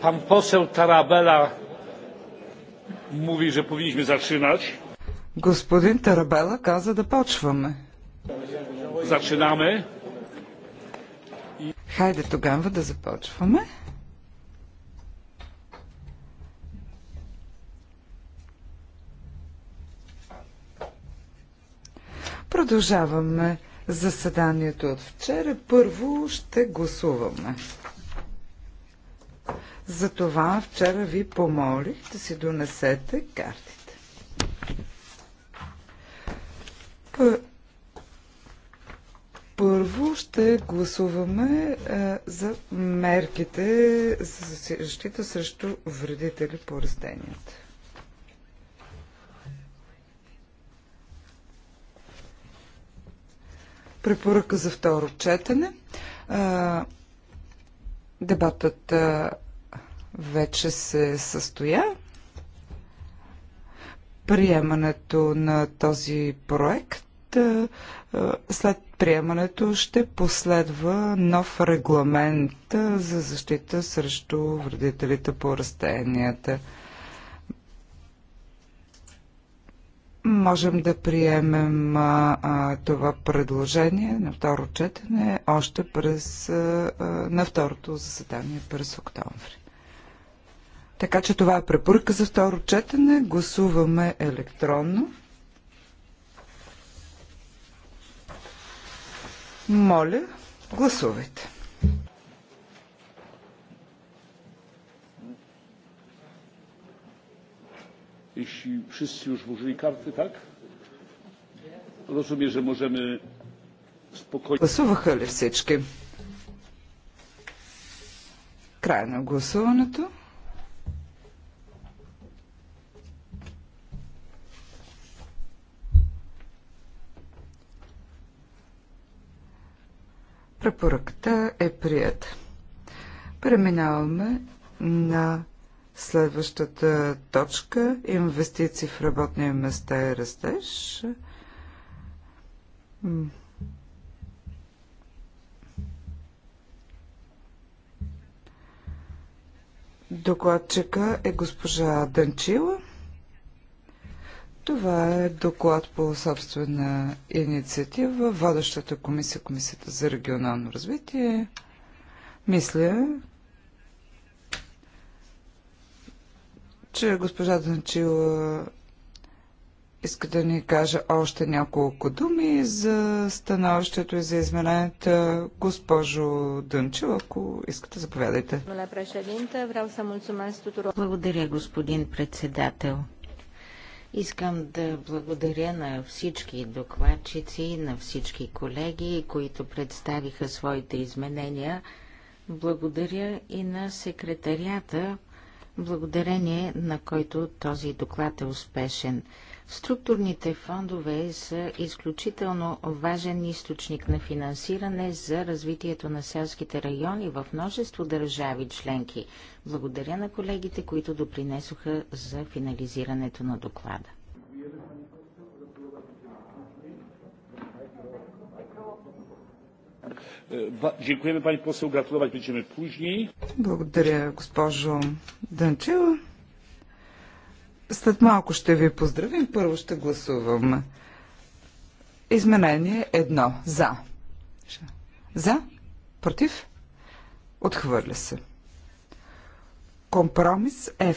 Pan poseł Tarabella mówi, że powinniśmy zaczynać. Господин Тарабела каза да почваме. Зачинаме. Хайде тогава да започваме. Продължаваме заседанието от вчера. Първо ще гласуваме. Затова вчера ви помолих да си донесете картите. Първо ще гласуваме е, за мерките за защита срещу вредители по растенията. препоръка за второ четене. А, дебатът а, вече се състоя. Приемането на този проект а, след приемането ще последва нов регламент за защита срещу вредителите по растенията. можем да приемем а, а, това предложение на второ четене още през, а, а, на второто заседание през октомври. Така че това е препоръка за второ четене. Гласуваме електронно. Моля, гласувайте. Jeśli wszyscy już włożyli karty, tak? Rozumiem, że możemy spokojnie... Гласуваха ли всички? Krajno на гласуването. Препоръката е прият. Преминаваме на Следващата точка – инвестиции в работни места и растеж. Докладчика е госпожа Данчила. Това е доклад по собствена инициатива. Водещата комисия, Комисията за регионално развитие. Мисля, че госпожа Данчила иска да ни каже още няколко думи за становището и за измененията. Госпожо Дънчева, ако искате, заповядайте. Благодаря, господин председател. Искам да благодаря на всички докладчици, на всички колеги, които представиха своите изменения. Благодаря и на секретарията, благодарение на който този доклад е успешен. Структурните фондове са изключително важен източник на финансиране за развитието на селските райони в множество държави членки. Благодаря на колегите, които допринесоха за финализирането на доклада. E, dziękujemy pani poseł, gratulować będziemy później. Благодаря, госпожо Данчева. След малко ще ви поздравим. Първо ще гласуваме. Изменение едно. За. За? Против? Отхвърля се. Компромис F.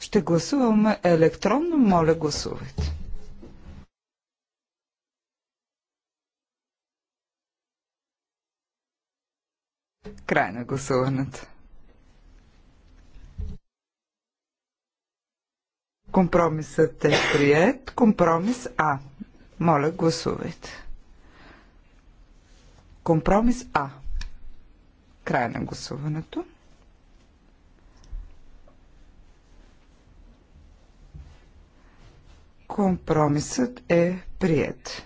Ще гласуваме електронно. Моля, гласувайте. Край на гласуването. Компромисът е прият. Компромис А. Моля, гласувайте. Компромис А. Край на гласуването. Компромисът е прият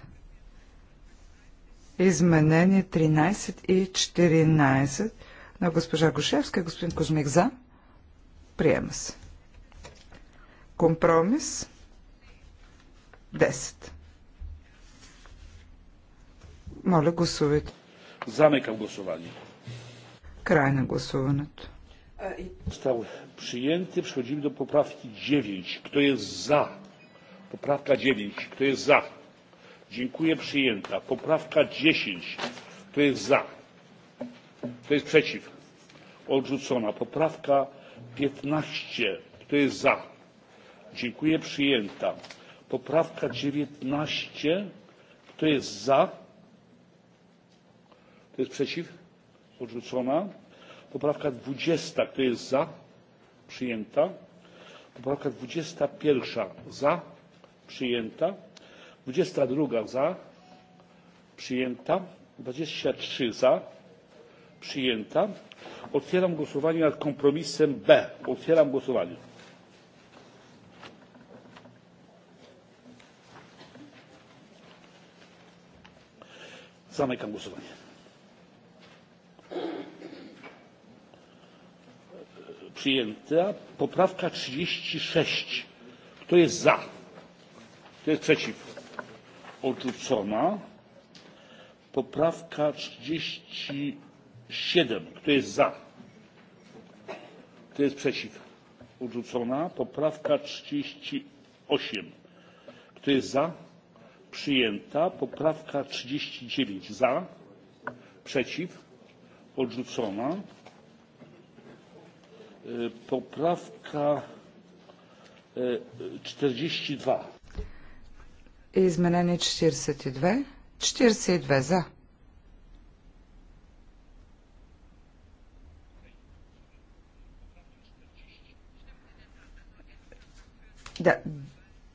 изменение 13 и 14 на госпожа Гошевска и господин Козмик за. Приема се. Компромис 10. Моля, гласувайте. За Замекам гласуване. Край на гласуването. Става приемте, Przechodzimy до поправки 9. Кто е за? Поправка 9. Кто е за? Dziękuję. Przyjęta. Poprawka 10. Kto jest za? Kto jest przeciw? Odrzucona. Poprawka 15. Kto jest za? Dziękuję. Przyjęta. Poprawka 19. Kto jest za? Kto jest przeciw? Odrzucona. Poprawka 20. Kto jest za? Przyjęta. Poprawka 21. Za? Przyjęta dwadzieścia dwa za przyjęta dwadzieścia trzy za przyjęta otwieram głosowanie nad kompromisem b otwieram głosowanie zamykam głosowanie przyjęta poprawka trzydzieści sześć kto jest za kto jest przeciw odrzucona. Poprawka 37. Kto jest za? Kto jest przeciw? Odrzucona. Poprawka 38. Kto jest za? Przyjęta. Poprawka 39. Za. Przeciw. Odrzucona. Poprawka 42 Изменение 42. 42 за. Да,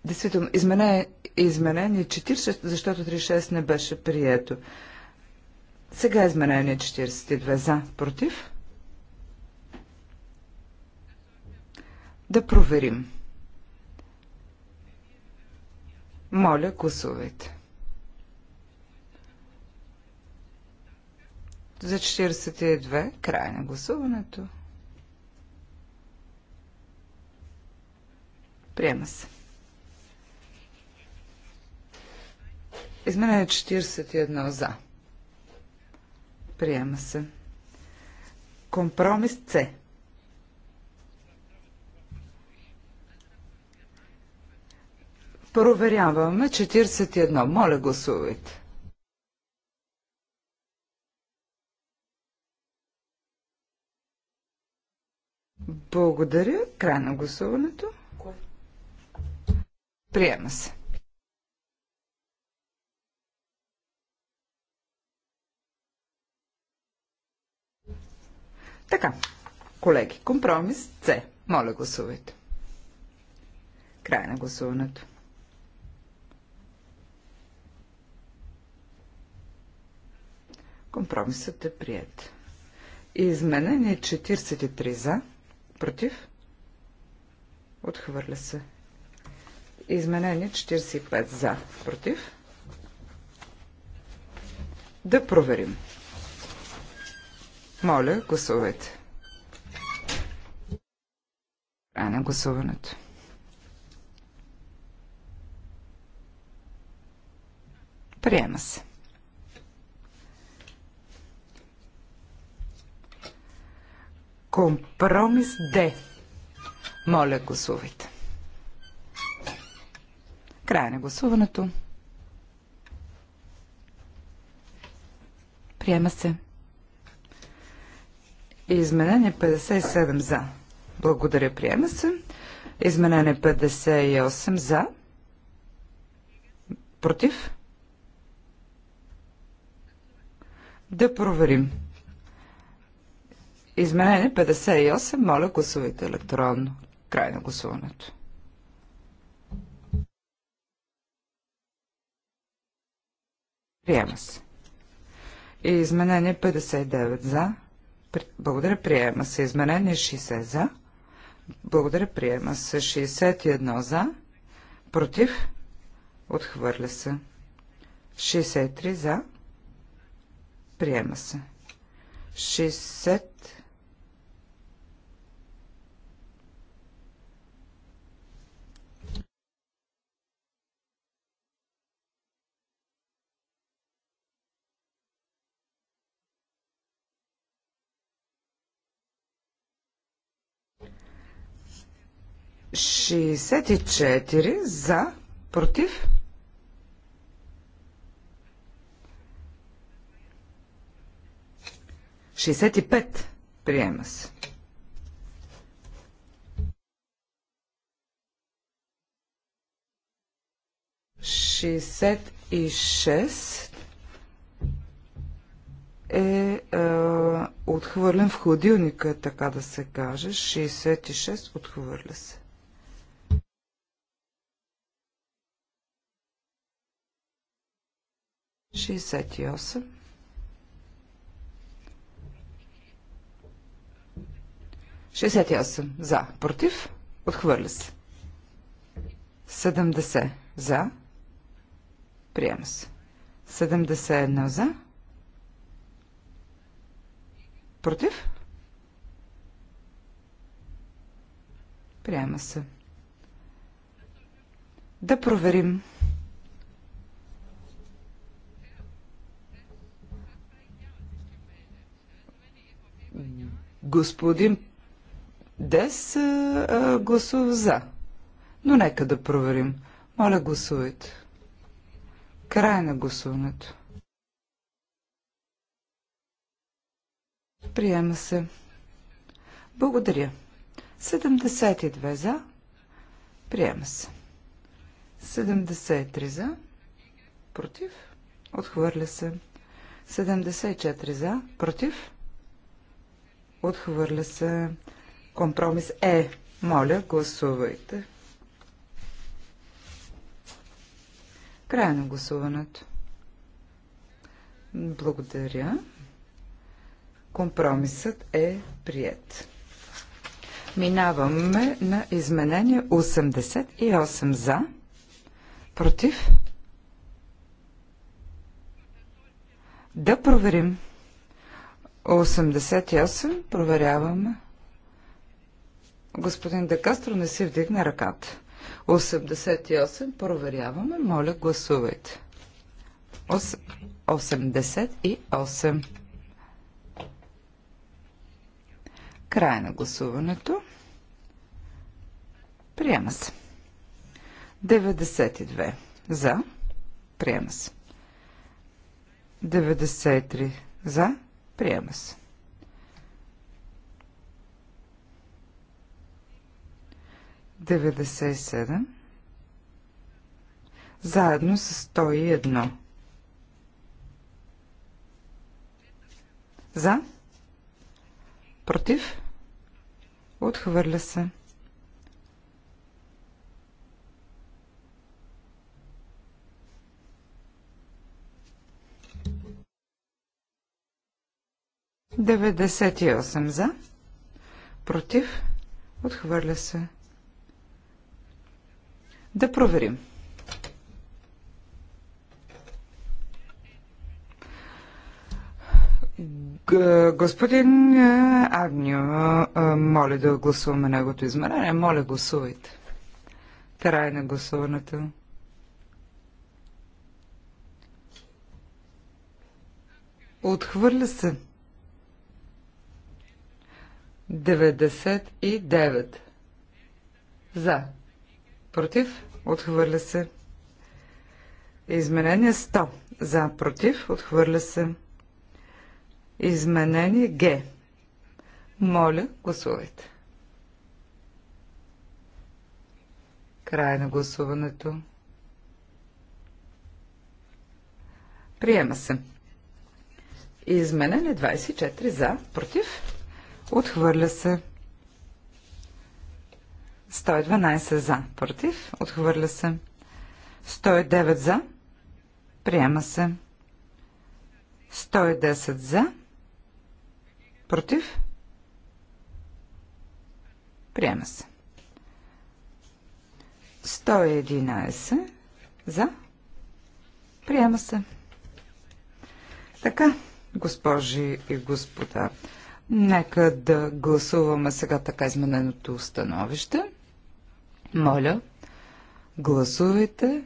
действително, изменение, изменение 40, защото 36 не беше прието. Сега изменение 42 за, против. Да проверим. Моля, косовете. За 42, край на гласуването. Приема се. Изменение 41 за. Приема се. Компромис С. Проверяваме 41. Моля, гласувайте. Благодаря. Край на гласуването. Приема се. Така, колеги, компромис С. Моля, гласувайте. Край на гласуването. Компромисът е прият. Изменение 43 за. Против. Отхвърля се. Изменение 45 за. Против. Да проверим. Моля, гласувайте. Край на гласуването. Приема се. Компромис Д. Моля, гласувайте. Края на гласуването. Приема се. Изменение 57 за. Благодаря, приема се. Изменение 58 за. Против? Да проверим. Изменение 58. Моля, гласувайте електронно. Край на гласуването. Приема се. И изменение 59 за. Благодаря, приема се. Изменение 60 за. Благодаря, приема се. 61 за. Против. Отхвърля се. 63 за. Приема се. 60 64 за, против. Шестдесет и пет. Приема се. Шестдесет и шест е, е отхвърлен в хладилника, така да се каже. и шест отхвърля се. 68. За. Против. Отхвърля се. 70 за. Приема се. 71 за. Против? Приема се. Да проверим. Господин Дес а, гласува за. Но нека да проверим. Моля, гласувайте. Край на гласуването. Приема се. Благодаря. 72 за. Приема се. 73 за. Против. Отхвърля се. 74 за. Против. Отхвърля се компромис Е. Моля, гласувайте. Край на гласуването. Благодаря. Компромисът е прият. Минаваме на изменение 88 за. Против? Да проверим. 88. Проверяваме. Господин Декастро не си вдигна ръката. 88. Проверяваме. Моля, гласувайте. 88. Край на гласуването. Приема се. 92. За. Приема се. 93. За. Приема се. Деведесет и седем. Заедно с сто и едно. За? Против? Отхвърля се. 98 за. Против. Отхвърля се. Да проверим. Господин Агнио, моля да гласуваме неговото измерение. Моля, гласувайте. Трай на гласуването. Отхвърля се. 99. За. Против. Отхвърля се. Изменение 100. За. Против. Отхвърля се. Изменение Г. Моля, гласувайте. Край на гласуването. Приема се. Изменение 24 за, против Отхвърля се. 112 за. Против. Отхвърля се. 109 за. Приема се. 110 за. Против. Приема се. 111 за. Приема се. Така, госпожи и господа. Нека да гласуваме сега така измененото установище. Моля, гласувайте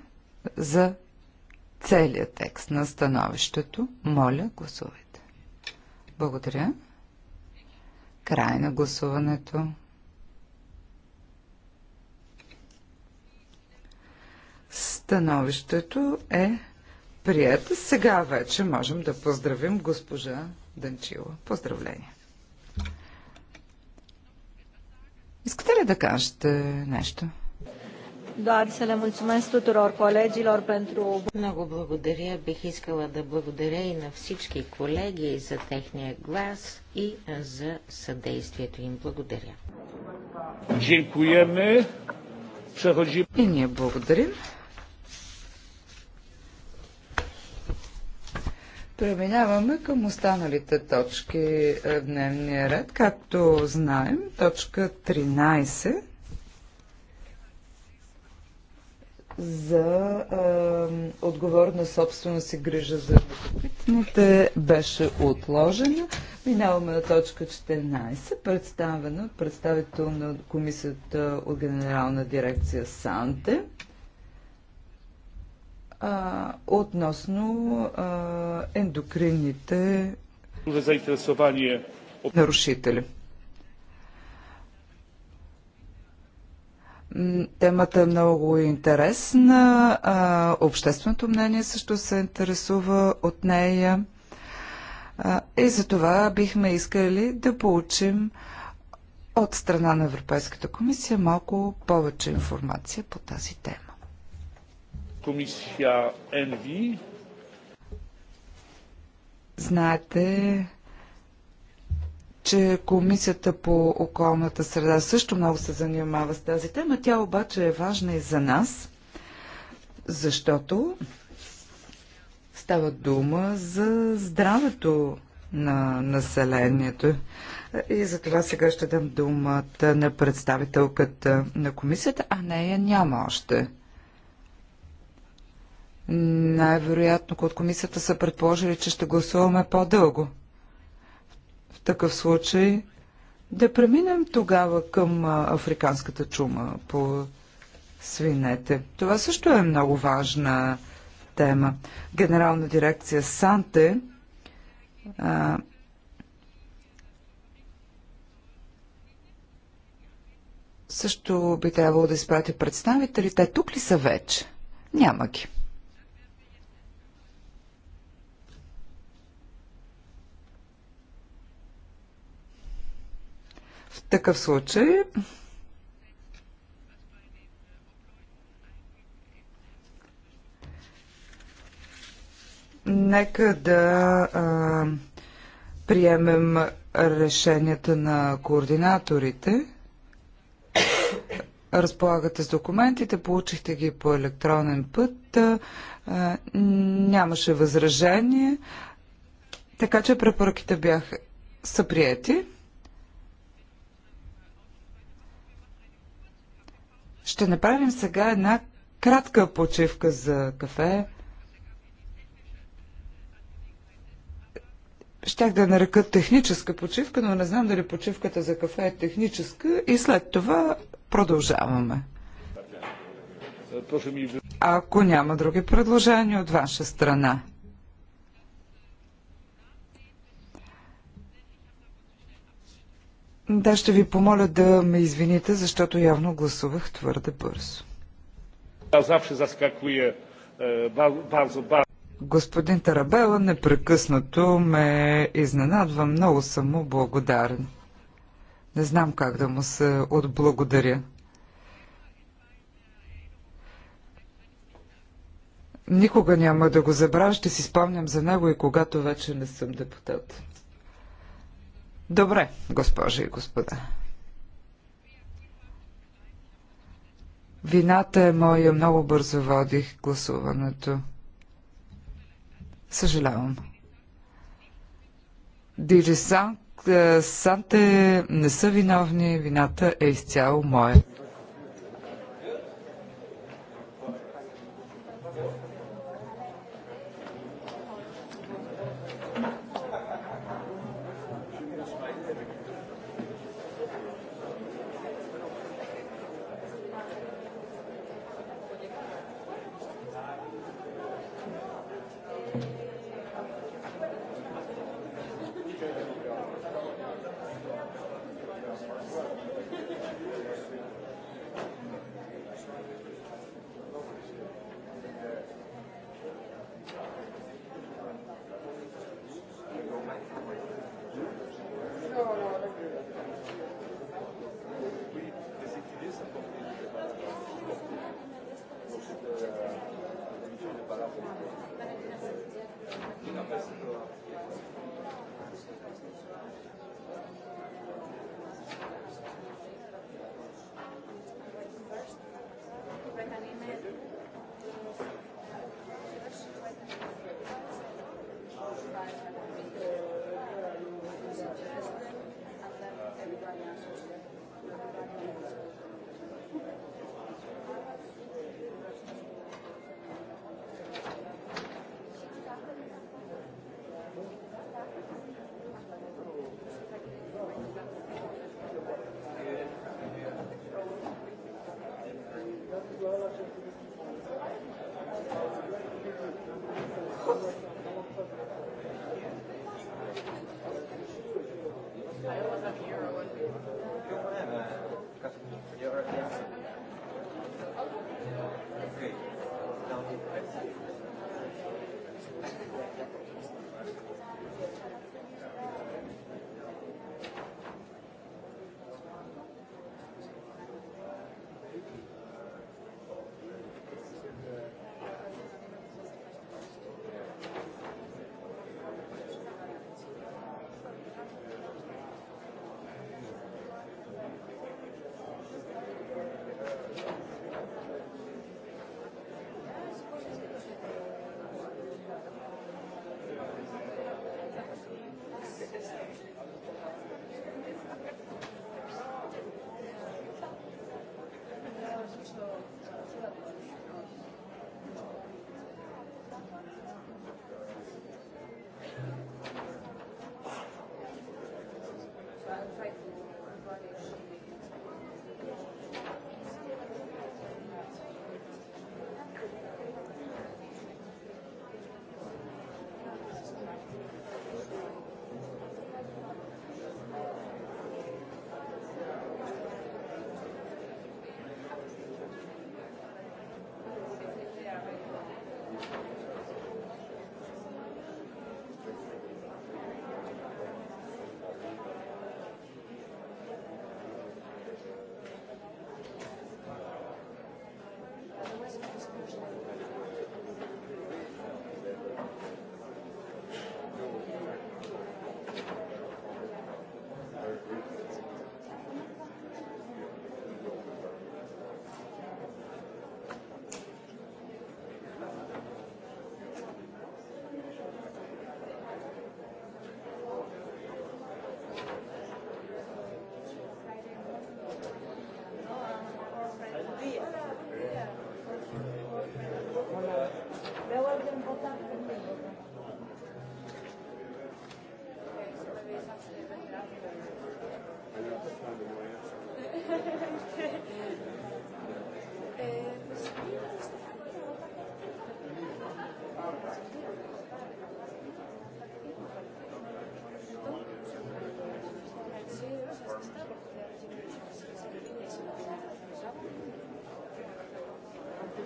за целият текст на становището. Моля, гласувайте. Благодаря. Край на гласуването. Становището е прието. Сега вече можем да поздравим госпожа Данчила. Поздравления! Искате ли да кажете нещо? Doar să le mulțumesc tuturor colegilor pentru... Много благодаря. Бих искала да благодаря и на всички колеги за техния глас и за съдействието им. Благодаря. И ние благодарим. Преминаваме към останалите точки в е, дневния ред. Както знаем, точка 13 за е, отговорна собственост и грижа за любопитните беше отложена. Минаваме на точка 14, представена от представител на комисията от Генерална дирекция Санте а, относно а, ендокринните нарушители. Темата е много интересна. А, общественото мнение също се интересува от нея. А, и за това бихме искали да получим от страна на Европейската комисия малко повече информация по тази тема. Комисия Енви. Знаете, че Комисията по околната среда също много се занимава с тази тема. Тя обаче е важна и за нас, защото става дума за здравето на населението. И за това сега ще дам думата на представителката на комисията, а нея няма още. Най-вероятно от комисията са предположили, че ще гласуваме по-дълго. В такъв случай да преминем тогава към африканската чума по свинете. Това също е много важна тема. Генерална дирекция Санте а, също би трябвало да изпрати представители. Те тук ли са вече? Няма ги. такъв случай нека да а, приемем решенията на координаторите. Разполагате с документите, получихте ги по електронен път, а, нямаше възражение, така че препоръките бяха са Ще направим сега една кратка почивка за кафе. Щях да нарека техническа почивка, но не знам дали почивката за кафе е техническа и след това продължаваме. Е, Ако няма други предложения от ваша страна. Да, ще ви помоля да ме извините, защото явно гласувах твърде бързо. Е, Господин Тарабела непрекъснато ме изненадва. Много съм му благодарен. Не знам как да му се отблагодаря. Никога няма да го забравя, ще си спомням за него и когато вече не съм депутат. Добре, госпожи и господа. Вината е моя, много бързо водих гласуването. Съжалявам. Сант, Санте не са виновни, вината е изцяло моя.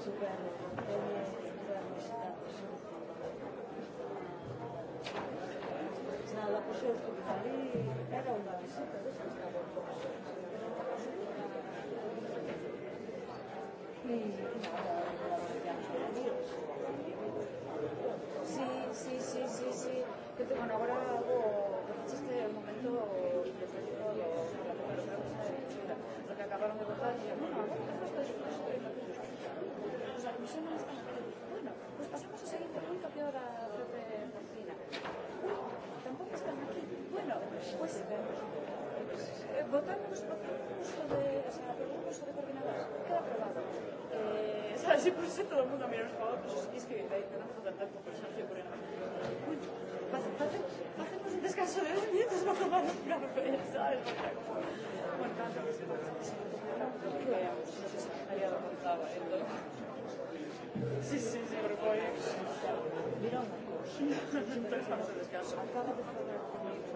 Να αλλάξω το κεφάλι, πέρα ο Ναβησί, θα δώσω το Sí, sí, sí, sí, sí. Yo bueno, ahora hago, lo que pasa es que al momento les lo, lo que acabaron de votar y bueno, Votamos los protocolos de o sea, protocolos de coordinadores. Queda aprobado. Eh, o sea, si por eso todo el mundo mira los favoritos y escribiendo ahí, tenemos que tratar con personas que ponen Bueno, hacemos un descanso de 10 minutos para tomar un café, ¿sabes? Bueno, tanto que se puede hacer. No sé si había contado esto. Sí, sí, sí, pero fue... Mira, una cosa. Entonces, vamos al descanso. Acaba de hablar conmigo.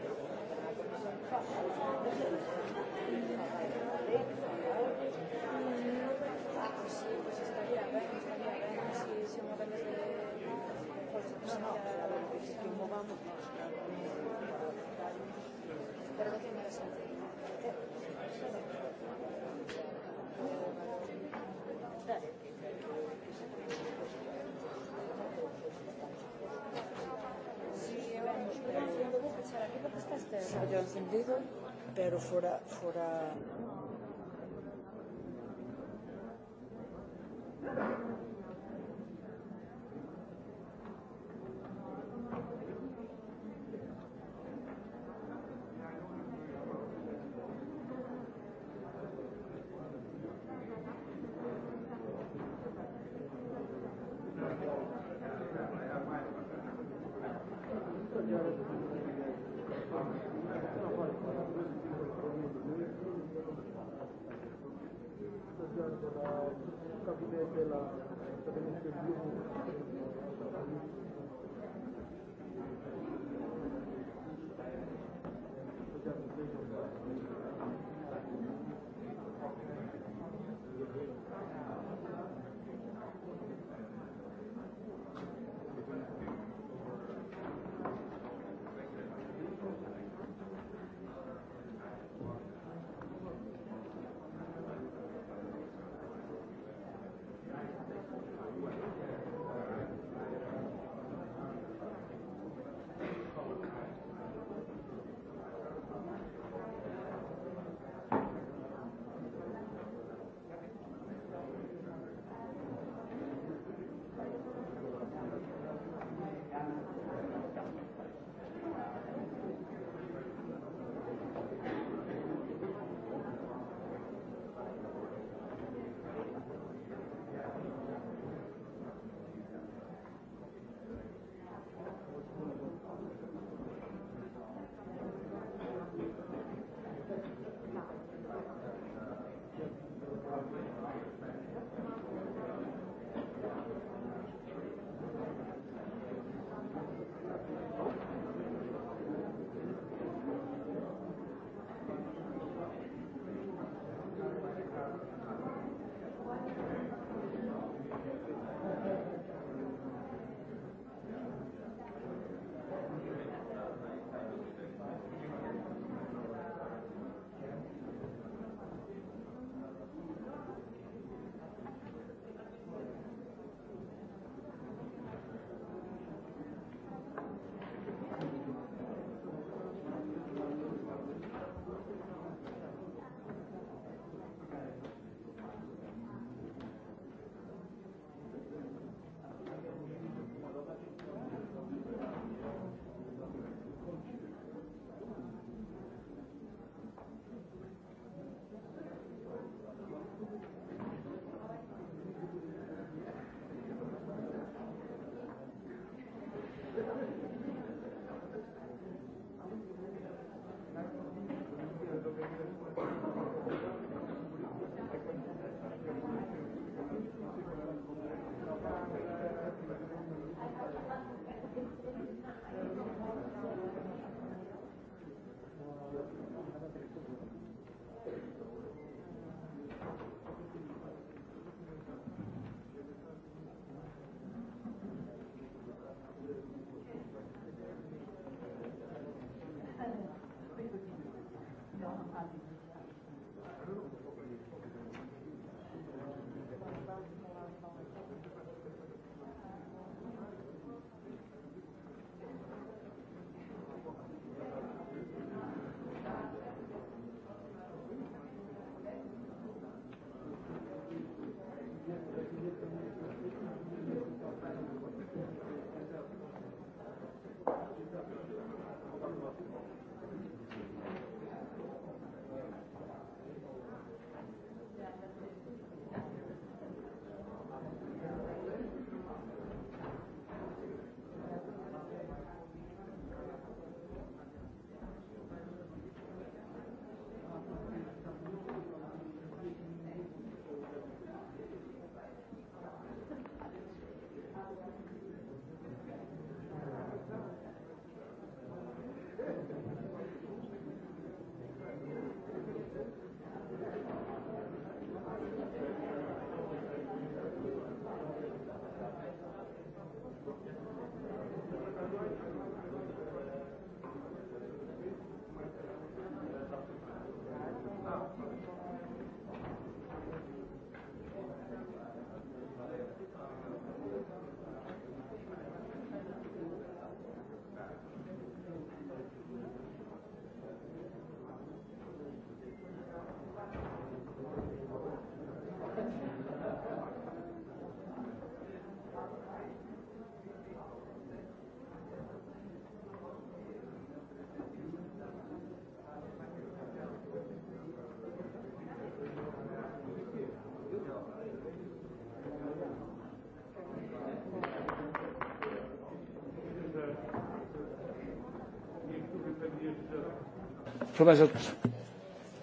Dale. Fallo encendido, pero fuera, fuera. Thank you.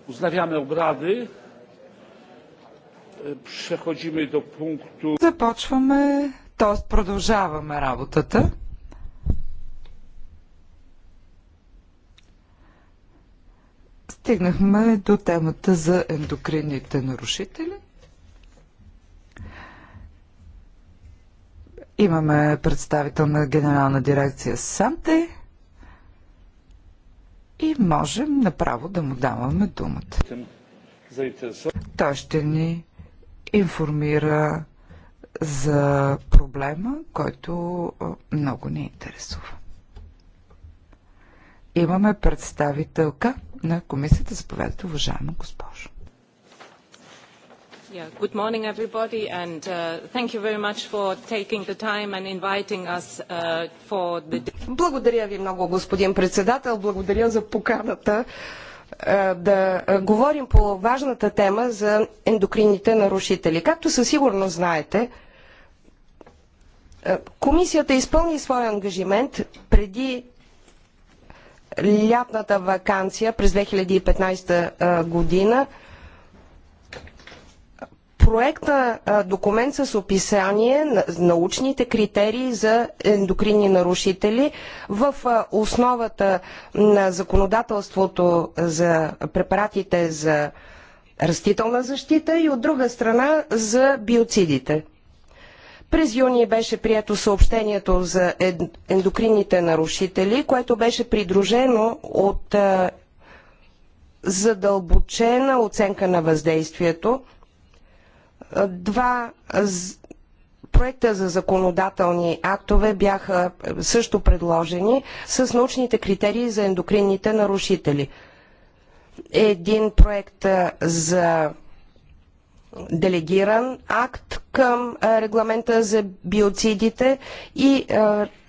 Wznawiamy obrady. E, przechodzimy do punktu. Започваме, т.е. продължаваме работата. Стигнахме до темата за ендокринните нарушители. Имаме представител на генерална дирекция Санте можем направо да му даваме думата. Той ще ни информира за проблема, който много ни интересува. Имаме представителка на комисията. Заповядайте, уважаема госпожа. Yeah, good morning, everybody, and uh, thank you very much for taking the time and inviting us uh, for the... Благодаря ви много, господин председател. Благодаря за поканата uh, да uh, говорим по важната тема за ендокрините нарушители. Както със сигурност знаете, uh, комисията изпълни своя ангажимент преди лятната вакансия през 2015 година – проекта документ с описание на научните критерии за ендокринни нарушители в основата на законодателството за препаратите за растителна защита и от друга страна за биоцидите. През юни беше прието съобщението за ендокринните нарушители, което беше придружено от задълбочена оценка на въздействието – Два проекта за законодателни актове бяха също предложени с научните критерии за ендокринните нарушители. Един проект за делегиран акт към регламента за биоцидите и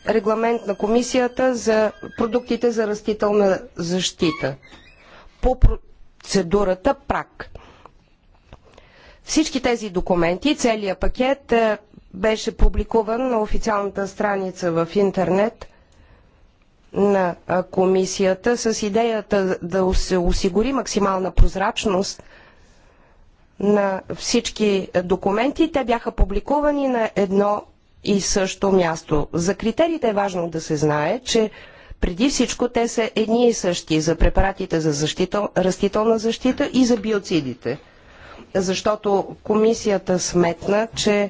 регламент на комисията за продуктите за растителна защита. По процедурата ПРАК. Всички тези документи, целият пакет е, беше публикуван на официалната страница в интернет на комисията с идеята да се осигури максимална прозрачност на всички документи. Те бяха публикувани на едно и също място. За критериите е важно да се знае, че преди всичко те са едни и същи за препаратите за защита, растителна защита и за биоцидите – защото комисията сметна, че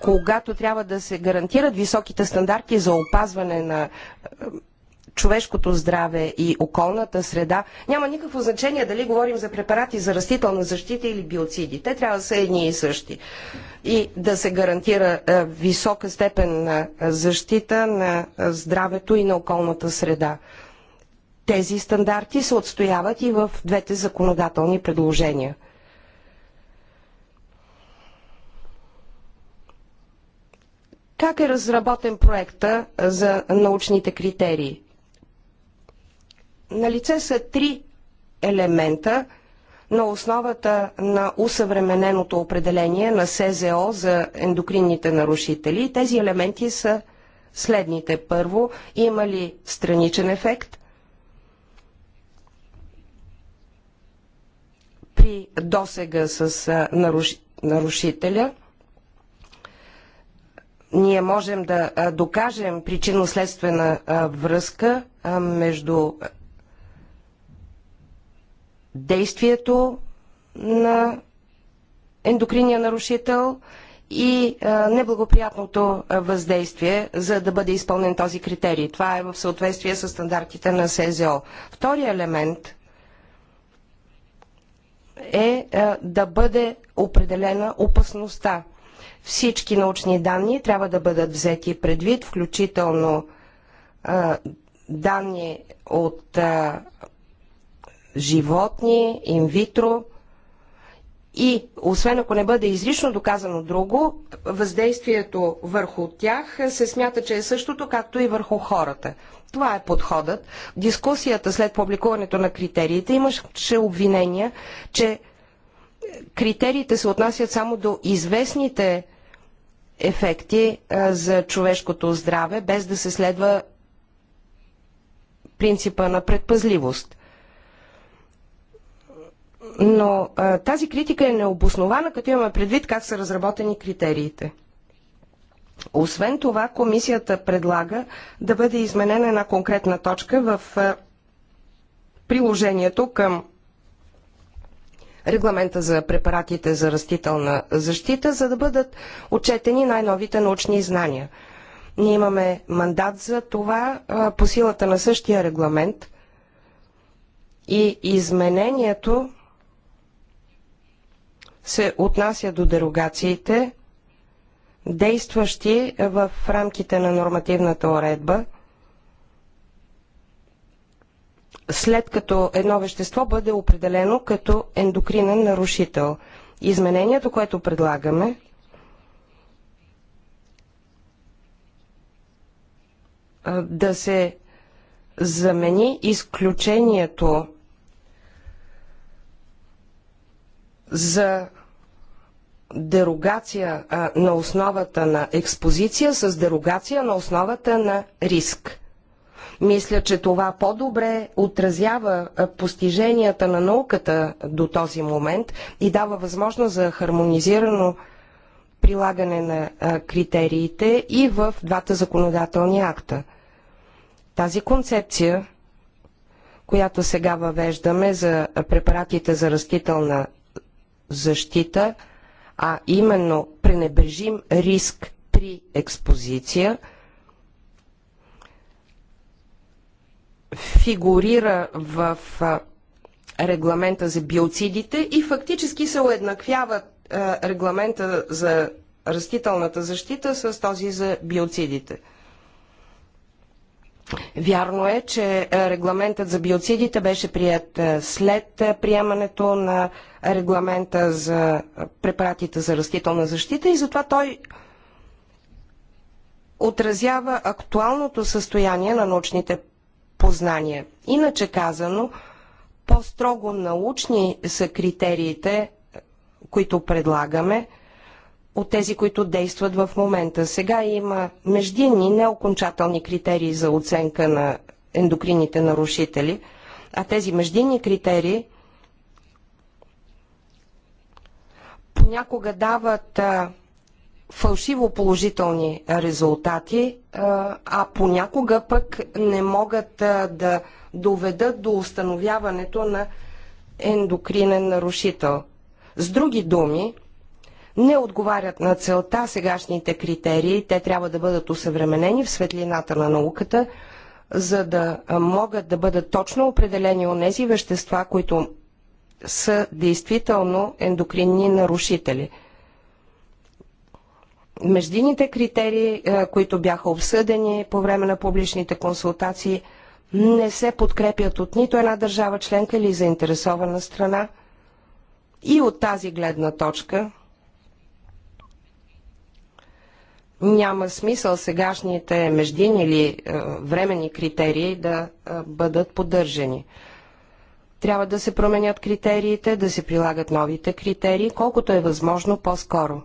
когато трябва да се гарантират високите стандарти за опазване на е, човешкото здраве и околната среда, няма никакво значение дали говорим за препарати за растителна защита или биоциди. Те трябва да са едни и същи. И да се гарантира е, висока степен на е, защита на здравето и на околната среда. Тези стандарти се отстояват и в двете законодателни предложения. Как е разработен проекта за научните критерии? Налице са три елемента на основата на усъвремененото определение на СЗО за ендокринните нарушители. Тези елементи са следните. Първо, има ли страничен ефект? при досега с нарушителя, ние можем да докажем причинно-следствена връзка между действието на ендокриния нарушител и неблагоприятното въздействие, за да бъде изпълнен този критерий. Това е в съответствие с стандартите на СЗО. Втория елемент е, е да бъде определена опасността. Всички научни данни трябва да бъдат взети предвид, включително е, данни от е, животни, инвитро, и освен ако не бъде изрично доказано друго, въздействието върху тях се смята, че е същото, както и върху хората. Това е подходът. Дискусията след публикуването на критериите имаше обвинения, че критериите се отнасят само до известните ефекти е, за човешкото здраве, без да се следва принципа на предпазливост но а, тази критика е необоснована, като имаме предвид как са разработени критериите. Освен това, комисията предлага да бъде изменена една конкретна точка в а, приложението към регламента за препаратите за растителна защита, за да бъдат отчетени най-новите научни знания. Ние имаме мандат за това а, по силата на същия регламент – и изменението се отнася до дерогациите, действащи в рамките на нормативната уредба, след като едно вещество бъде определено като ендокринен нарушител. Изменението, което предлагаме, да се замени изключението за дерогация а, на основата на експозиция с дерогация на основата на риск. Мисля, че това по-добре отразява постиженията на науката до този момент и дава възможност за хармонизирано прилагане на критериите и в двата законодателни акта. Тази концепция, която сега въвеждаме за препаратите за растителна защита, а именно пренебрежим риск при експозиция, фигурира в регламента за биоцидите и фактически се уеднаквява регламента за растителната защита с този за биоцидите. Вярно е, че е, регламентът за биоцидите беше прият е, след е, приемането на регламента за препаратите за растителна защита и затова той отразява актуалното състояние на научните познания. Иначе казано, по-строго научни са критериите, които предлагаме – от тези, които действат в момента. Сега има междинни неокончателни критерии за оценка на ендокрините нарушители, а тези междинни критерии понякога дават а, фалшиво положителни резултати, а, а понякога пък не могат а, да доведат до установяването на ендокринен нарушител. С други думи, не отговарят на целта сегашните критерии. Те трябва да бъдат усъвременени в светлината на науката, за да могат да бъдат точно определени онези тези вещества, които са действително ендокринни нарушители. Междинните критерии, е, които бяха обсъдени по време на публичните консултации, не се подкрепят от нито една държава членка или заинтересована страна. И от тази гледна точка – няма смисъл сегашните междинни или е, временни критерии да е, бъдат поддържани. Трябва да се променят критериите, да се прилагат новите критерии, колкото е възможно по-скоро.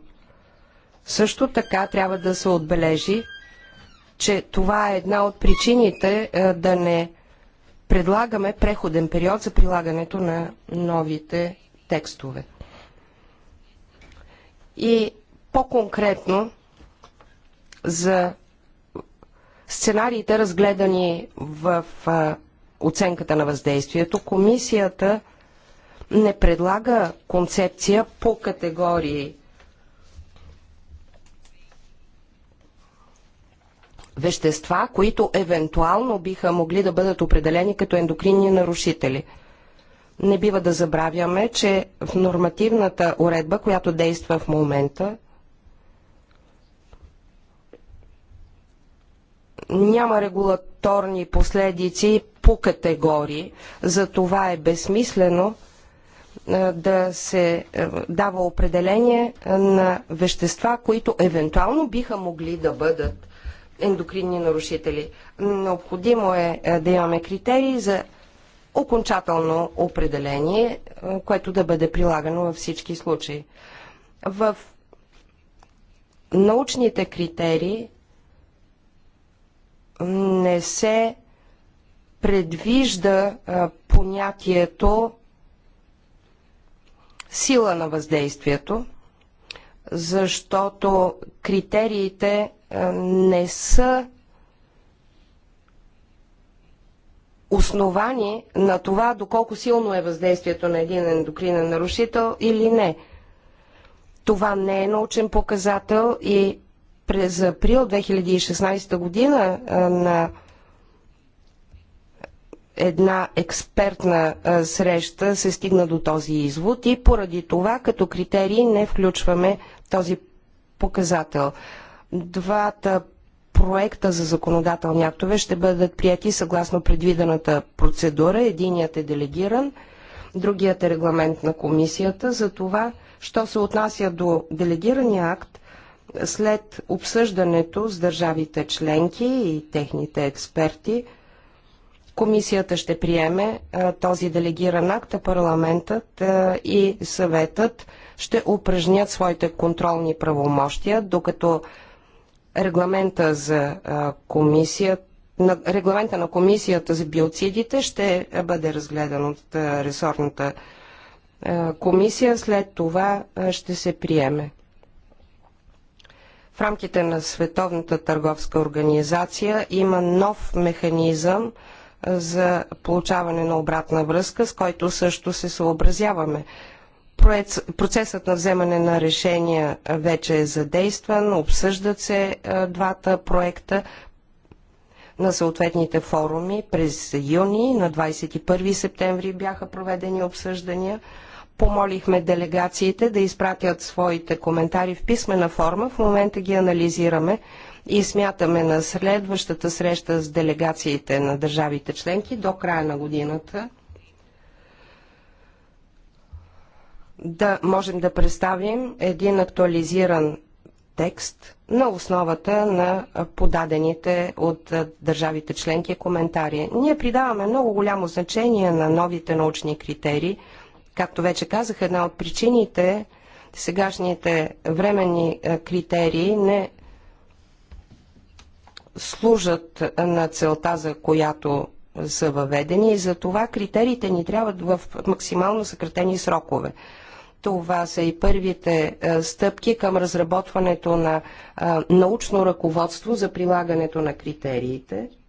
Също така трябва да се отбележи, че това е една от причините е, да не предлагаме преходен период за прилагането на новите текстове. И по-конкретно за сценариите, разгледани в оценката на въздействието, комисията не предлага концепция по категории вещества, които евентуално биха могли да бъдат определени като ендокринни нарушители. Не бива да забравяме, че в нормативната уредба, която действа в момента, няма регулаторни последици по категории, за това е безсмислено е, да се е, дава определение е, на вещества, които евентуално биха могли да бъдат ендокринни нарушители. Необходимо е да имаме критерии за окончателно определение, което да бъде прилагано във всички случаи. В научните критерии не се предвижда понятието сила на въздействието, защото критериите не са основани на това доколко силно е въздействието на един ендокринен нарушител или не. Това не е научен показател и през април 2016 година на една експертна среща се стигна до този извод и поради това като критерии не включваме този показател. Двата проекта за законодателни актове ще бъдат прияти съгласно предвидената процедура. Единият е делегиран, другият е регламент на комисията. За това, що се отнася до делегирания акт, след обсъждането с държавите членки и техните експерти, комисията ще приеме а, този делегиран акт, а парламентът а, и съветът ще упражнят своите контролни правомощия, докато регламента за а, комисията на регламента на комисията за биоцидите ще бъде разгледан от ресорната комисия, след това ще се приеме. В рамките на Световната търговска организация има нов механизъм за получаване на обратна връзка, с който също се съобразяваме. Процесът на вземане на решения вече е задействан, обсъждат се двата проекта на съответните форуми през юни, на 21 септември бяха проведени обсъждания – Помолихме делегациите да изпратят своите коментари в писмена форма. В момента ги анализираме и смятаме на следващата среща с делегациите на държавите членки до края на годината да можем да представим един актуализиран текст на основата на подадените от държавите членки коментари. Ние придаваме много голямо значение на новите научни критерии – Както вече казах, една от причините сегашните временни е, критерии не служат на целта, за която са въведени и за това критериите ни трябват в максимално съкратени срокове. Това са и първите е, стъпки към разработването на е, научно ръководство за прилагането на критериите –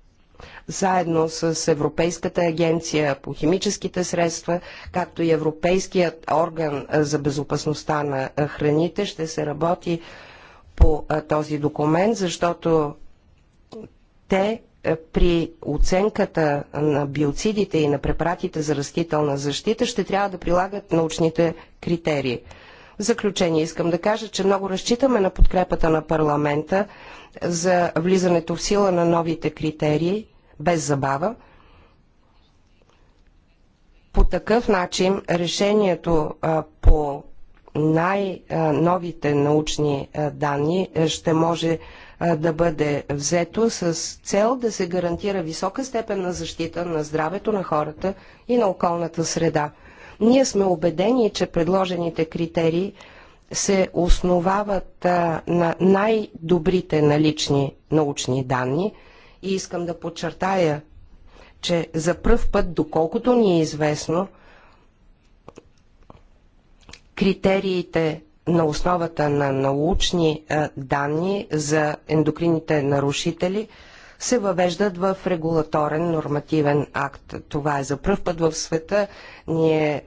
заедно с Европейската агенция по химическите средства, както и Европейският орган за безопасността на храните, ще се работи по този документ, защото те при оценката на биоцидите и на препаратите за растителна защита ще трябва да прилагат научните критерии. В заключение искам да кажа, че много разчитаме на подкрепата на парламента за влизането в сила на новите критерии без забава. По такъв начин решението по най-новите научни данни ще може да бъде взето с цел да се гарантира висока степен на защита на здравето на хората и на околната среда. Ние сме убедени, че предложените критерии се основават на най-добрите налични научни данни – и искам да подчертая, че за пръв път, доколкото ни е известно, критериите на основата на научни данни за ендокрините нарушители се въвеждат в регулаторен нормативен акт. Това е за пръв път в света. Ние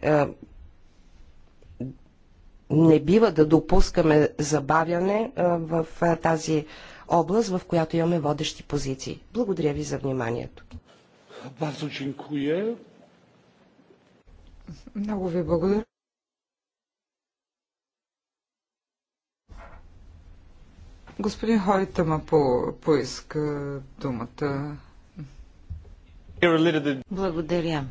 не бива да допускаме забавяне в тази област, в която имаме водещи позиции. Благодаря ви за вниманието. Bardzo dziękuję. Много ви благодаря. Господин Хойтама по, поиска думата. Благодаря.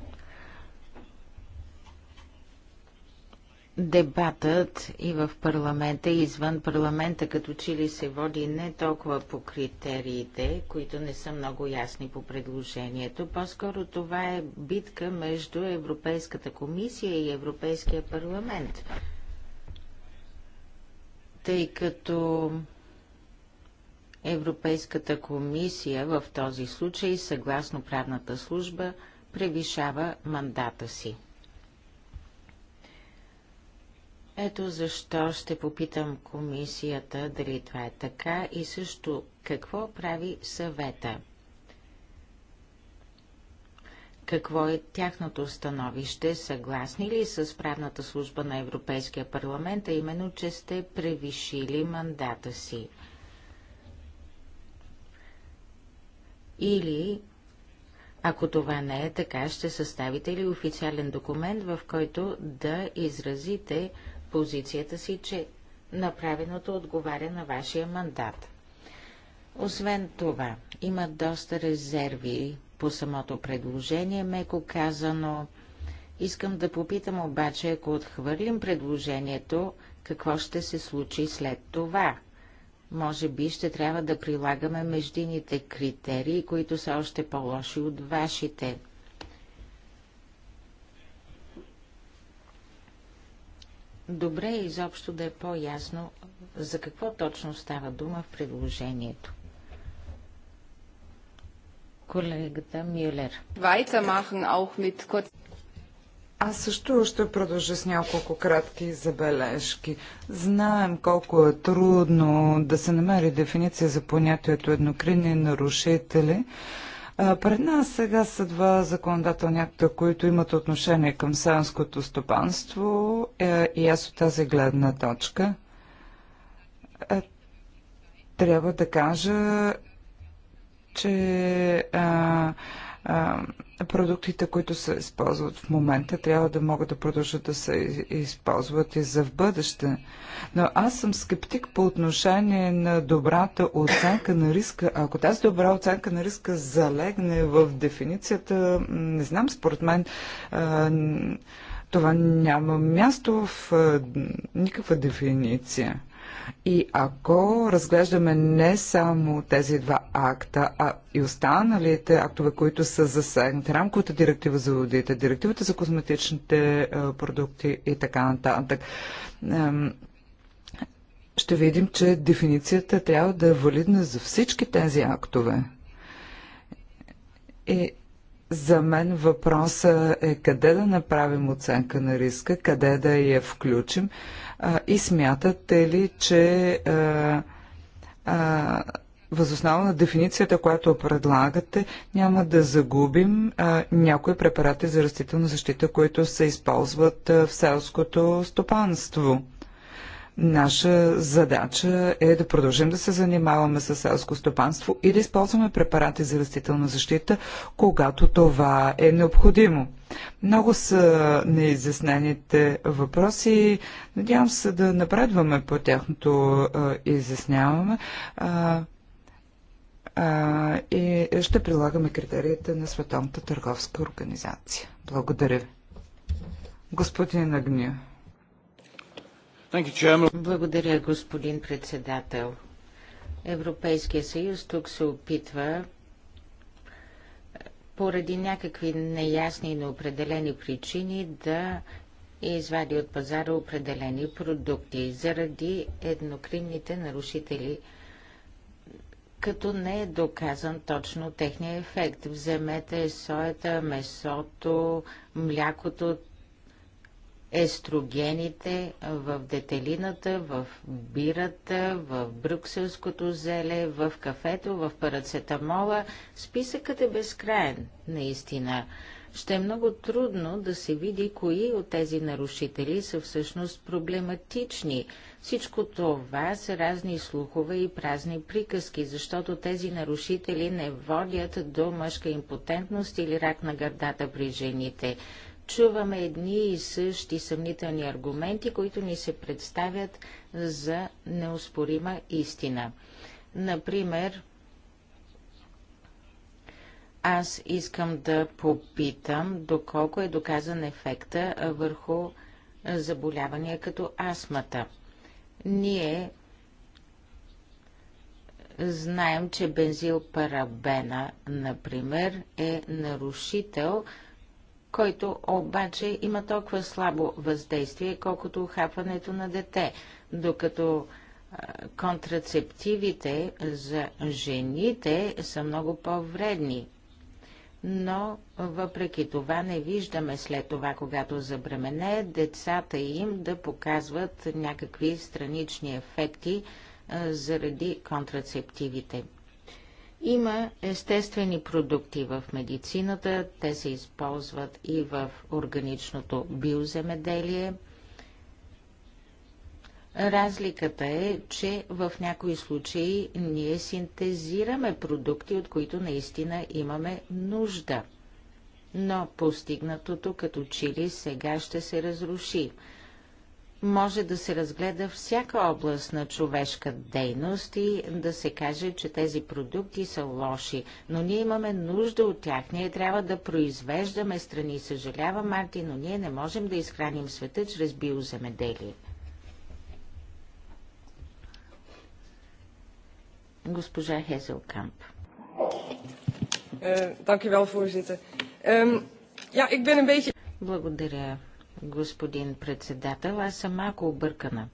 Дебатът и в парламента, и извън парламента, като че ли се води не толкова по критериите, които не са много ясни по предложението. По-скоро това е битка между Европейската комисия и Европейския парламент. Тъй като Европейската комисия в този случай, съгласно правната служба, превишава мандата си. Ето защо ще попитам комисията дали това е така и също какво прави съвета. Какво е тяхното становище? Съгласни ли с правната служба на Европейския парламент, а именно, че сте превишили мандата си? Или, ако това не е така, ще съставите ли официален документ, в който да изразите позицията си, че направеното отговаря на вашия мандат. Освен това, има доста резерви по самото предложение, меко казано. Искам да попитам обаче, ако отхвърлим предложението, какво ще се случи след това? Може би ще трябва да прилагаме междините критерии, които са още по-лоши от вашите. добре е изобщо да е по-ясно за какво точно става дума в предложението. Колегата Мюлер. Аз също ще продължа с няколко кратки забележки. Знаем колко е трудно да се намери дефиниция за понятието еднокринни нарушители. Пред нас сега са два законодателни акта, които имат отношение към селското стопанство е, и аз от тази гледна точка е, трябва да кажа, че а, а, продуктите, които се използват в момента, трябва да могат да продължат да се използват и за в бъдеще. Но аз съм скептик по отношение на добрата оценка на риска. Ако тази добра оценка на риска залегне в дефиницията, не знам, според мен това няма място в никаква дефиниция. И ако разглеждаме не само тези два акта, а и останалите актове, които са засегнати, рамковата директива за водите, директивата за козметичните е, продукти и така нататък, ще видим, че дефиницията трябва да е валидна за всички тези актове. И за мен въпросът е къде да направим оценка на риска, къде да я включим, а, и смятате ли, че а, а, възоснова на дефиницията, която предлагате, няма да загубим а, някои препарати за растителна защита, които се използват а, в селското стопанство? Наша задача е да продължим да се занимаваме с селско стопанство и да използваме препарати за растителна защита, когато това е необходимо. Много са неизяснените въпроси. Надявам се да напредваме по тяхното изясняване. и ще прилагаме критериите на Световната търговска организация. Благодаря ви. Господин Агния. Благодаря, господин председател. Европейския съюз тук се опитва е, поради някакви неясни и неопределени причини да извади от пазара определени продукти заради еднокринните нарушители, като не е доказан точно техния ефект. Вземете соята, месото, млякото, естрогените в детелината, в бирата, в брюкселското зеле, в кафето, в парацетамола. Списъкът е безкраен, наистина. Ще е много трудно да се види кои от тези нарушители са всъщност проблематични. Всичко това са разни слухове и празни приказки, защото тези нарушители не водят до мъжка импотентност или рак на гърдата при жените чуваме едни и същи съмнителни аргументи, които ни се представят за неоспорима истина. Например, аз искам да попитам доколко е доказан ефекта върху заболявания като астмата. Ние знаем, че бензилпарабена, например, е нарушител който обаче има толкова слабо въздействие, колкото хапването на дете, докато контрацептивите за жените са много по-вредни. Но въпреки това не виждаме след това, когато забремене, децата им да показват някакви странични ефекти заради контрацептивите. Има естествени продукти в медицината, те се използват и в органичното биоземеделие. Разликата е, че в някои случаи ние синтезираме продукти, от които наистина имаме нужда. Но постигнатото като чили сега ще се разруши може да се разгледа всяка област на човешка дейност и да се каже, че тези продукти са лоши, но ние имаме нужда от тях. Ние трябва да произвеждаме страни. Съжалява, Марти, но ние не можем да изхраним света чрез биоземеделие. Госпожа Хезелкамп. Е, dank u wel, voorzitter. Ehm, ja, ik ben een beetje... Благодаря, господин председател. Аз съм малко объркана,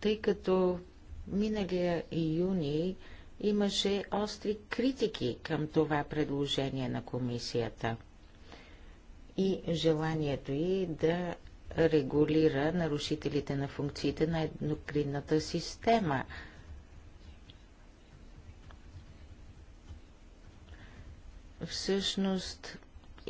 тъй като миналия юни имаше остри критики към това предложение на комисията и желанието й да регулира нарушителите на функциите на еднокринната система. Всъщност,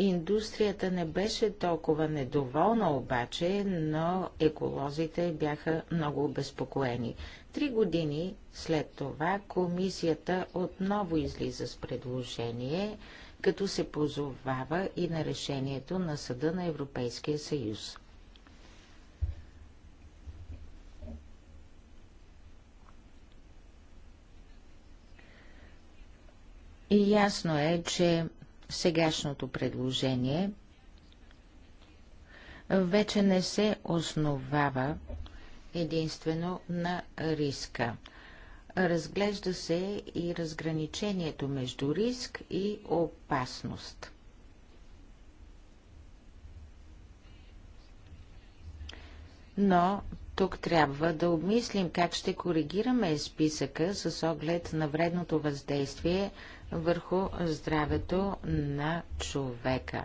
Индустрията не беше толкова недоволна обаче, но еколозите бяха много обезпокоени. Три години след това комисията отново излиза с предложение, като се позовава и на решението на Съда на Европейския съюз. И ясно е, че сегашното предложение вече не се основава единствено на риска. Разглежда се и разграничението между риск и опасност. Но тук трябва да обмислим как ще коригираме списъка с оглед на вредното въздействие върху здравето на човека.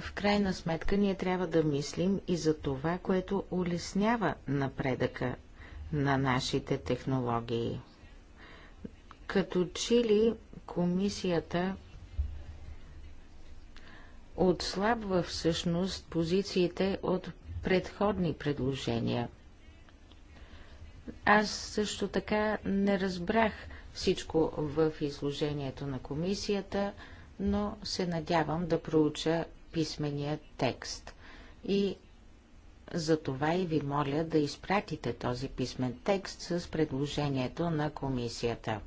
В крайна сметка ние трябва да мислим и за това, което улеснява напредъка на нашите технологии. Като чили комисията отслабва всъщност позициите от предходни предложения – аз също така не разбрах всичко в изложението на комисията, но се надявам да проуча писмения текст. И за това и ви моля да изпратите този писмен текст с предложението на комисията.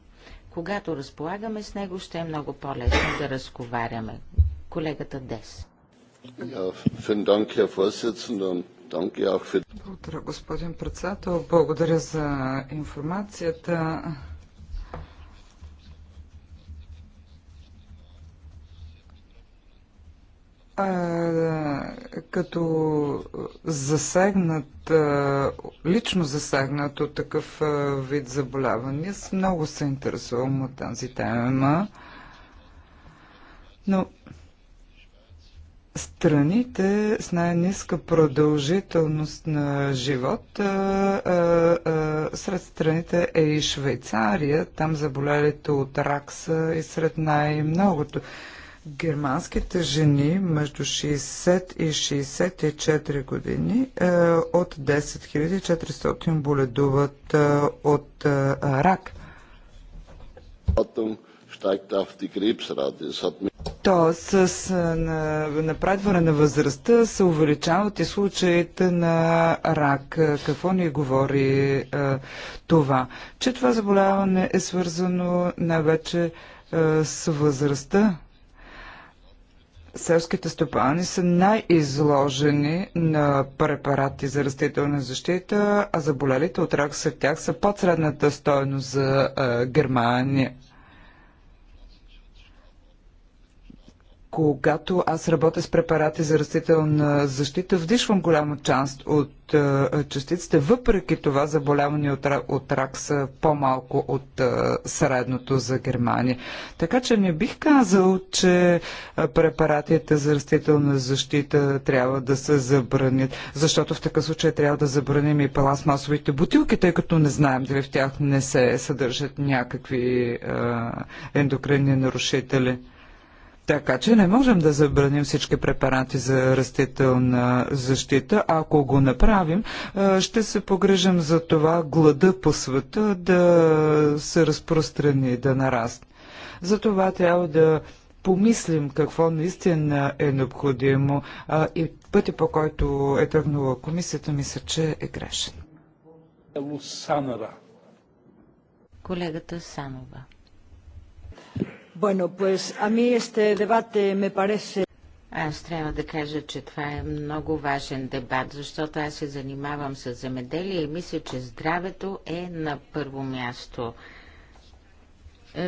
Когато разполагаме с него, ще е много по-лесно да разговаряме. Колегата Дес. Ja, благодаря, господин председател. Благодаря за информацията. а, като засегнат, лично засегнат от такъв вид заболявания, много се интересувам от тази тема. Но страните с най-ниска продължителност на живот а, а, а, сред страните е и Швейцария. Там заболялите от рак са и сред най-многото. Германските жени между 60 и 64 години а, от 10 400 боледуват а, от а, рак steigt auch die Krebsrate. Es hat То с на, напредване на възрастта се увеличават и случаите на рак. Какво ни говори е, това? Че това заболяване е свързано най-вече е, с възрастта. Селските стопани са най-изложени на препарати за растителна защита, а заболелите от рак са тях са под средната стоеност за е, Германия. когато аз работя с препарати за растителна защита, вдишвам голяма част от е, частиците. Въпреки това заболяване от, от рак са по-малко от е, средното за Германия. Така че не бих казал, че е, препаратите за растителна защита трябва да се забранят, защото в такъв случай трябва да забраним и пластмасовите бутилки, тъй като не знаем дали в тях не се съдържат някакви ендокринни нарушители. Така че не можем да забраним всички препарати за растителна защита. Ако го направим, е, ще се погрежим за това глада по света да се разпространи, да нарасне. Затова трябва да помислим какво наистина е необходимо и пътя по който е тръгнала комисията, мисля, че е грешен. Колегата Санова. Bueno, pues a mí este debate me parece... Аз трябва да кажа, че това е много важен дебат, защото аз се занимавам с земеделие и мисля, че здравето е на първо място.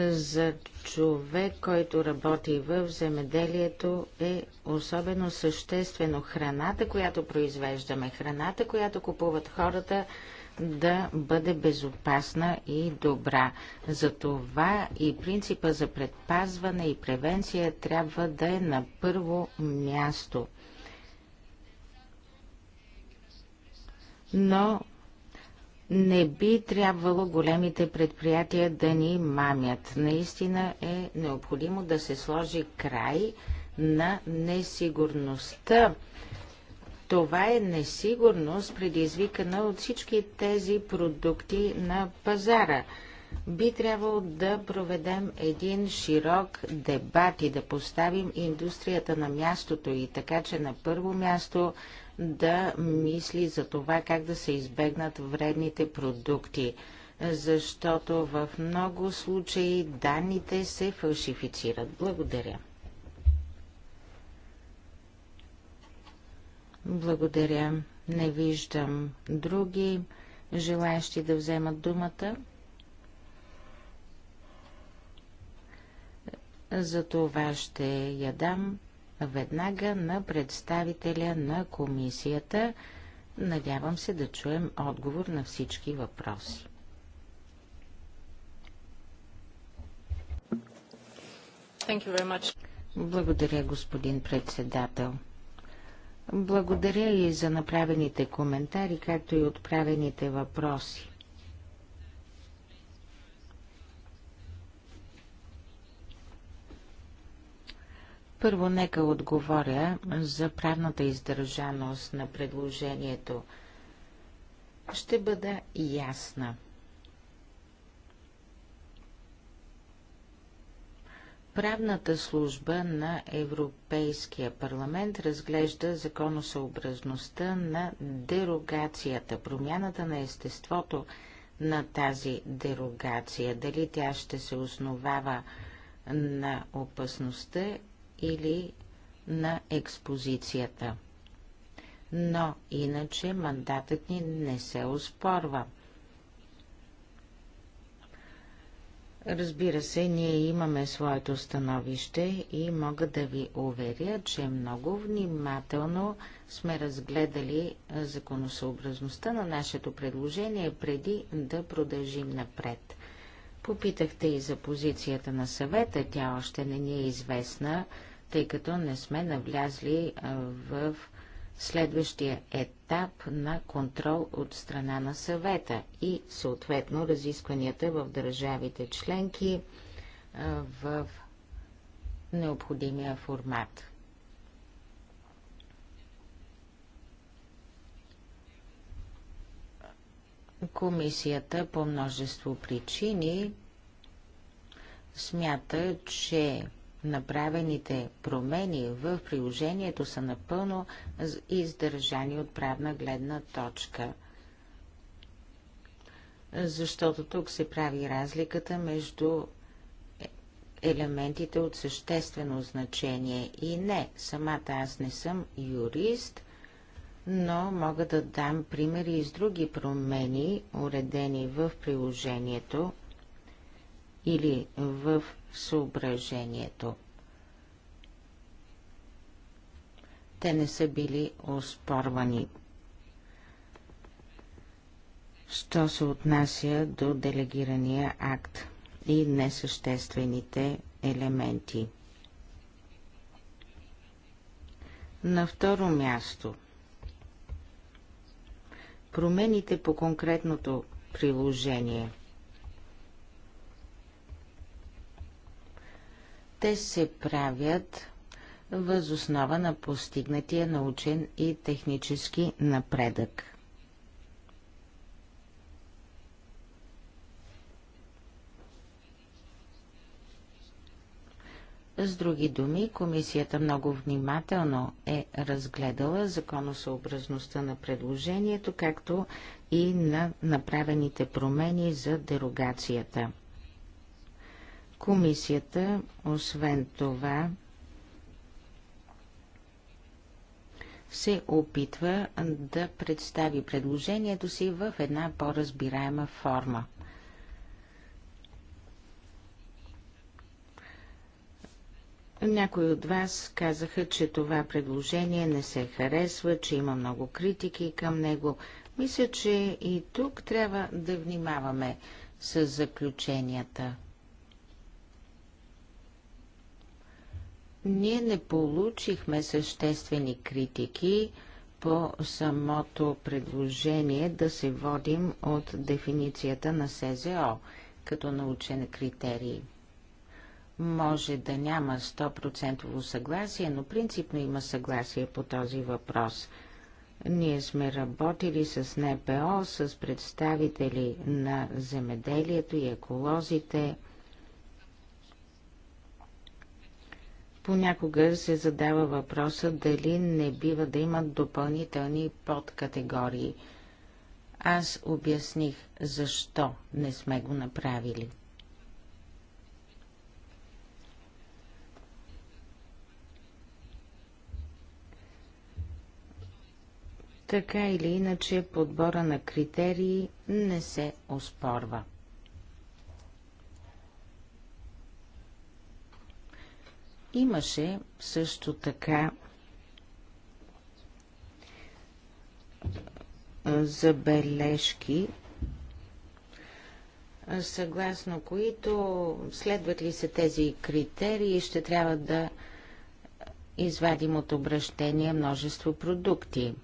За човек, който работи в земеделието, е особено съществено храната, която произвеждаме, храната, която купуват хората, да бъде безопасна и добра. Затова и принципа за предпазване и превенция трябва да е на първо място. Но не би трябвало големите предприятия да ни мамят. Наистина е необходимо да се сложи край на несигурността това е несигурност, предизвикана от всички тези продукти на пазара. Би трябвало да проведем един широк дебат и да поставим индустрията на мястото и така, че на първо място да мисли за това как да се избегнат вредните продукти, защото в много случаи данните се фалшифицират. Благодаря. Благодаря. Не виждам други желаящи да вземат думата. За това ще я дам веднага на представителя на комисията. Надявам се да чуем отговор на всички въпроси. Благодаря, господин председател. Благодаря и за направените коментари, както и отправените въпроси. Първо нека отговоря за правната издържаност на предложението. Ще бъда ясна. Правната служба на Европейския парламент разглежда законосъобразността на дерогацията, промяната на естеството на тази дерогация, дали тя ще се основава на опасността или на експозицията. Но иначе мандатът ни не се оспорва. Разбира се, ние имаме своето становище и мога да ви уверя, че много внимателно сме разгледали законосъобразността на нашето предложение преди да продължим напред. Попитахте и за позицията на съвета, тя още не ни е известна, тъй като не сме навлязли в следващия етап на контрол от страна на съвета и съответно разискванията в държавите членки в необходимия формат. Комисията по множество причини смята, че Направените промени в приложението са напълно издържани от правна гледна точка – защото тук се прави разликата между е- елементите от съществено значение. И не, самата аз не съм юрист, но мога да дам примери и с други промени, уредени в приложението, или в съображението. Те не са били оспорвани. Що се отнася до делегирания акт и несъществените елементи. На второ място промените по конкретното приложение – Те се правят въз основа на постигнатия научен и технически напредък. С други думи, комисията много внимателно е разгледала законосъобразността на предложението, както и на направените промени за дерогацията. Комисията, освен това, се опитва да представи предложението си в една по-разбираема форма. Някои от вас казаха, че това предложение не се харесва, че има много критики към него. Мисля, че и тук трябва да внимаваме с заключенията. Ние не получихме съществени критики по самото предложение да се водим от дефиницията на СЗО като научен критерий. Може да няма 100% съгласие, но принципно има съгласие по този въпрос. Ние сме работили с НПО, с представители на земеделието и еколозите. Понякога се задава въпроса дали не бива да имат допълнителни подкатегории. Аз обясних, защо не сме го направили. Така или иначе, подбора на критерии не се оспорва. Имаше също така забележки, съгласно които следват ли се тези критерии, ще трябва да извадим от обращение множество продукти.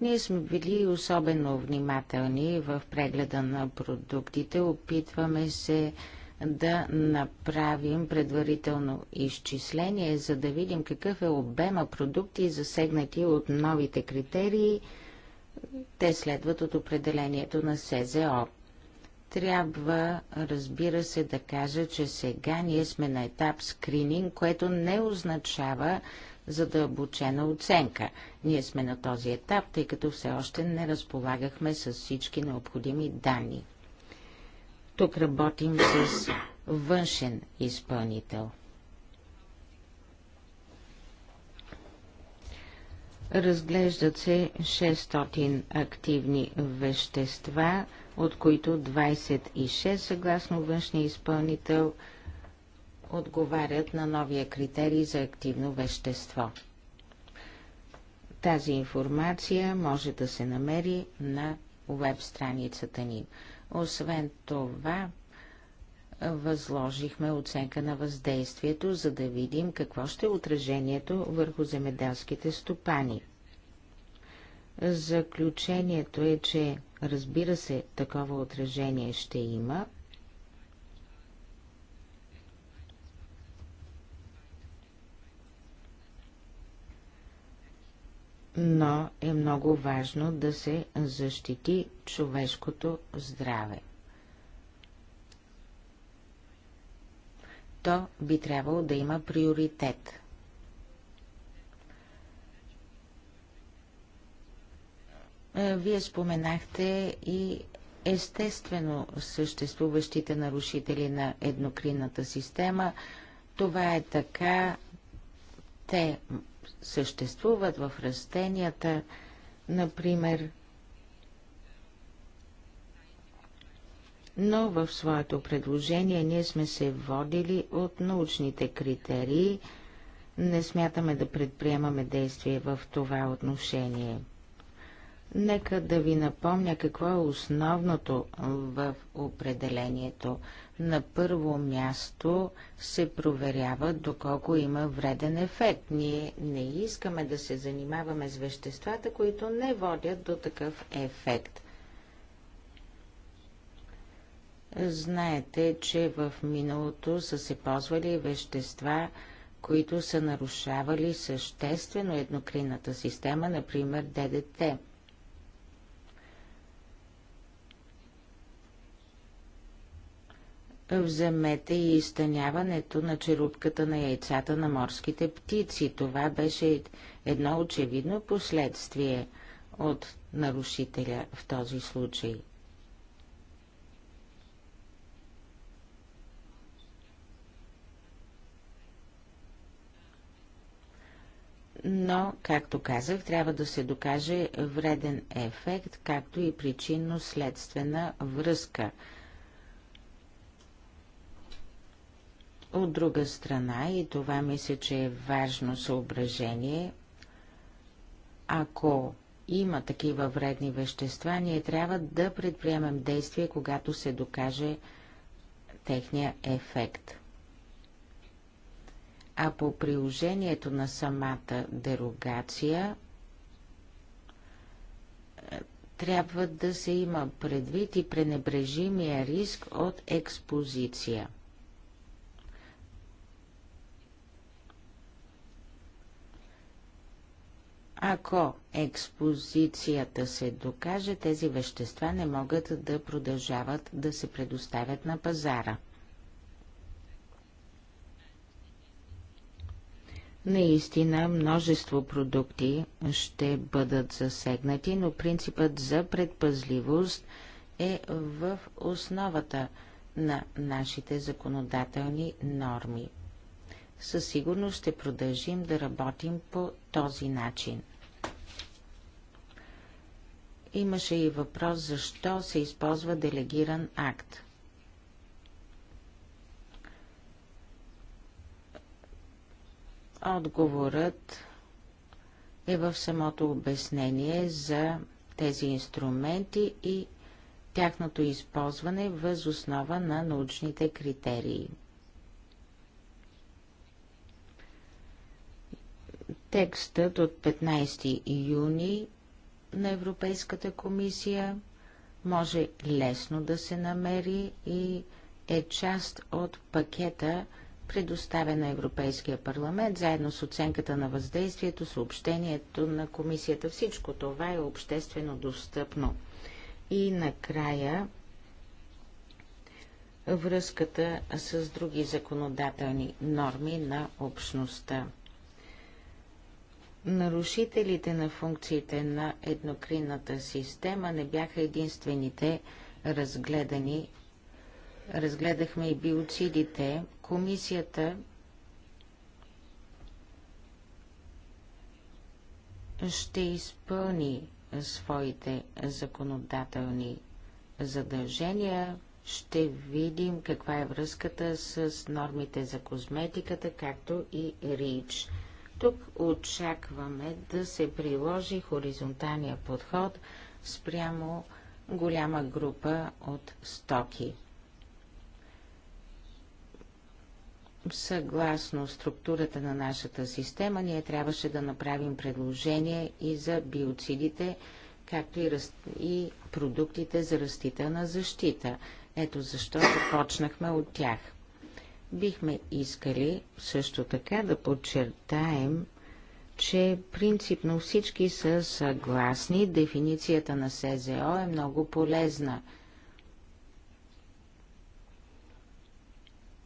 Ние сме били особено внимателни в прегледа на продуктите, опитваме се да направим предварително изчисление, за да видим какъв е обема продукти, засегнати от новите критерии. Те следват от определението на СЗО. Трябва, разбира се, да кажа, че сега ние сме на етап скрининг, което не означава задълбочена оценка. Ние сме на този етап, тъй като все още не разполагахме с всички необходими данни. Тук работим с външен изпълнител. Разглеждат се 600 активни вещества, от които 26, съгласно външния изпълнител, отговарят на новия критерий за активно вещество. Тази информация може да се намери на веб страницата ни. Освен това, възложихме оценка на въздействието, за да видим какво ще е отражението върху земеделските стопани. Заключението е, че разбира се, такова отражение ще има, но е много важно да се защити човешкото здраве. То би трябвало да има приоритет. Е, вие споменахте и естествено съществуващите нарушители на еднокринната система. Това е така. Те съществуват в растенията, например. Но в своето предложение ние сме се водили от научните критерии, не смятаме да предприемаме действие в това отношение. Нека да ви напомня какво е основното в определението – на първо място се проверява доколко има вреден ефект. Ние не искаме да се занимаваме с веществата, които не водят до такъв ефект. Знаете, че в миналото са се ползвали вещества, които са нарушавали съществено еднокринната система, например ДДТ – Вземете и изтъняването на черупката на яйцата на морските птици. Това беше едно очевидно последствие от нарушителя в този случай. но, както казах, трябва да се докаже вреден ефект, както и причинно-следствена връзка От друга страна, и това мисля, че е важно съображение, ако има такива вредни вещества, ние трябва да предприемем действие, когато се докаже техния ефект. А по приложението на самата дерогация е, трябва да се има предвид и пренебрежимия риск от експозиция – Ако експозицията се докаже, тези вещества не могат да продължават да се предоставят на пазара. Наистина множество продукти ще бъдат засегнати, но принципът за предпазливост е в основата на нашите законодателни норми. Със сигурност ще продължим да работим по този начин. Имаше и въпрос защо се използва делегиран акт. Отговорът е в самото обяснение за тези инструменти и тяхното използване въз основа на научните критерии. Текстът от 15 юни на Европейската комисия може лесно да се намери и е част от пакета, предоставен на Европейския парламент, заедно с оценката на въздействието, съобщението на комисията. Всичко това е обществено достъпно. И накрая връзката с други законодателни норми на общността. Нарушителите на функциите на еднокринната система не бяха единствените разгледани. Разгледахме и биоцидите. Комисията ще изпълни своите законодателни задължения. Ще видим каква е връзката с нормите за козметиката, както и РИЧ. Тук очакваме да се приложи хоризонталния подход спрямо голяма група от стоки. Съгласно структурата на нашата система, ние трябваше да направим предложение и за биоцидите, както и, раст... и продуктите за растителна защита. Ето защо започнахме от тях. Бихме искали също така да подчертаем, че принципно всички са съгласни, дефиницията на СЗО е много полезна.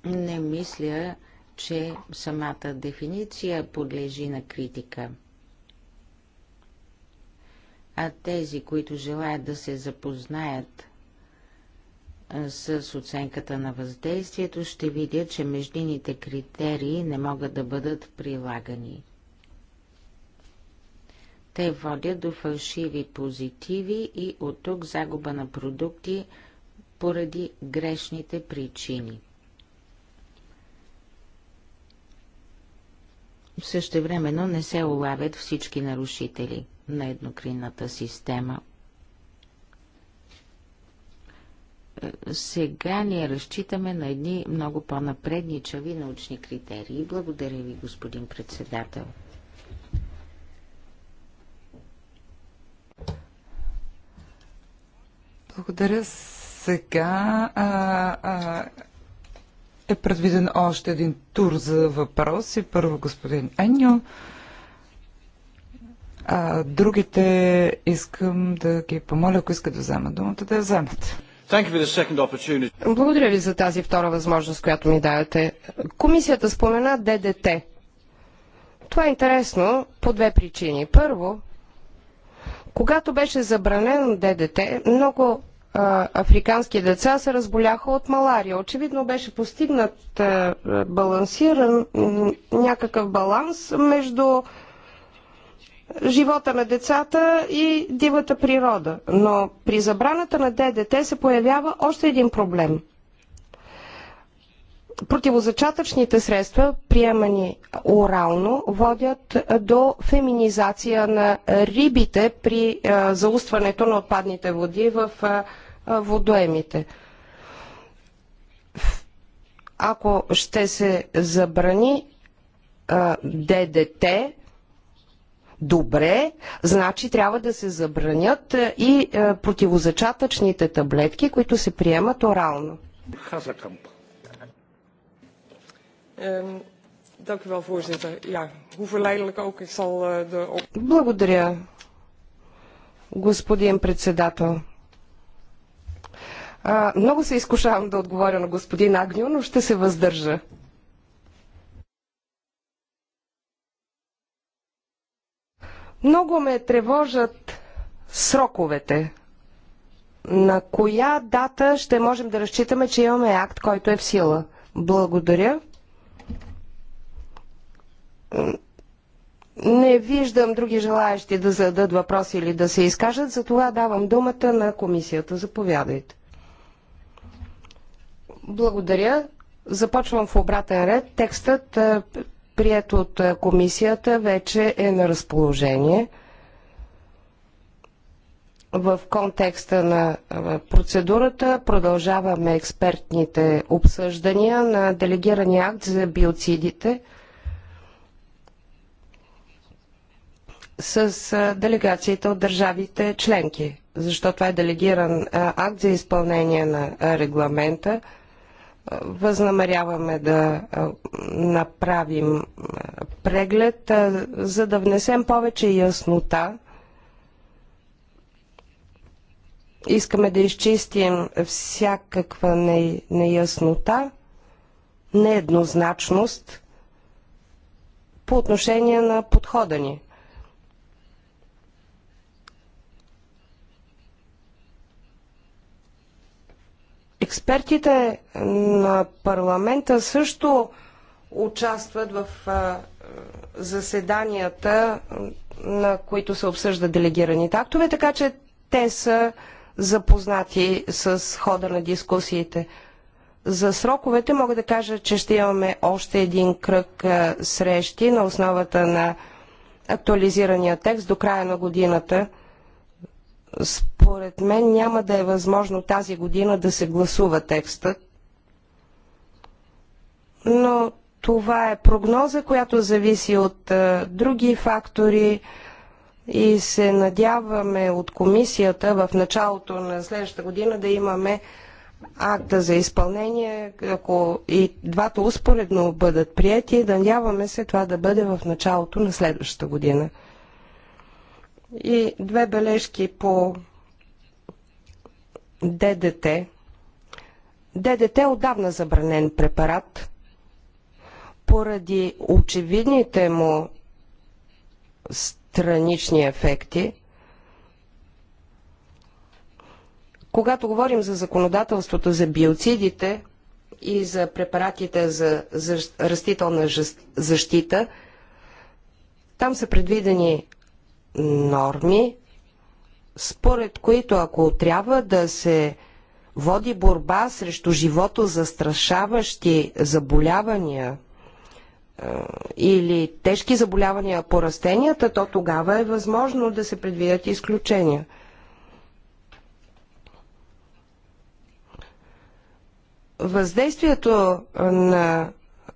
Не мисля, че самата дефиниция подлежи на критика. А тези, които желаят да се запознаят с оценката на въздействието, ще видя, че междините критерии не могат да бъдат прилагани. Те водят до фалшиви позитиви и от тук загуба на продукти поради грешните причини. Същевременно не се улавят всички нарушители на еднокринната система – Е, сега ние разчитаме на едни много по-напредничави научни критерии. Благодаря ви, господин председател. Благодаря. Сега а, а, е предвиден още един тур за въпроси. Първо господин Еньо. А, другите искам да ги помоля, ако искат да вземат думата, да я вземат. Благодаря ви за тази втора възможност, която ми давате. Комисията спомена ДДТ. Това е интересно по две причини. Първо, когато беше забранен ДДТ, много а, африкански деца се разболяха от малария. Очевидно беше постигнат а, балансиран някакъв баланс между живота на децата и дивата природа. Но при забраната на ДДТ се появява още един проблем. Противозачатъчните средства, приемани орално, водят до феминизация на рибите при заустването на отпадните води в водоемите ако ще се забрани ДДТ, добре, значи трябва да се забранят е, и е, противозачатъчните таблетки, които се приемат орално. Благодаря, господин председател. много се изкушавам да отговоря на господин Агню, но ще се въздържа. Много ме тревожат сроковете. На коя дата ще можем да разчитаме, че имаме акт, който е в сила? Благодаря. Не виждам други желаящи да зададат въпроси или да се изкажат, затова давам думата на комисията. Заповядайте. Благодаря. Започвам в обратен ред. Текстът е, прият от комисията, вече е на разположение в контекста на процедурата продължаваме експертните обсъждания на делегирания акт за биоцидите с делегациите от държавите членки, защото това е делегиран акт за изпълнение на регламента – възнамеряваме да направим преглед, за да внесем повече яснота. Искаме да изчистим всякаква неяснота, нееднозначност по отношение на подхода ни. Експертите на парламента също участват в заседанията, на които се обсъждат делегираните актове, така че те са запознати с хода на дискусиите. За сроковете мога да кажа, че ще имаме още един кръг срещи на основата на актуализирания текст до края на годината – според мен няма да е възможно тази година да се гласува текстът. Но това е прогноза, която зависи от а, е, други фактори и се надяваме от комисията в началото на следващата година да имаме акта за изпълнение, ако и двата успоредно бъдат прияти, надяваме се това да бъде в началото на следващата година. И две бележки по ДДТ. ДДТ е отдавна забранен препарат поради очевидните му странични ефекти. Когато говорим за законодателството за биоцидите и за препаратите за растителна защита, там са предвидени норми, според които ако трябва да се води борба срещу живото застрашаващи заболявания е, или тежки заболявания по растенията, то тогава е възможно да се предвидят изключения. Въздействието на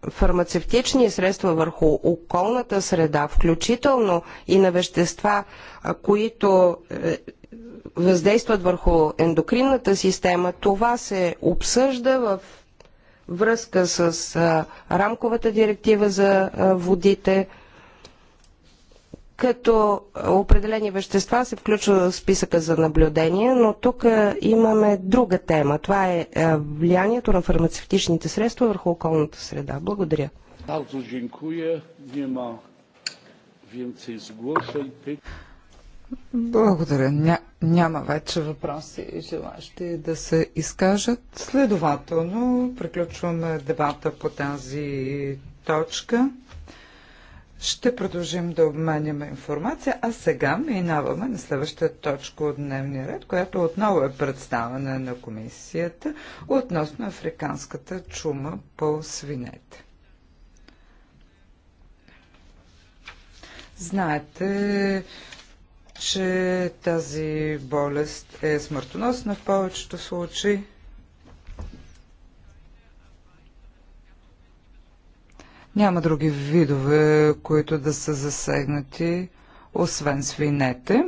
фармацевтични средства върху околната среда, включително и на вещества, които е, въздействат върху ендокринната система, това се обсъжда в връзка с рамковата директива за водите – като определени вещества се включва в списъка за наблюдение, но тук е, имаме друга тема. Това е, е влиянието на фармацевтичните средства върху околната среда. Благодаря. Благодаря. Ня, няма вече въпроси и желащи да се изкажат. Следователно, приключваме дебата по тази точка. Ще продължим да обменяме информация, а сега минаваме на следващата точка от дневния ред, която отново е представена на комисията относно африканската чума по свинете. Знаете, че тази болест е смъртоносна в повечето случаи. Няма други видове, които да са засегнати, освен свинете.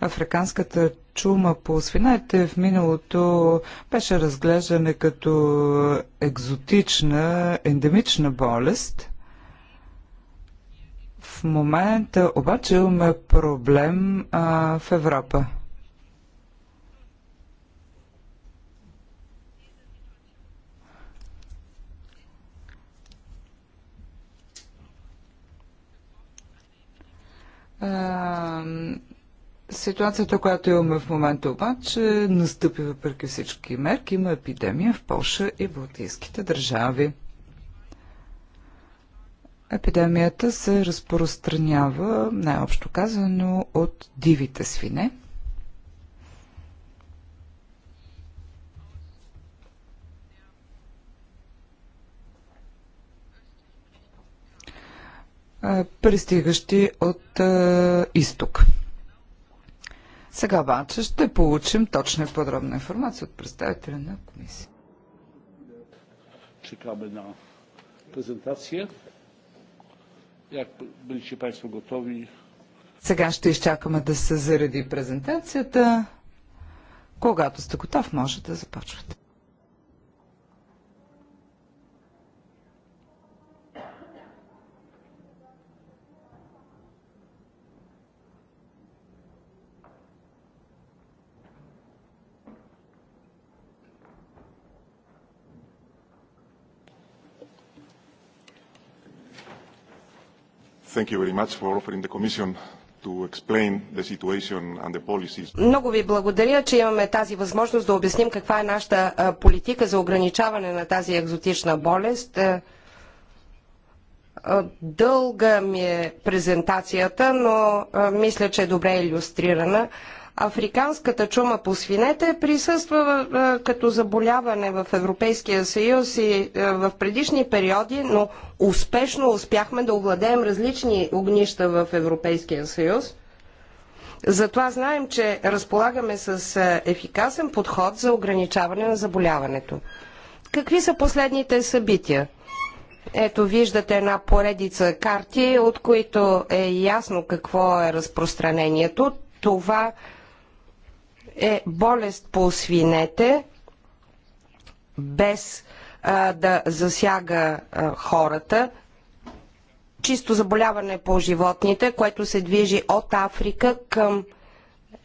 Африканската чума по свинете в миналото беше разглеждана като екзотична, ендемична болест. В момента обаче имаме проблем а, в Европа. ситуацията, която имаме в момента обаче, настъпи въпреки всички мерки. Има епидемия в Польша и Балтийските държави. Епидемията се разпространява, най-общо казано, от дивите свине – пристигащи от изток. Сега обаче ще получим точна и подробна информация от представителя на комисия. на презентация. Як били че Państwo готови? Сега ще изчакаме да се зареди презентацията. Когато сте готов, може да започвате. Thank you very much for offering the Commission to explain the situation and the policies. Много ви благодаря, че имаме тази възможност да обясним каква е нашата политика за ограничаване на тази екзотична болест. Е, е, дълга ми е презентацията, но е, мисля, че е добре иллюстрирана африканската чума по свинете присъства а, като заболяване в Европейския съюз и а, в предишни периоди, но успешно успяхме да овладеем различни огнища в Европейския съюз. Затова знаем, че разполагаме с ефикасен подход за ограничаване на заболяването. Какви са последните събития? Ето виждате една поредица карти, от които е ясно какво е разпространението. Това е болест по свинете, без а, да засяга а, хората. Чисто заболяване по животните, което се движи от Африка към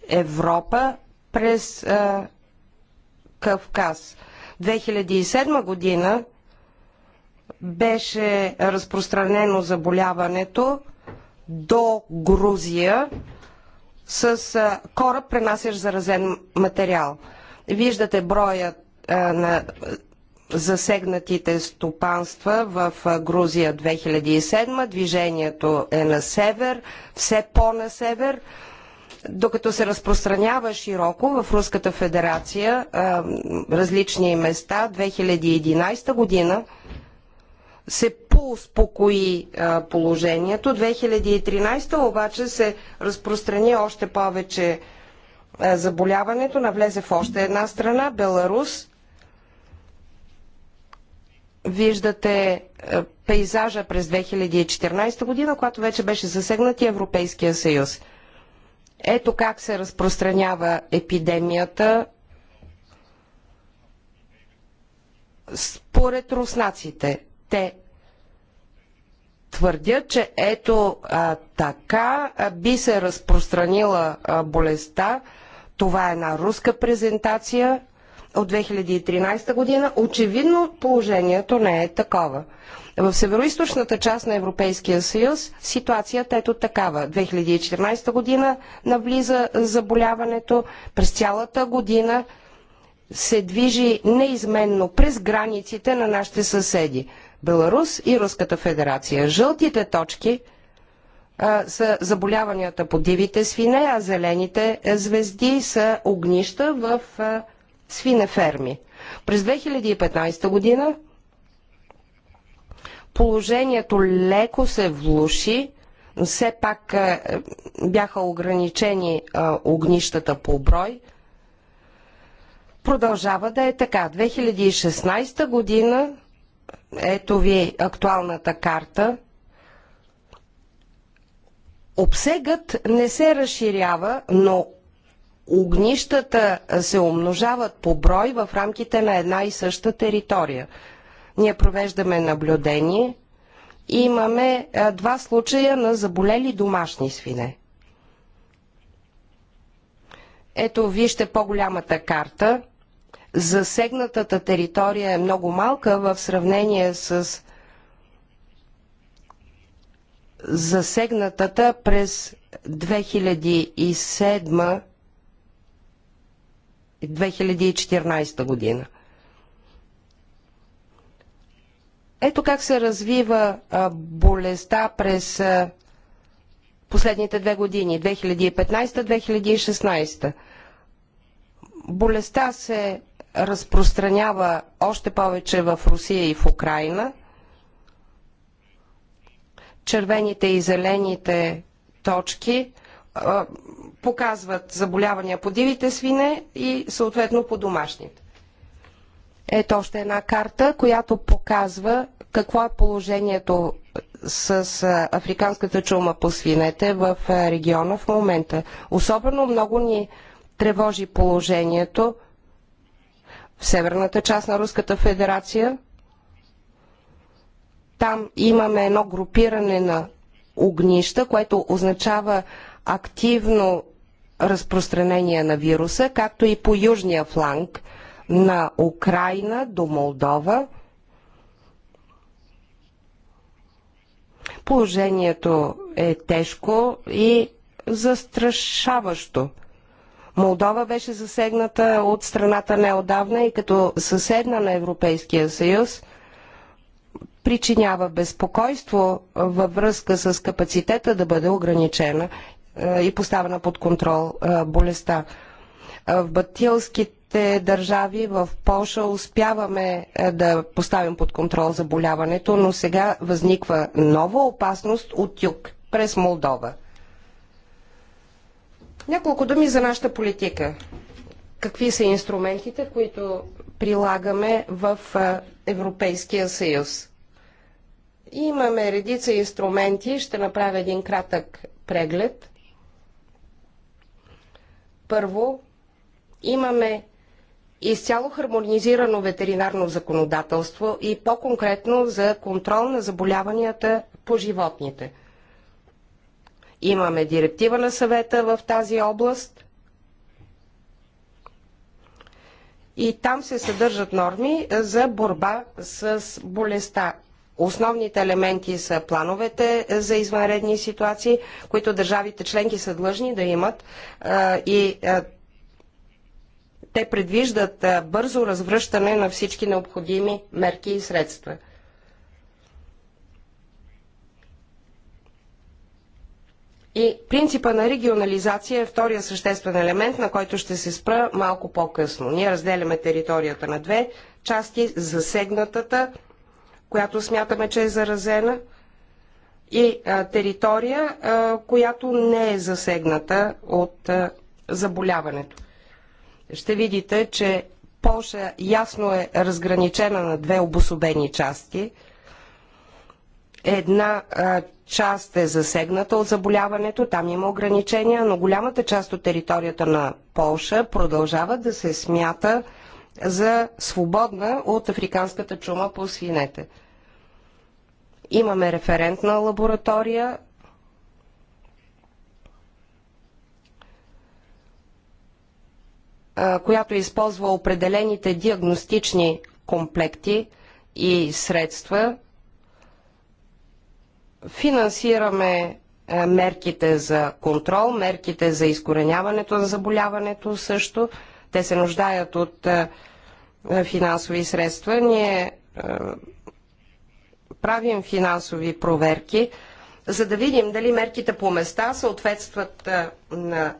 Европа през а, Кавказ. 2007 година беше разпространено заболяването до Грузия с кораб, пренасящ заразен материал. Виждате броя на засегнатите стопанства в Грузия 2007. Движението е на север, все по-на север, докато се разпространява широко в Руската федерация различни места 2011 година се поуспокои положението. 2013 обаче се разпространи още повече заболяването, навлезе в още една страна, Беларус. Виждате пейзажа през 2014 година, когато вече беше засегнат и Европейския съюз. Ето как се разпространява епидемията според руснаците. Те твърдя, че ето а, така а, би се разпространила а, болестта. Това е една руска презентация от 2013 година. Очевидно положението не е такова. В североизточната част на Европейския съюз ситуацията ето такава. 2014 година навлиза заболяването. През цялата година се движи неизменно през границите на нашите съседи. Беларус и Руската федерация. Жълтите точки а, са заболяванията по дивите свине, а зелените е, звезди са огнища в а, свинеферми. През 2015 година положението леко се влуши, все пак а, е, бяха ограничени а, огнищата по брой. Продължава да е така. 2016 година ето ви актуалната карта. Обсегът не се разширява, но огнищата се умножават по брой в рамките на една и съща територия. Ние провеждаме наблюдение и имаме два случая на заболели домашни свине. Ето вижте по-голямата карта засегнатата територия е много малка в сравнение с засегнатата през 2007 2014 година. Ето как се развива болестта през последните две години 2015-2016. Болестта се разпространява още повече в Русия и в Украина. Червените и зелените точки а, показват заболявания по дивите свине и съответно по домашните. Ето още една карта, която показва какво е положението с африканската чума по свинете в региона в момента. Особено много ни тревожи положението в северната част на Руската федерация. Там имаме едно групиране на огнища, което означава активно разпространение на вируса, както и по южния фланг на Украина до Молдова. Положението е тежко и застрашаващо. Молдова беше засегната от страната неодавна и като съседна на Европейския съюз причинява безпокойство във връзка с капацитета да бъде ограничена е, и поставена под контрол е, болестта. Е, в батилските държави в Польша успяваме да поставим под контрол заболяването, но сега възниква нова опасност от юг през Молдова. Няколко думи за нашата политика. Какви са инструментите, които прилагаме в Европейския съюз? Имаме редица инструменти. Ще направя един кратък преглед. Първо, имаме изцяло хармонизирано ветеринарно законодателство и по-конкретно за контрол на заболяванията по животните. Имаме директива на съвета в тази област и там се съдържат норми за борба с болестта. Основните елементи са плановете за извънредни ситуации, които държавите членки са длъжни да имат и те предвиждат бързо развръщане на всички необходими мерки и средства. И принципа на регионализация е втория съществен елемент, на който ще се спра малко по-късно. Ние разделяме територията на две части, засегнатата, която смятаме, че е заразена, и а, територия, а, която не е засегната от а, заболяването. Ще видите, че Польша ясно е разграничена на две обособени части – Една а, част е засегната от заболяването, там има ограничения, но голямата част от територията на Полша продължава да се смята за свободна от африканската чума по свинете. Имаме референтна лаборатория. която използва определените диагностични комплекти и средства – финансираме е, мерките за контрол, мерките за изкореняването на заболяването също. Те се нуждаят от е, е, финансови средства. Ние правим финансови проверки, за да видим дали мерките по места съответстват на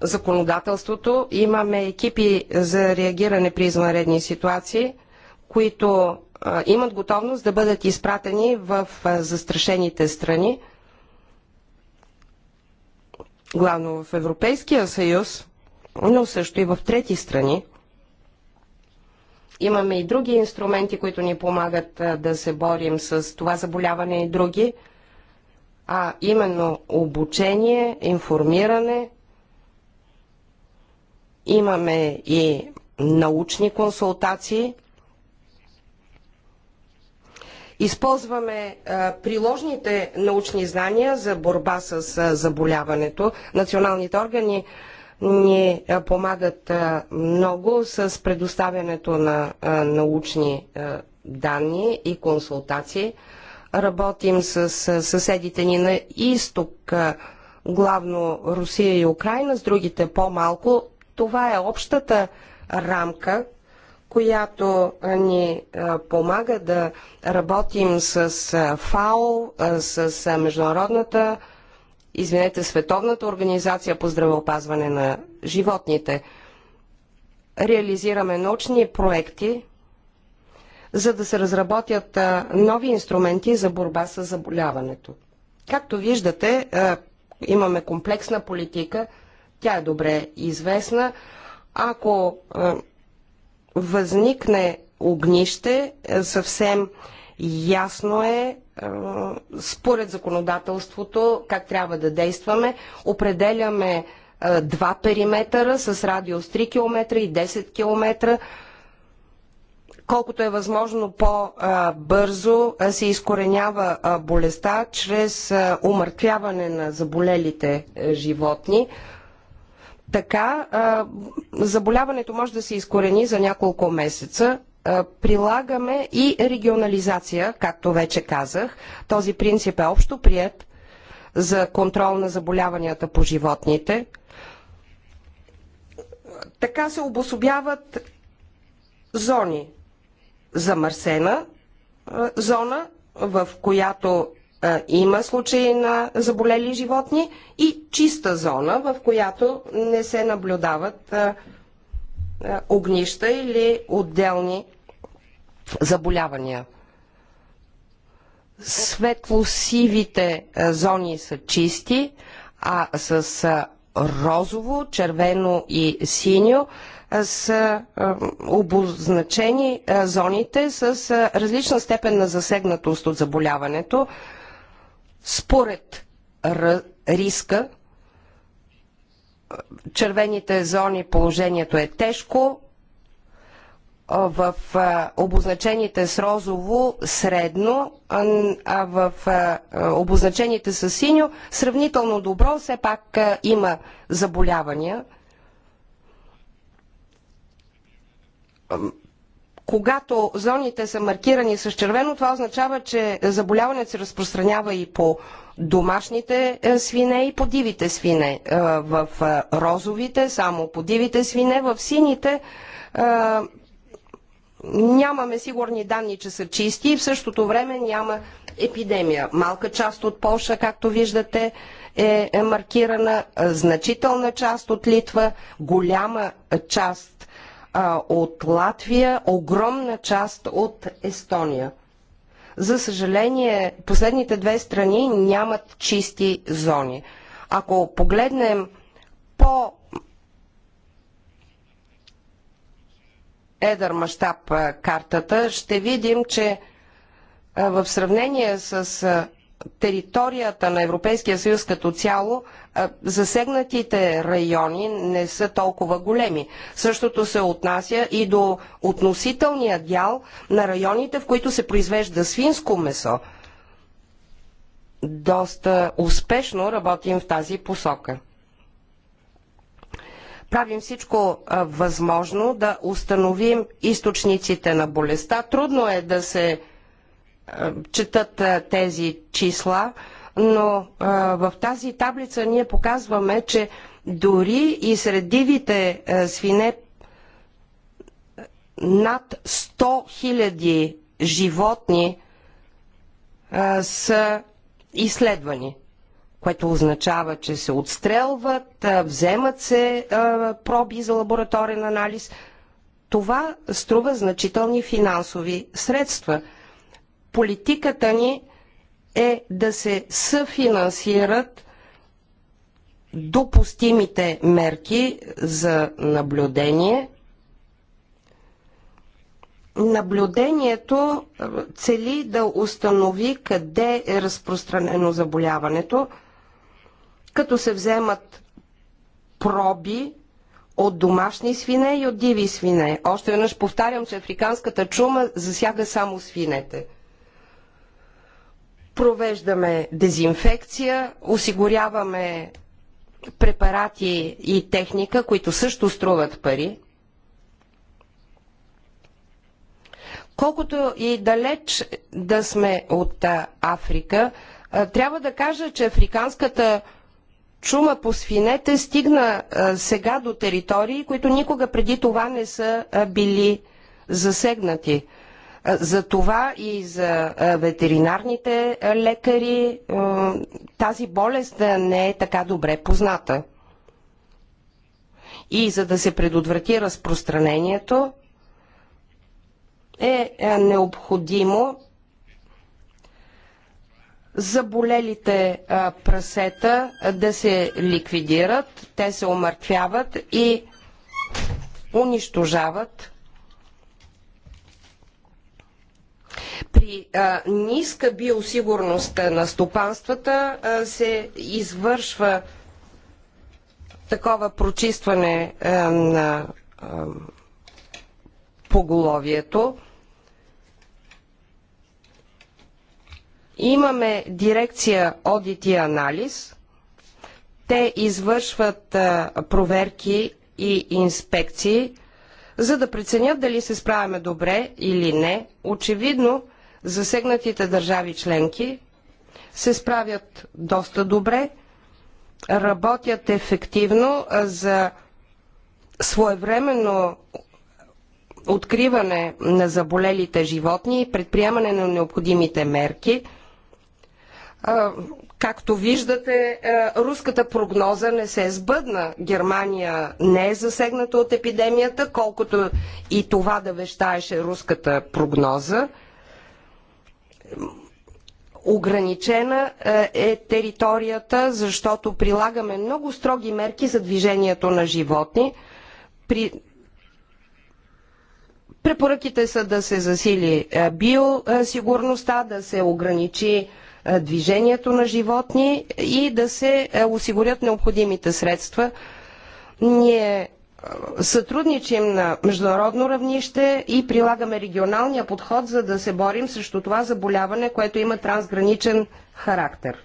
законодателството. Имаме екипи за реагиране при извънредни ситуации, които имат готовност да бъдат изпратени в застрашените страни, главно в Европейския съюз, но също и в трети страни. Имаме и други инструменти, които ни помагат да се борим с това заболяване и други, а именно обучение, информиране. Имаме и научни консултации, Използваме приложните научни знания за борба с заболяването. Националните органи ни помагат много с предоставянето на научни данни и консултации. Работим с съседите ни на изток, главно Русия и Украина, с другите по-малко. Това е общата рамка, която ни помага да работим с ФАО, с Международната, извинете, Световната организация по здравеопазване на животните. Реализираме научни проекти, за да се разработят нови инструменти за борба с заболяването. Както виждате, имаме комплексна политика, тя е добре известна. Ако възникне огнище, е, съвсем ясно е, е според законодателството как трябва да действаме. Определяме е, два периметъра с радиус 3 км и 10 км. Колкото е възможно по-бързо се изкоренява болестта чрез умъртвяване на заболелите животни. Така заболяването може да се изкорени за няколко месеца. прилагаме и регионализация, както вече казах. Този принцип е общо прият за контрол на заболяванията по животните. Така се обособяват зони. Замърсена зона, в която има случаи на заболели животни и чиста зона, в която не се наблюдават огнища или отделни заболявания. Светло-сивите зони са чисти, а с розово, червено и синьо са обозначени зоните с различна степен на засегнатост от заболяването, според риска, червените зони положението е тежко, в обозначените с розово средно, а в обозначените с синьо сравнително добро, все пак има заболявания когато зоните са маркирани с червено, това означава, че заболяването се разпространява и по домашните е, свине и по дивите свине. Е, в е, розовите, само по дивите свине, в сините нямаме сигурни данни, че са чисти и в същото време няма епидемия. Малка част от Полша, както виждате, е маркирана, значителна част от Литва, голяма част от Латвия, огромна част от Естония. За съжаление, последните две страни нямат чисти зони. Ако погледнем по едър мащаб картата, ще видим, че в сравнение с територията на Европейския съюз като цяло засегнатите райони не са толкова големи. Същото се отнася и до относителния дял на районите, в които се произвежда свинско месо. Доста успешно работим в тази посока. Правим всичко възможно да установим източниците на болестта. Трудно е да се четат тези числа, но в тази таблица ние показваме, че дори и сред дивите свине над 100 000 животни са изследвани, което означава, че се отстрелват, вземат се проби за лабораторен анализ. Това струва значителни финансови средства – политиката ни е да се съфинансират допустимите мерки за наблюдение. Наблюдението цели да установи къде е разпространено заболяването, като се вземат проби от домашни свине и от диви свине. Още веднъж повтарям, че африканската чума засяга само свинете провеждаме дезинфекция, осигуряваме препарати и техника, които също струват пари. Колкото и далеч да сме от Африка, трябва да кажа, че африканската чума по свинете стигна сега до територии, които никога преди това не са били засегнати. За това и за ветеринарните лекари тази болест не е така добре позната. И за да се предотврати разпространението, е необходимо заболелите прасета да се ликвидират, те се омъртвяват и унищожават При а, ниска биосигурност на стопанствата а, се извършва такова прочистване а, на а, поголовието. Имаме дирекция Одит и анализ. Те извършват а, проверки и инспекции за да преценят дали се справяме добре или не. Очевидно, засегнатите държави членки се справят доста добре, работят ефективно за своевременно откриване на заболелите животни и предприемане на необходимите мерки. Както виждате, е, руската прогноза не се е сбъдна. Германия не е засегната от епидемията, колкото и това да вещаеше руската прогноза. Ограничена е, е територията, защото прилагаме много строги мерки за движението на животни. При... Препоръките са да се засили е, биосигурността, да се ограничи движението на животни и да се осигурят необходимите средства. Ние сътрудничим на международно равнище и прилагаме регионалния подход, за да се борим срещу това заболяване, което има трансграничен характер.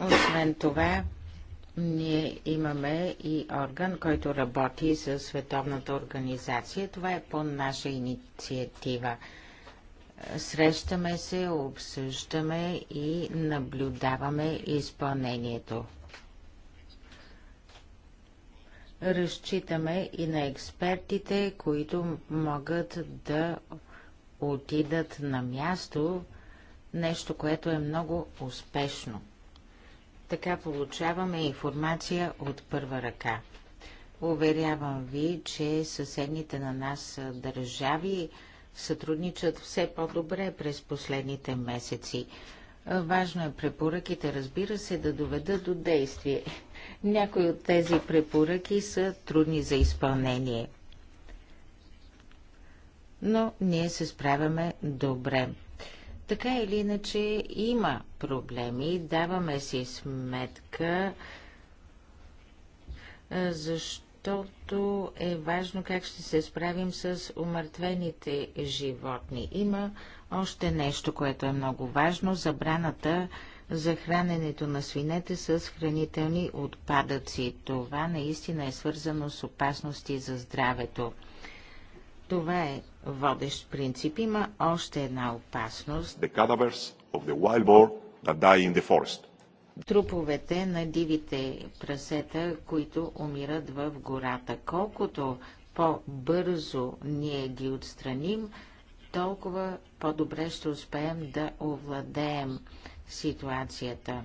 Освен това, ние имаме и орган, който работи със Световната организация. Това е по наша инициатива. Срещаме се, обсъждаме и наблюдаваме изпълнението. Разчитаме и на експертите, които могат да отидат на място, нещо, което е много успешно. Така получаваме информация от първа ръка. Уверявам ви, че съседните на нас държави сътрудничат все по-добре през последните месеци. Важно е препоръките, разбира се, да доведат до действие. Някои от тези препоръки са трудни за изпълнение. Но ние се справяме добре. Така или иначе има проблеми, даваме си сметка, защо защото е важно как ще се справим с умъртвените животни. Има още нещо, което е много важно – забраната за храненето на свинете с хранителни отпадъци. Това наистина е свързано с опасности за здравето. Това е водещ принцип. Има още една опасност. The cadavers of the wild boar that die in the forest труповете на дивите прасета, които умират в гората. Колкото по-бързо ние ги отстраним, толкова по-добре ще успеем да овладеем ситуацията.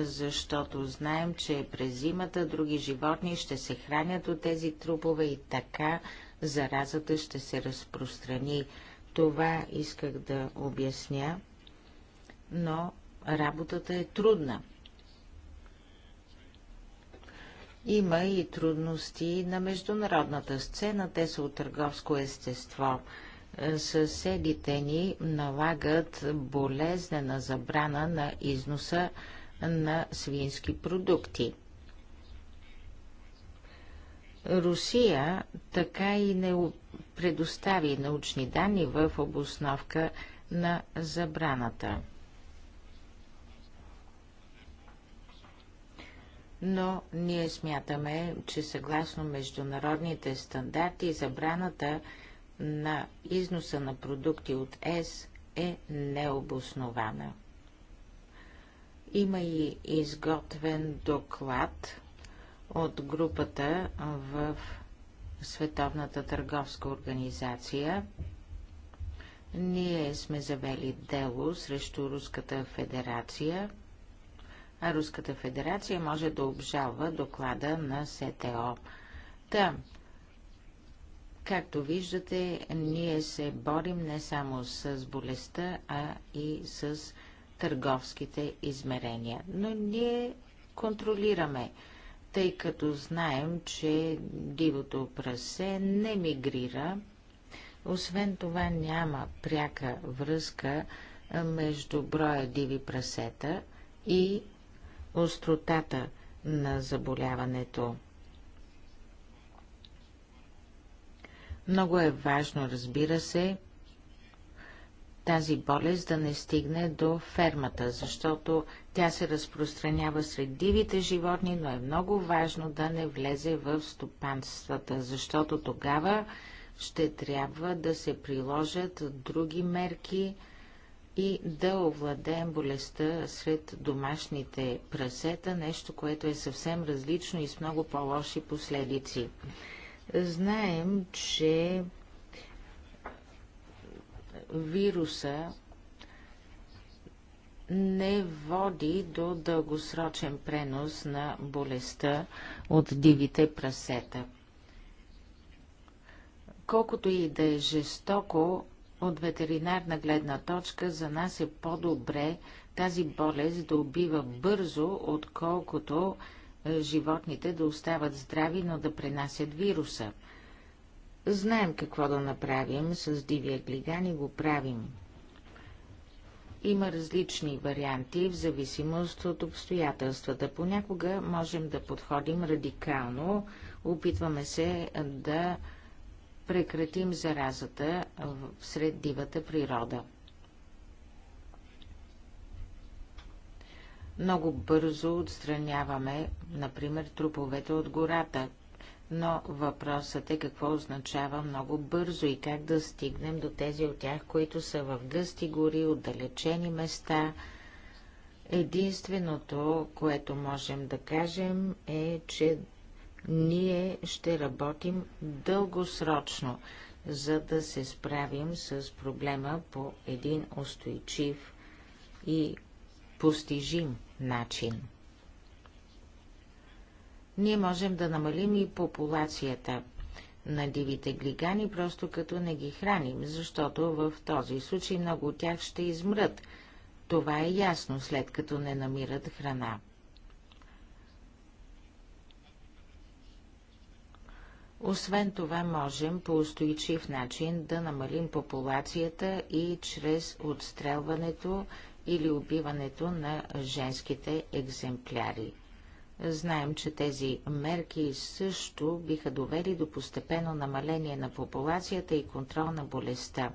Защото знаем, че през зимата други животни ще се хранят от тези трупове и така заразата ще се разпространи. Това исках да обясня, но работата е трудна. Има и трудности на международната сцена, те са от търговско естество. Е, съседите ни налагат болезнена забрана на износа на свински продукти. Русия така и не предостави научни данни в обосновка на забраната. но ние смятаме, че съгласно международните стандарти забраната на износа на продукти от ЕС е необоснована. Има и изготвен доклад от групата в Световната търговска организация. Ние сме завели дело срещу Руската федерация – Руската федерация може да обжалва доклада на СТО. Та, както виждате, ние се борим не само с болестта, а и с търговските измерения. Но ние контролираме, тъй като знаем, че дивото прасе не мигрира. Освен това няма пряка връзка между броя диви прасета и остротата на заболяването. Много е важно, разбира се, тази болест да не стигне до фермата, защото тя се разпространява сред дивите животни, но е много важно да не влезе в стопанствата, защото тогава ще трябва да се приложат други мерки, и да овладеем болестта сред домашните прасета, нещо, което е съвсем различно и с много по-лоши последици. Знаем, че вируса не води до дългосрочен пренос на болестта от дивите прасета. Колкото и да е жестоко от ветеринарна гледна точка за нас е по-добре тази болест да убива бързо, отколкото е, животните да остават здрави, но да пренасят вируса. Знаем какво да направим с дивия глиган и го правим. Има различни варианти в зависимост от обстоятелствата. Понякога можем да подходим радикално, опитваме се да прекратим заразата сред дивата природа. Много бързо отстраняваме, например, труповете от гората, но въпросът е какво означава много бързо и как да стигнем до тези от тях, които са в гъсти гори, отдалечени места. Единственото, което можем да кажем е, че ние ще работим дългосрочно, за да се справим с проблема по един устойчив и постижим начин. Ние можем да намалим и популацията на дивите глигани, просто като не ги храним, защото в този случай много от тях ще измрат. Това е ясно, след като не намират храна. Освен това, можем по устойчив начин да намалим популацията и чрез отстрелването или убиването на женските екземпляри. Знаем, че тези мерки също биха довели до постепенно намаление на популацията и контрол на болестта.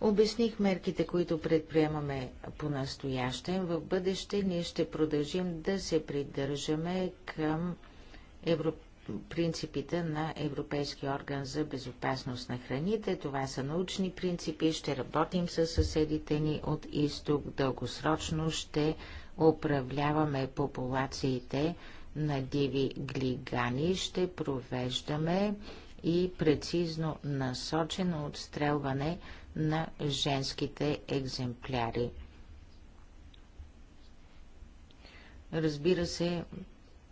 Обясних мерките, които предприемаме по-настоящем. В бъдеще ние ще продължим да се придържаме към Европейския принципите на Европейския орган за безопасност на храните. Това са научни принципи. Ще работим с съседите ни от изток. Дългосрочно ще управляваме популациите на диви глигани. Ще провеждаме и прецизно насочено отстрелване на женските екземпляри. Разбира се,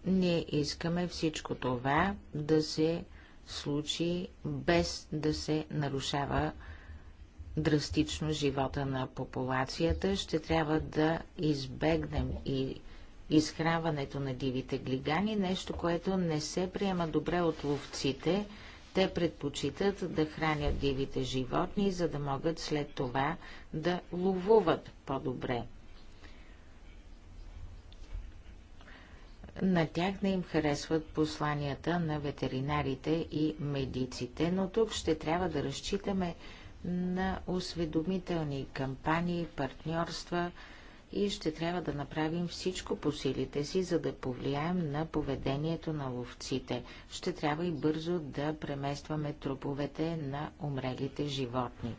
ние искаме всичко това да се случи без да се нарушава драстично живота на популацията. Ще трябва да избегнем и изхраването на дивите глигани, нещо, което не се приема добре от ловците. Те предпочитат да хранят дивите животни, за да могат след това да ловуват по-добре. на тях не им харесват посланията на ветеринарите и медиците, но тук ще трябва да разчитаме на осведомителни кампании, партньорства и ще трябва да направим всичко по силите си, за да повлияем на поведението на ловците. Ще трябва и бързо да преместваме труповете на умрелите животни.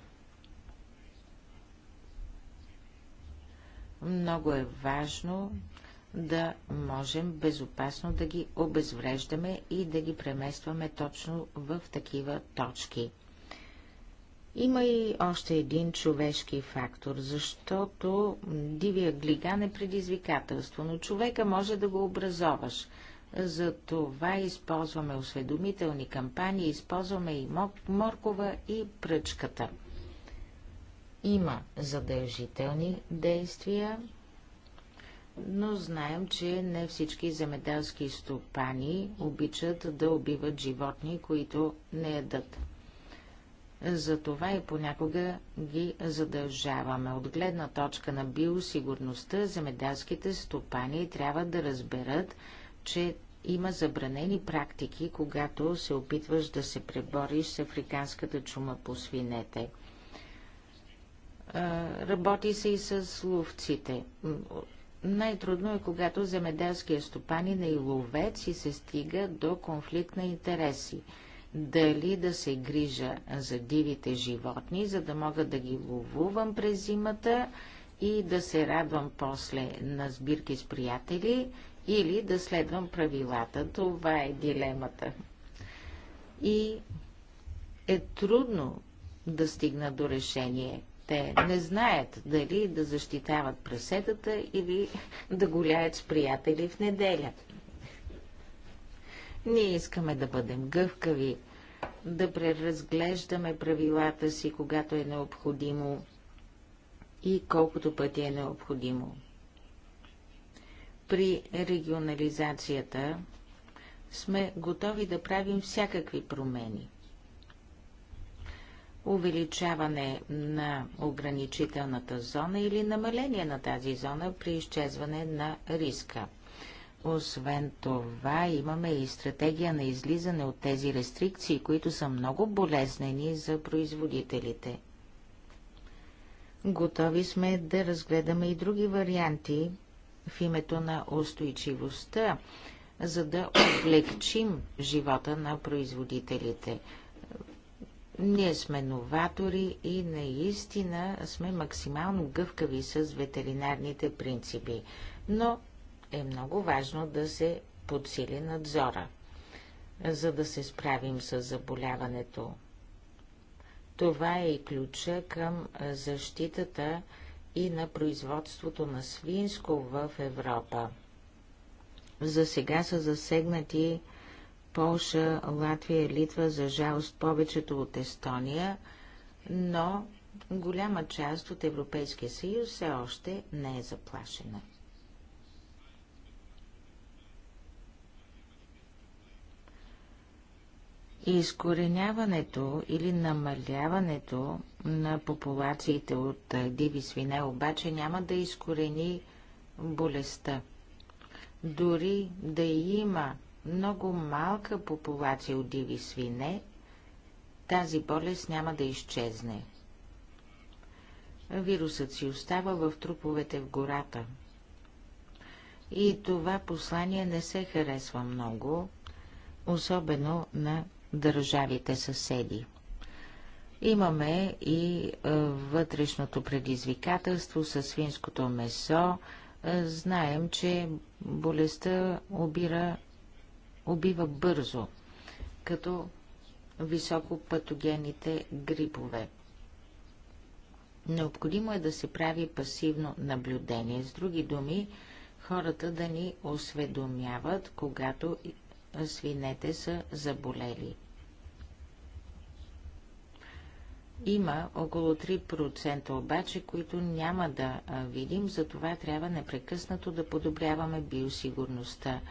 Много е важно да можем безопасно да ги обезвреждаме и да ги преместваме точно в такива точки. Има и още един човешки фактор, защото дивия глиган е предизвикателство, но човека може да го образоваш. Затова използваме осведомителни кампании, използваме и моркова и пръчката. Има задължителни действия, но знаем, че не всички земеделски стопани обичат да убиват животни, които не едат. Затова и понякога ги задължаваме. От гледна точка на биосигурността, земеделските стопани трябва да разберат, че има забранени практики, когато се опитваш да се пребориш с африканската чума по свинете. Работи се и с ловците. Най-трудно е, когато земеделският стопанин е и ловец и се стига до конфликт на интереси. Дали да се грижа за дивите животни, за да мога да ги ловувам през зимата и да се радвам после на сбирки с приятели или да следвам правилата. Това е дилемата. И е трудно да стигна до решение – те не знаят дали да защитават преседата или да голяят с приятели в неделя. Ние искаме да бъдем гъвкави, да преразглеждаме правилата си, когато е необходимо и колкото пъти е необходимо. При регионализацията сме готови да правим всякакви промени – увеличаване на ограничителната зона или намаление на тази зона при изчезване на риска. Освен това, имаме и стратегия на излизане от тези рестрикции, които са много болезнени за производителите. Готови сме да разгледаме и други варианти в името на устойчивостта, за да облегчим живота на производителите. Ние сме новатори и наистина сме максимално гъвкави с ветеринарните принципи, но е много важно да се подсили надзора, за да се справим с заболяването. Това е и ключа към защитата и на производството на свинско в Европа. За сега са засегнати Полша, Латвия, Литва, за жалост повечето от Естония, но голяма част от Европейския съюз все още не е заплашена. Изкореняването или намаляването на популациите от диви свине обаче няма да изкорени болестта. Дори да има много малка популация от диви свине, тази болест няма да изчезне. Вирусът си остава в труповете в гората. И това послание не се харесва много, особено на държавите съседи. Имаме и е, вътрешното предизвикателство със свинското месо. Е, знаем, че болестта обира убива бързо, като високопатогените грипове. Необходимо е да се прави пасивно наблюдение. С други думи, хората да ни осведомяват, когато свинете са заболели. Има около 3% обаче, които няма да видим, затова трябва непрекъснато да подобряваме биосигурността.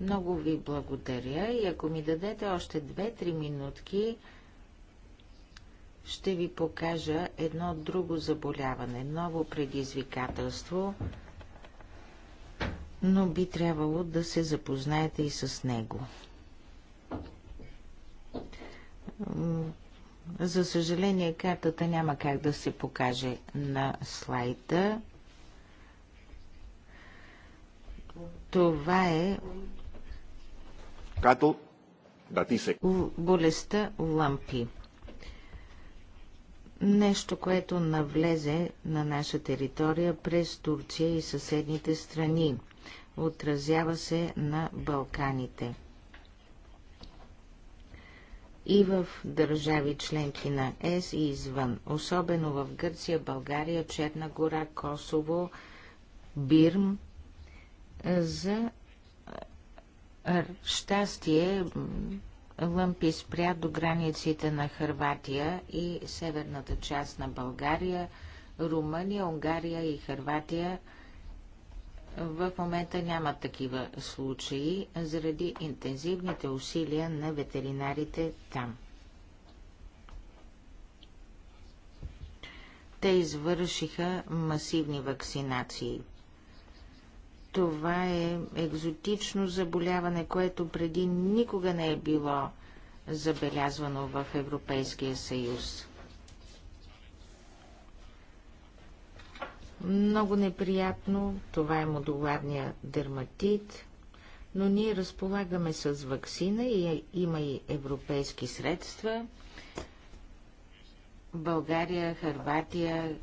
Много ви благодаря и ако ми дадете още 2-3 минутки, ще ви покажа едно друго заболяване, ново предизвикателство, но би трябвало да се запознаете и с него. За съжаление, картата няма как да се покаже на слайда. Това е Болестта лампи. Нещо, което навлезе на наша територия през Турция и съседните страни. Отразява се на Балканите. И в държави членки на ЕС и извън, особено в Гърция, България, Черна гора, Косово, Бирм, е, за щастие Лъмпи спря до границите на Хърватия и северната част на България, Румъния, Унгария и Хърватия в момента няма такива случаи заради интензивните усилия на ветеринарите там. Те извършиха масивни вакцинации това е екзотично заболяване, което преди никога не е било забелязвано в Европейския съюз. Много неприятно, това е модуларния дерматит, но ние разполагаме с вакцина и има и европейски средства. България, Харватия,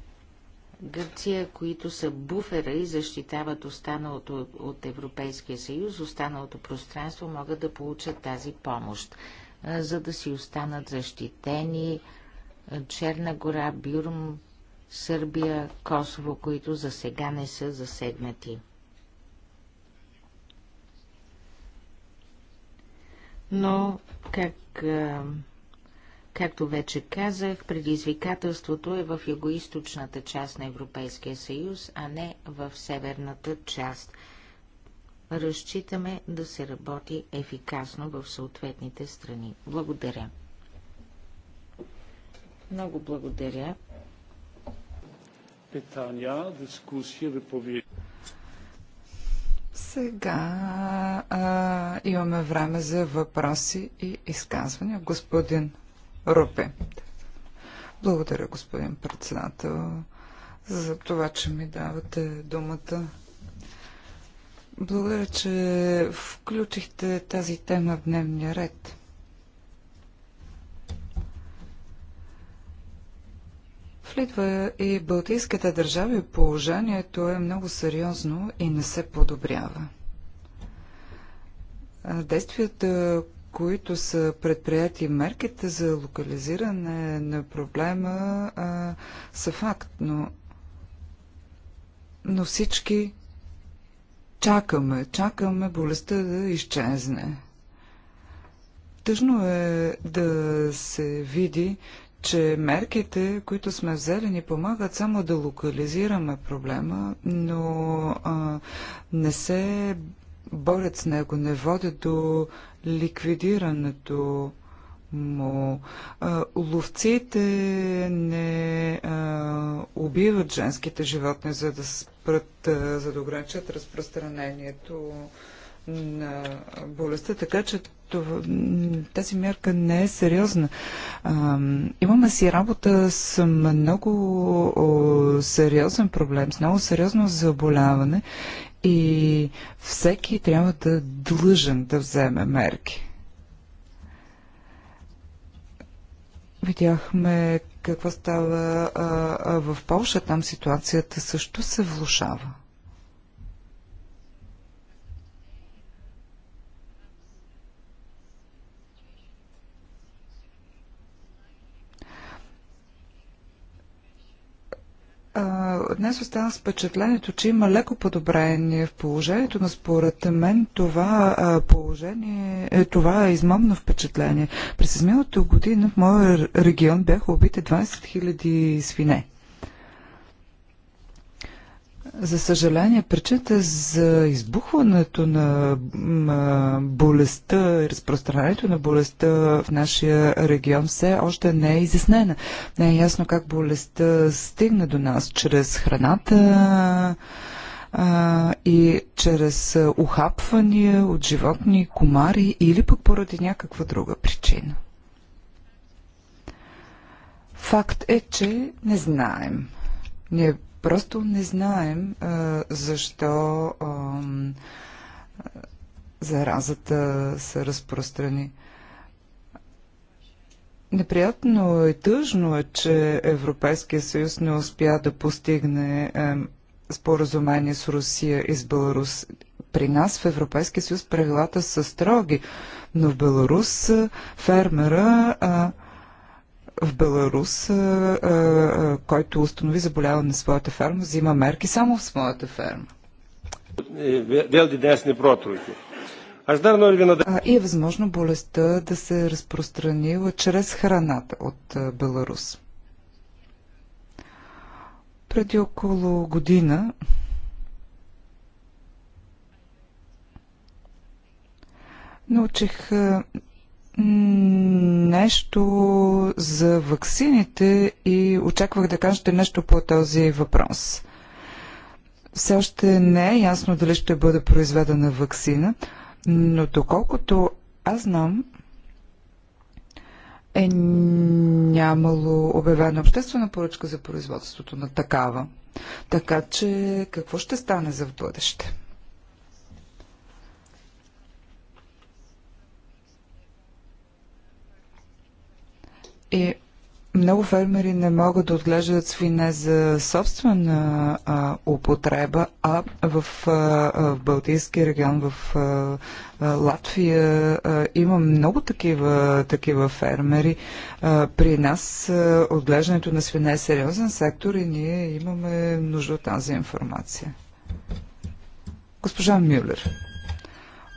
Гърция, които са буфера и защитават останалото от Европейския съюз, останалото пространство, могат да получат тази помощ, за да си останат защитени Черна гора, Бюрм, Сърбия, Косово, които за сега не са засегнати. Но, как Както вече казах, предизвикателството е в югоисточната част на Европейския съюз, а не в северната част. Разчитаме да се работи ефикасно в съответните страни. Благодаря. Много благодаря. Питания, дискусия, выповеди. Сега а, имаме време за въпроси и изказвания. Господин Рупе. Благодаря, господин председател, за това, че ми давате думата. Благодаря, че включихте тази тема в дневния ред. В Литва и държава държави положението е много сериозно и не се подобрява. Действията, които са предприяти мерките за локализиране на проблема, а, са факт, но, но всички чакаме, чакаме болестта да изчезне. Тъжно е да се види, че мерките, които сме взели, ни помагат само да локализираме проблема, но а, не се борят с него, не водят до ликвидирането му. Ловците не убиват женските животни, за да спрат, за да ограничат разпространението на болестта, така че това, тази мерка не е сериозна. А, имаме си работа с много о, сериозен проблем, с много сериозно заболяване и всеки трябва да е длъжен да вземе мерки. Видяхме какво става а, а, в Польша, там ситуацията също се влушава. днес остана с впечатлението, че има леко подобрение в положението, но според мен това положение, е, това е измамно впечатление. През изминалата година в моя регион бяха убити 20 000 свине. За съжаление, причината за избухването на болестта и разпространението на болестта в нашия регион все още не е изяснена. Не е ясно как болестта стигна до нас чрез храната а, и чрез ухапвания от животни, комари или пък поради някаква друга причина. Факт е, че не знаем. Ние Просто не знаем а, защо а, заразата се разпространи. Неприятно и тъжно е, че Европейския съюз не успя да постигне е, споразумение с Русия и с Беларус. При нас в Европейския съюз правилата са строги, но в Беларус фермера. Е, в Беларус, който установи заболяване на своята ферма, взима мерки само в своята ферма. Е, и е възможно болестта да се разпространила чрез храната от Беларус. Преди около година научих нещо за ваксините и очаквах да кажете нещо по този въпрос. Все още не е ясно дали ще бъде произведена вакцина, но доколкото аз знам, е нямало обявена обществена поръчка за производството на такава. Така че какво ще стане за в бъдеще? И много фермери не могат да отглеждат свине за собствена а, употреба, а в, а, в Балтийски регион, в а, Латвия а, има много такива, такива фермери. А, при нас а, отглеждането на свине е сериозен сектор и ние имаме нужда от тази информация. Госпожа Мюллер.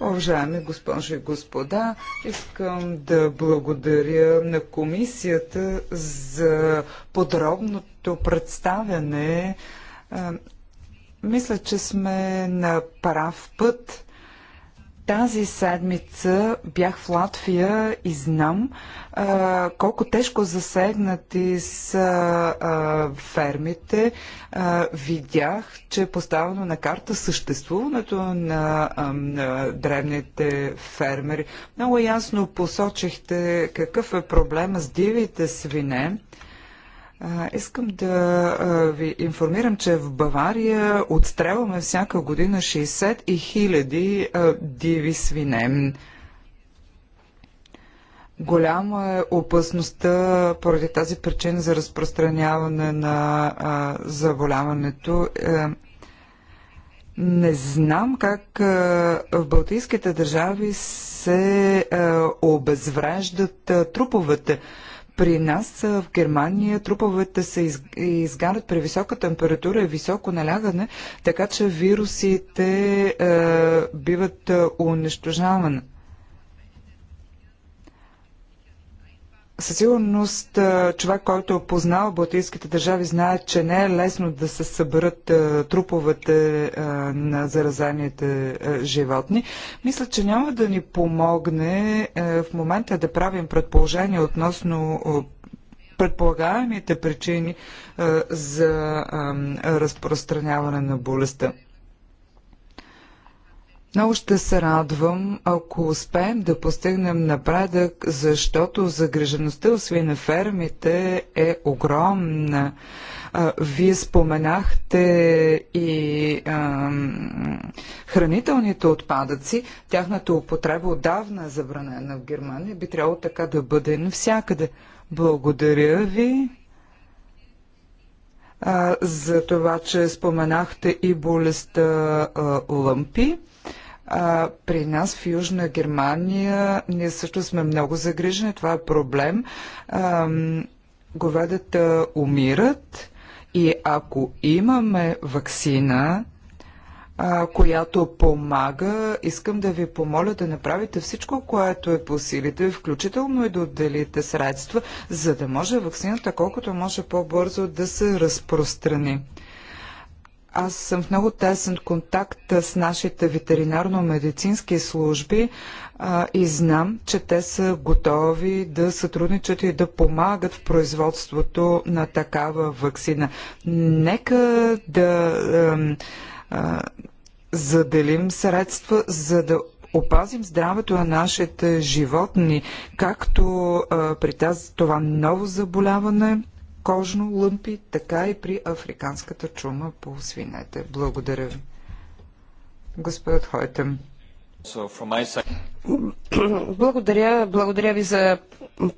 Уважаеми госпожи и господа, искам да благодаря на комисията за подробното представяне. Е, мисля, че сме на прав път. Тази седмица бях в Латвия и знам а, колко тежко засегнати са а, фермите. А, видях, че е поставено на карта съществуването на, а, на древните фермери. Много ясно посочихте какъв е проблема с дивите свине. А, а, искам да а, ви информирам, че в Бавария отстрелваме всяка година 60 и хиляди диви свине. Голяма е опасността поради тази причина за разпространяване на а, заболяването. А, е, не знам как а, в Балтийските държави се а, обезвреждат а, труповете. А, при нас в Германия труповете се изгарят при висока температура и високо налягане, така че вирусите е, биват е, унищожавани. Със сигурност човек, който е познал балтийските държави, знае, че не е лесно да се съберат труповете на заразените животни. Мисля, че няма да ни помогне в момента да правим предположения относно предполагаемите причини за разпространяване на болестта. Много ще се радвам, ако успеем да постигнем напредък, защото загрижеността у свинефермите е огромна. вие споменахте и а, хранителните отпадъци. Тяхната употреба отдавна е забранена в Германия. Би трябвало така да бъде навсякъде. Благодаря ви а, за това, че споменахте и болестта а, лъмпи. А, при нас в Южна Германия ние също сме много загрижени. Това е проблем. А, говедата умират и ако имаме вакцина, която помага. Искам да ви помоля да направите всичко, което е по силите, включително и да отделите средства, за да може вакцината колкото може по-бързо да се разпространи. Аз съм в много тесен контакт с нашите ветеринарно-медицински служби а, и знам, че те са готови да сътрудничат и да помагат в производството на такава вакцина. Нека да а, а, заделим средства, за да опазим здравето на нашите животни, както а, при тази, това ново заболяване, кожно лъмпи, така и при африканската чума по свинете. Благодаря ви. Господин Хойтем. Благодаря, благодаря ви за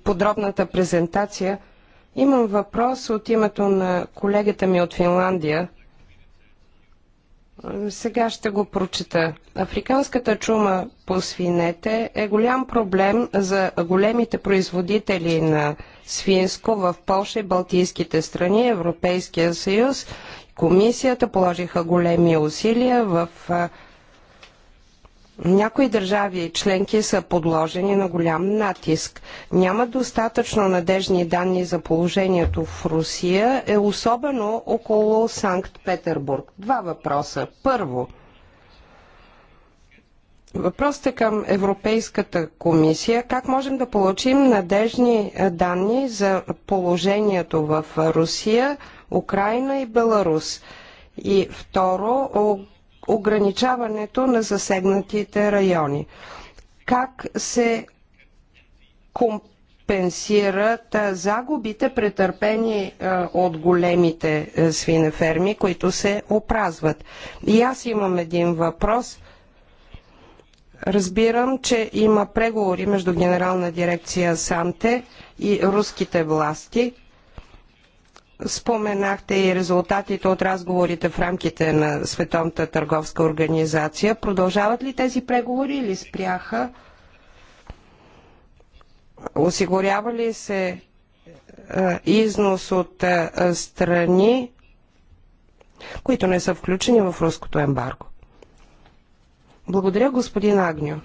подробната презентация. Имам въпрос от името на колегата ми от Финландия – сега ще го прочета. Африканската чума по свинете е голям проблем за големите производители на свинско в Польша и Балтийските страни, Европейския съюз. Комисията положиха големи усилия в някои държави и членки са подложени на голям натиск. Няма достатъчно надежни данни за положението в Русия, е особено около Санкт-Петербург. Два въпроса. Първо, Въпросът е към Европейската комисия. Как можем да получим надежни е, данни за положението в Русия, Украина и Беларус? И второ, ограничаването на засегнатите райони. Как се компенсират загубите, претърпени от големите свинеферми, които се опразват? И аз имам един въпрос. Разбирам, че има преговори между Генерална дирекция Санте и руските власти – Споменахте и резултатите от разговорите в рамките на Световната търговска организация. Продължават ли тези преговори или спряха? Осигурява ли се е, износ от е, страни, които не са включени в руското ембарго? Благодаря, господин Агню.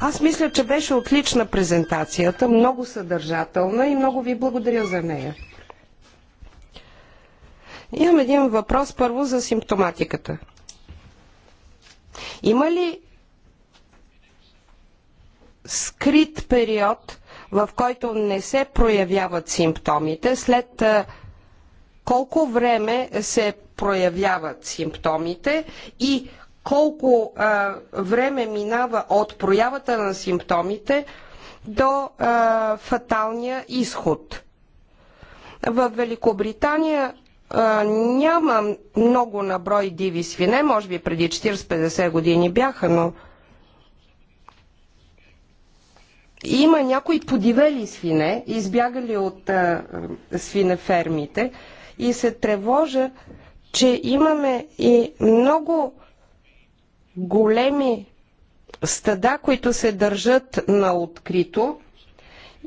Аз мисля, че беше отлична презентацията, много съдържателна и много ви благодаря за нея. Имам един въпрос първо за симптоматиката. Има ли скрит период, в който не се проявяват симптомите след колко време се проявяват симптомите и колко а, време минава от проявата на симптомите до а, фаталния изход. В Великобритания а, няма много наброй диви свине, може би преди 40-50 години бяха, но има някои подивели свине, избягали от а, свинефермите, и се тревожа, че имаме и много големи стада, които се държат на открито.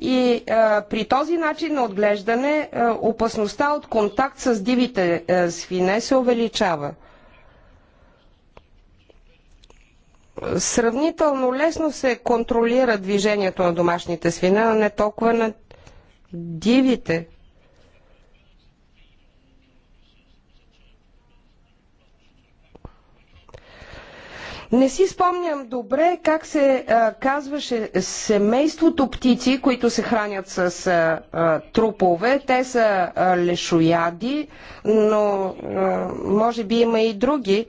И а, при този начин на отглеждане а, опасността от контакт с дивите а, свине се увеличава. Сравнително лесно се контролира движението на домашните свине, а не толкова на дивите. Не си спомням добре как се а, казваше семейството птици, които се хранят с а, а, трупове. Те са а, лешояди, но а, може би има и други.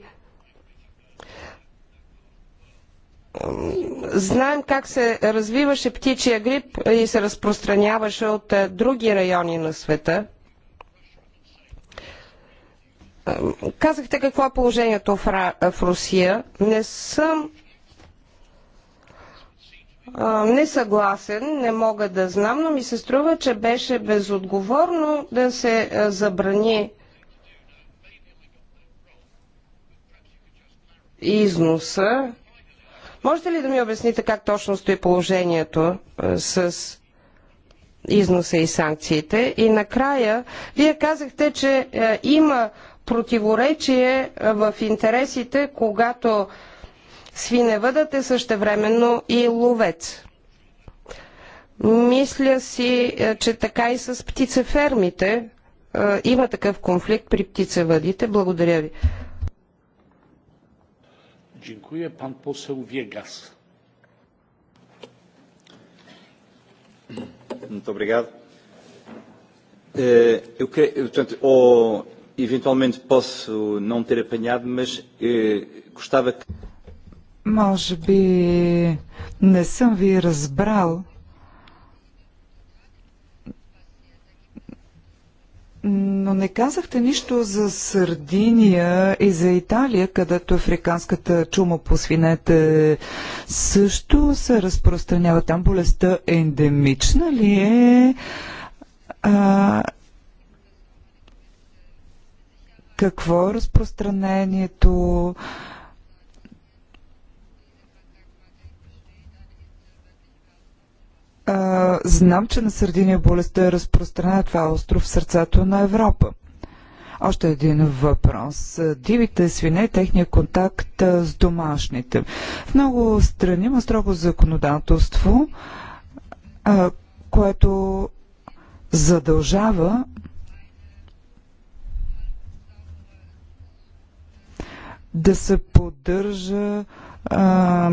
Знаем как се развиваше птичия грип и се разпространяваше от а, други райони на света. Казахте какво е положението в, в Русия. Не съм не съгласен, не мога да знам, но ми се струва, че беше безотговорно да се забрани износа. Можете ли да ми обясните как точно стои положението с износа и санкциите? И накрая, вие казахте, че има противоречие в интересите, когато свиневъдът е същевременно и ловец. Мисля си, е, че така и с птицефермите е, има такъв конфликт при птицевъдите. Благодаря ви. Dziękuję. Pan poseł Wiegas. Muito obrigado. Eh, eu, portanto, eventualmente posso não ter apanhado, mas eh, gostava que. Може би не съм ви разбрал. Но не казахте нищо за Сърдиния и за Италия, където африканската чума по свинете също се разпространява. Там болестта ендемична ли е? А, какво е разпространението, знам, че на сърдиния болест е разпространена. Това е остров в сърцето на Европа. Още един въпрос. Дивите свине и техния контакт с домашните. В много страни има строго законодателство, което задължава да се поддържа а,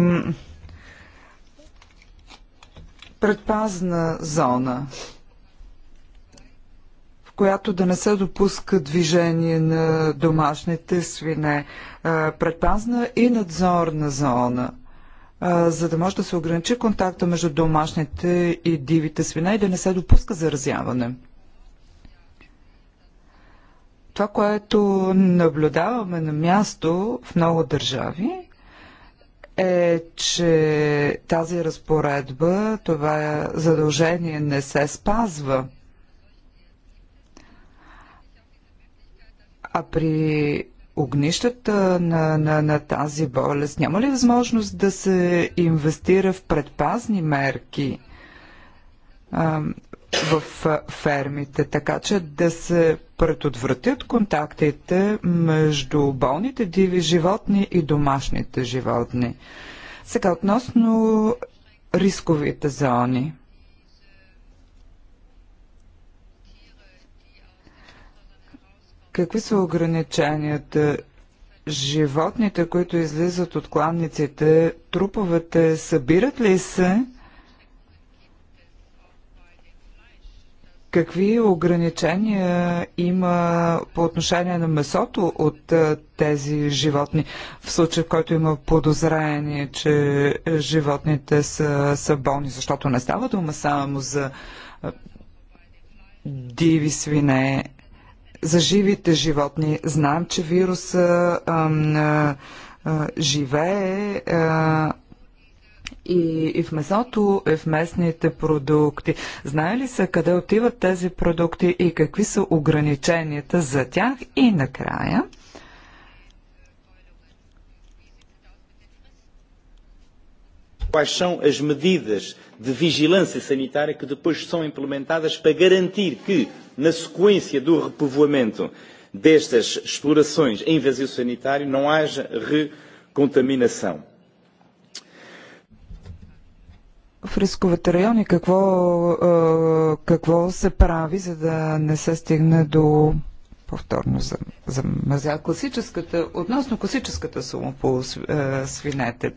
предпазна зона, в която да не се допуска движение на домашните свине. А, предпазна и надзорна зона за да може да се ограничи контакта между домашните и дивите свина и да не се допуска заразяване. Това, което наблюдаваме на място в много държави, е, че тази разпоредба, това задължение не се спазва. А при огнищата на, на, на тази болест няма ли възможност да се инвестира в предпазни мерки а, в фермите, така че да се предотвратят контактите между болните диви животни и домашните животни. Сега относно рисковите зони. Какви са ограниченията? Животните, които излизат от кланниците, труповете, събират ли се Какви ограничения има по отношение на месото от тези животни, в случай в който има подозрение, че животните са, са болни, защото не става дума само за диви свине, за живите животни. Знам, че вируса а, а, живее а, и, и в месото, и в местните продукти. Знае ли се къде отиват тези продукти и какви са ограниченията за тях? И накрая. quais são as medidas de vigilância sanitária que depois são implementadas para garantir que, na sequência do repovoamento destas explorações em vazio sanitário, não haja recontaminação в рисковите райони какво, какво се прави, за да не се стигне до повторно за, за мазя. Класическата, относно класическата сума по свинете.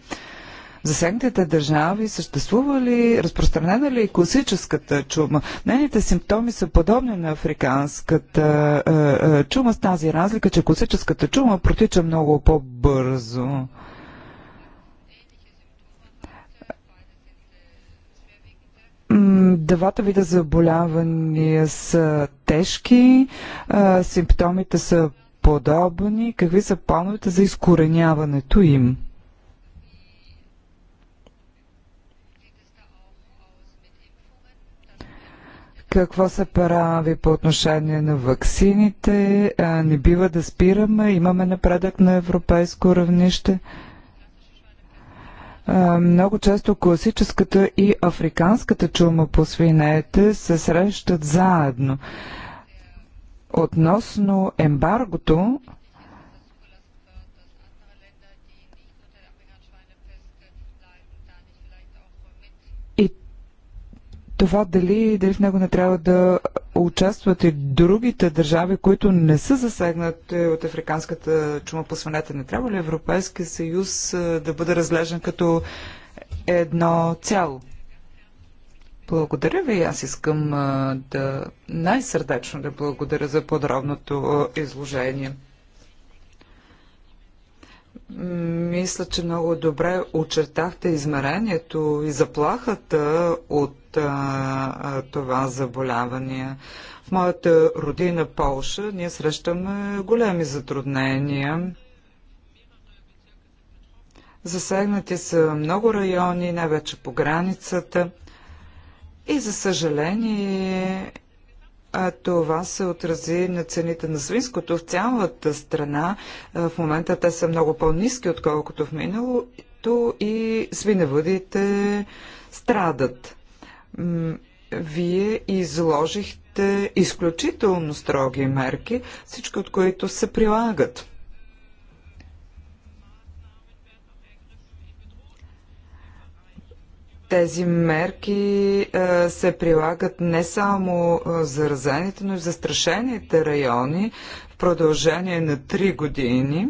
В засегнатите държави съществува ли, разпространена ли е класическата чума? Нейните симптоми са подобни на африканската чума с тази разлика, че класическата чума протича много по-бързо. Двата вида заболявания са тежки, симптомите са подобни. Какви са плановете за изкореняването им? какво се прави по отношение на ваксините, не бива да спираме, имаме напредък на европейско равнище. Много често класическата и африканската чума по свинете се срещат заедно. Относно ембаргото, това дали, дали в него не трябва да участват и другите държави, които не са засегнати от африканската чума по свинете. Не трябва ли Европейския съюз е, да бъде разглеждан като едно цяло? Благодаря ви. Аз искам е, да най-сърдечно да благодаря за подробното е, изложение. Мисля, че много добре очертахте измерението и заплахата от а, това заболяване. В моята родина Полша ние срещаме големи затруднения. Засегнати са много райони, най-вече по границата. И за съжаление а това се отрази на цените на свинското в цялата страна. В момента те са много по-низки, отколкото в миналото и свиневъдите страдат вие изложихте изключително строги мерки, всички от които се прилагат. Тези мерки се прилагат не само за разените, но и за страшените райони в продължение на 3 години.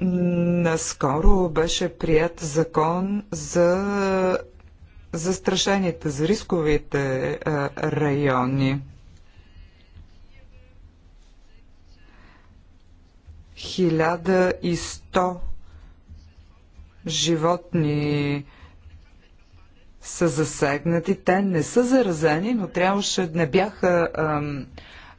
Наскоро беше прият закон за застрашените, за рисковите райони. Хиляда и сто животни са засегнати. Те не са заразени, но трябваше, не бяха ам,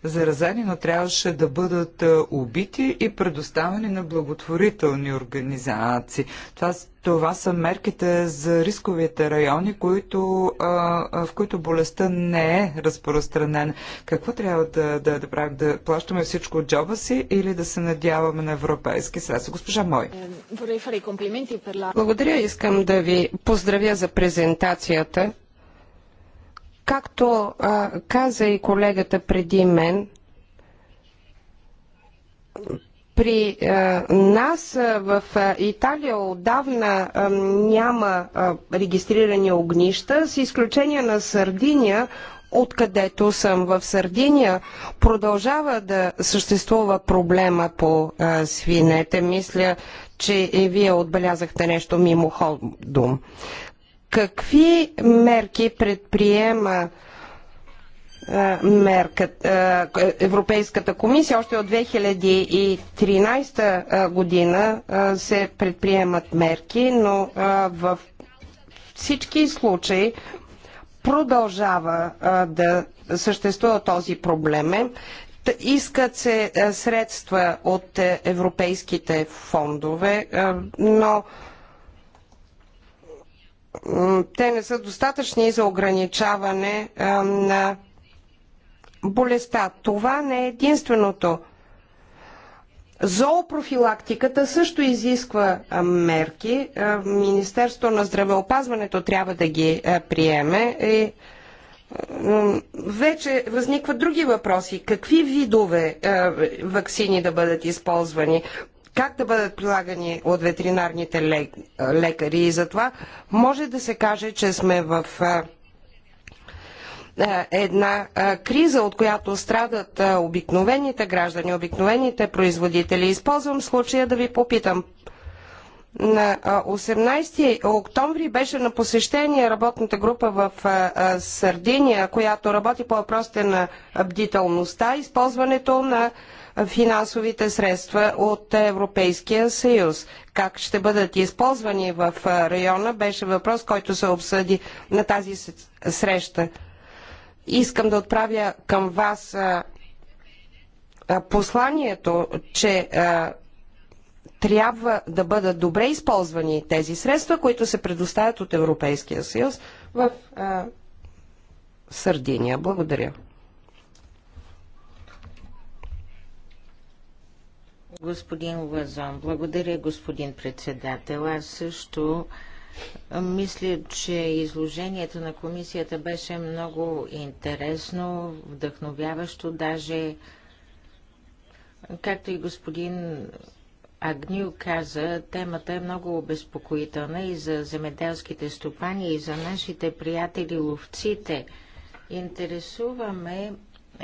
заразени, но трябваше да бъдат е, убити и предоставени на благотворителни организации. Това, това са мерките за рисковите райони, които, а, в които болестта не е разпространена. Какво трябва да, да, да правим? Да плащаме всичко от джоба си или да се надяваме на европейски средства? Госпожа Мой. Е, Благодаря. Искам да ви поздравя за презентацията. Както а, каза и колегата преди мен, при а, нас а, в а, Италия отдавна а, няма а, регистрирани огнища, с изключение на Сардиния, откъдето съм в Сардиния, продължава да съществува проблема по а, свинете. Мисля, че и вие отбелязахте нещо мимоходом. Какви мерки предприема мерката, Европейската комисия. Още от 2013 година се предприемат мерки, но в всички случаи продължава да съществува този проблем. Искат се средства от европейските фондове, но те не са достатъчни за ограничаване на болестта. Това не е единственото. Зоопрофилактиката също изисква мерки. Министерството на здравеопазването трябва да ги приеме. И вече възникват други въпроси. Какви видове вакцини да бъдат използвани? как да бъдат прилагани от ветеринарните лекари. И затова може да се каже, че сме в една криза, от която страдат обикновените граждани, обикновените производители. Използвам случая да ви попитам. На 18 октомври беше на посещение работната група в Сардиния, която работи по въпросите на бдителността, използването на финансовите средства от Европейския съюз. Как ще бъдат използвани в района, беше въпрос, който се обсъди на тази среща. Искам да отправя към вас посланието, че трябва да бъдат добре използвани тези средства, които се предоставят от Европейския съюз в Сърдиния. Благодаря. Господин Лазон, благодаря, господин председател. Аз също мисля, че изложението на комисията беше много интересно, вдъхновяващо даже. Както и господин Агню каза, темата е много обезпокоителна и за земеделските стопани, и за нашите приятели ловците. Интересуваме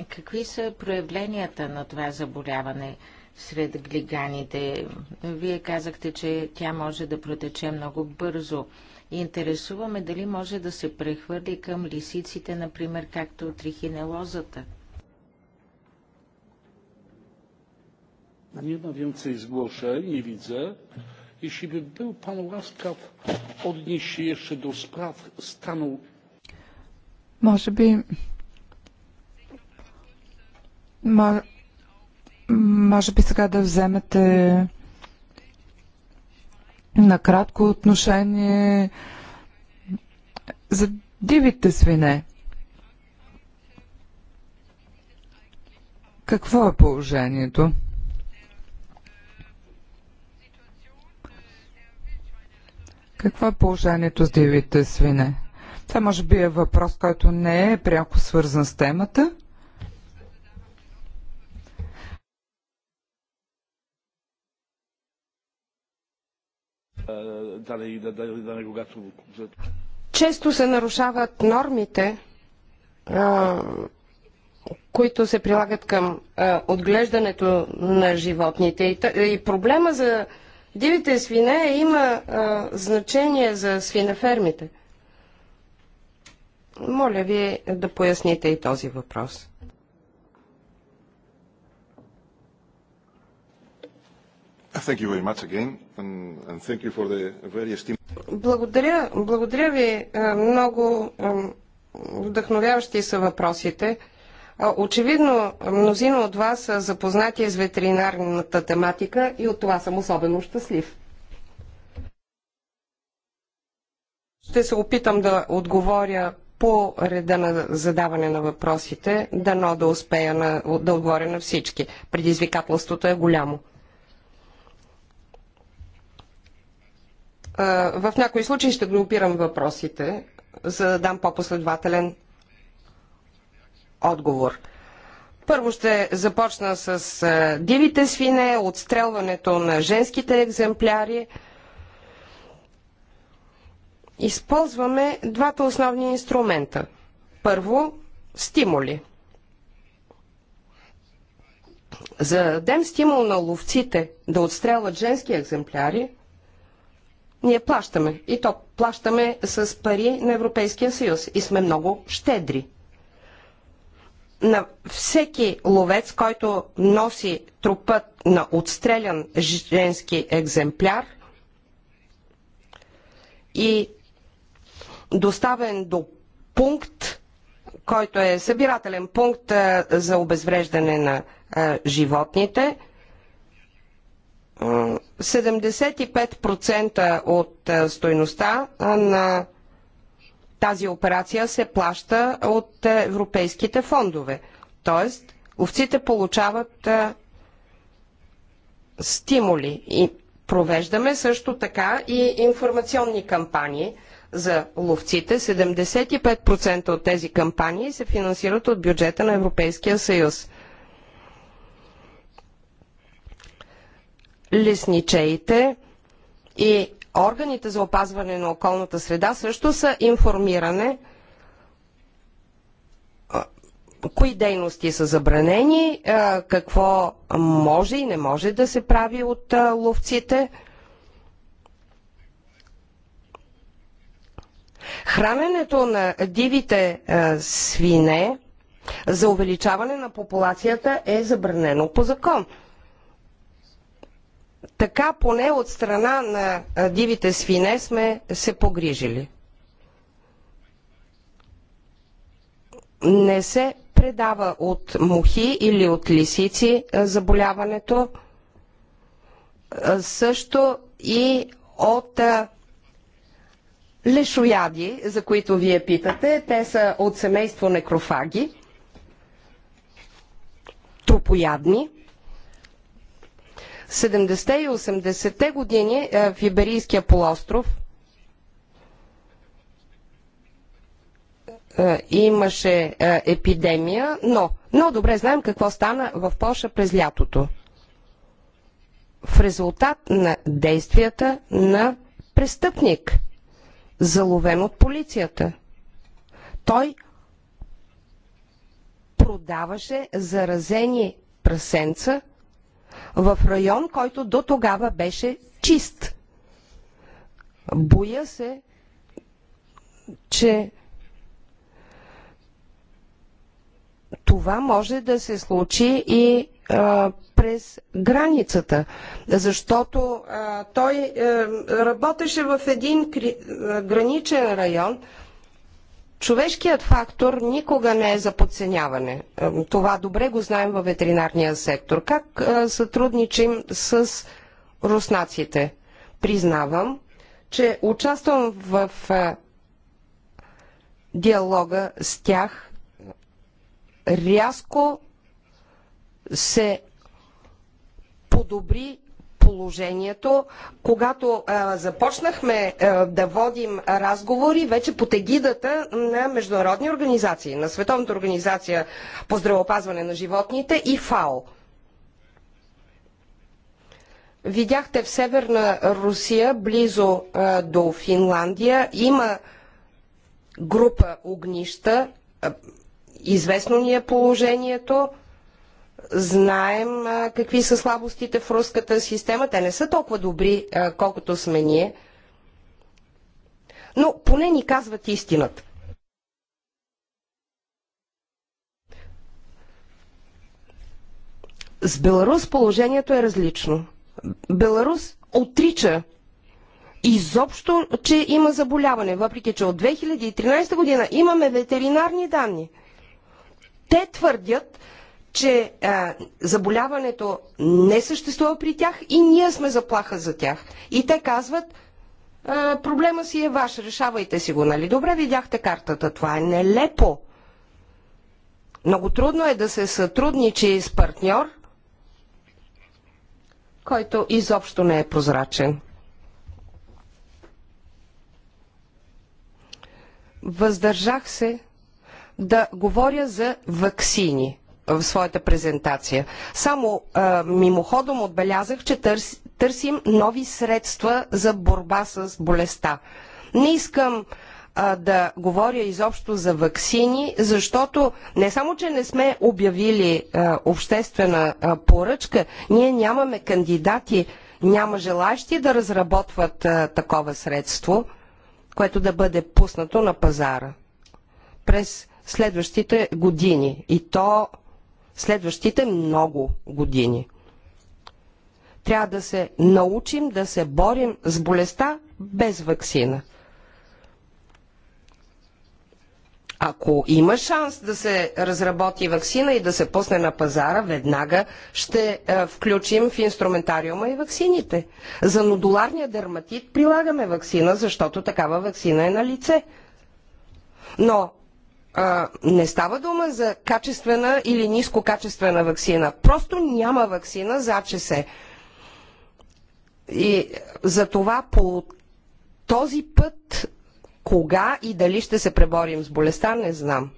какви са проявленията на това заболяване – сред глиганите. Вие казахте, че тя може да протече много бързо. Интересуваме дали може да се прехвърли към лисиците, например, както трихинелозата. Nie ma więcej zgłoszeń, nie widzę. Jeśli by był Pan łaskaw odnieść się jeszcze do spraw stanu. Może by. Ma... Може би сега да вземете на кратко отношение за дивите свине. Какво е положението? Какво е положението с дивите свине? Това може би е въпрос, който не е пряко свързан с темата. Често се нарушават нормите, които се прилагат към отглеждането на животните. И проблема за дивите свине има значение за свинефермите. Моля ви да поясните и този въпрос. Thank you very much again, and, and thank you for the very esteemed... Благодаря, благодаря ви. Е, много е, вдъхновяващи са въпросите. Очевидно, мнозина от вас са запознати с ветеринарната тематика и от това съм особено щастлив. Ще се опитам да отговоря по реда на задаване на въпросите, дано да успея на, да отговоря на всички. Предизвикателството е голямо. в някои случаи ще групирам въпросите, за да дам по-последователен отговор. Първо ще започна с дивите свине, отстрелването на женските екземпляри. Използваме двата основни инструмента. Първо, стимули. За да дадем стимул на ловците да отстрелват женски екземпляри, ние плащаме. И то плащаме с пари на Европейския съюз. И сме много щедри. На всеки ловец, който носи трупът на отстрелян женски екземпляр и доставен до пункт, който е събирателен пункт за обезвреждане на животните, 75% от стойността на тази операция се плаща от европейските фондове. Тоест, овците получават стимули. И провеждаме също така и информационни кампании за ловците. 75% от тези кампании се финансират от бюджета на Европейския съюз. лесничеите и органите за опазване на околната среда също са информиране кои дейности са забранени, какво може и не може да се прави от ловците. Храненето на дивите свине за увеличаване на популацията е забранено по закон. Така поне от страна на дивите свине сме се погрижили. Не се предава от мухи или от лисици заболяването, също и от лешояди, за които вие питате. Те са от семейство некрофаги, трупоядни – 70-те и 80-те години е, в Иберийския полуостров е, имаше е, епидемия, но много добре знаем какво стана в Польша през лятото. В резултат на действията на престъпник, заловен от полицията. Той продаваше заразени прасенца в район, който до тогава беше чист. Боя се, че това може да се случи и а, през границата, защото а, той а, е, работеше в един кри... граничен район, Човешкият фактор никога не е за подценяване. Това добре го знаем във ветеринарния сектор. Как е, сътрудничим с руснаците? Признавам, че участвам в е, диалога с тях. Рязко се подобри положението. Когато а, започнахме а, да водим разговори, вече под егидата на международни организации, на Световната организация по здравеопазване на животните и ФАО. Видяхте в северна Русия, близо а, до Финландия, има група огнища. известно ни е положението. Знаем какви са слабостите в руската система. Те не са толкова добри, колкото сме ние. Но поне ни казват истината. С Беларус положението е различно. Беларус отрича изобщо, че има заболяване, въпреки че от 2013 година имаме ветеринарни данни. Те твърдят, че а, заболяването не съществува при тях и ние сме заплаха за тях. И те казват, а, проблема си е ваш, решавайте си го, нали? Добре, видяхте картата, това е нелепо. Много трудно е да се сътрудничи с партньор, който изобщо не е прозрачен. Въздържах се да говоря за ваксини в своята презентация. Само а, мимоходом отбелязах, че търс, търсим нови средства за борба с болестта. Не искам а, да говоря изобщо за ваксини, защото не само, че не сме обявили а, обществена а, поръчка, ние нямаме кандидати, няма желащи да разработват а, такова средство, което да бъде пуснато на пазара през следващите години. И то следващите много години. Трябва да се научим да се борим с болестта без вакцина. Ако има шанс да се разработи вакцина и да се пусне на пазара, веднага ще е, включим в инструментариума и ваксините. За нодуларния дерматит прилагаме вакцина, защото такава вакцина е на лице. Но а, не става дума за качествена или нискокачествена вакцина. Просто няма вакцина за АЧС. И за това по този път, кога и дали ще се преборим с болестта, не знам.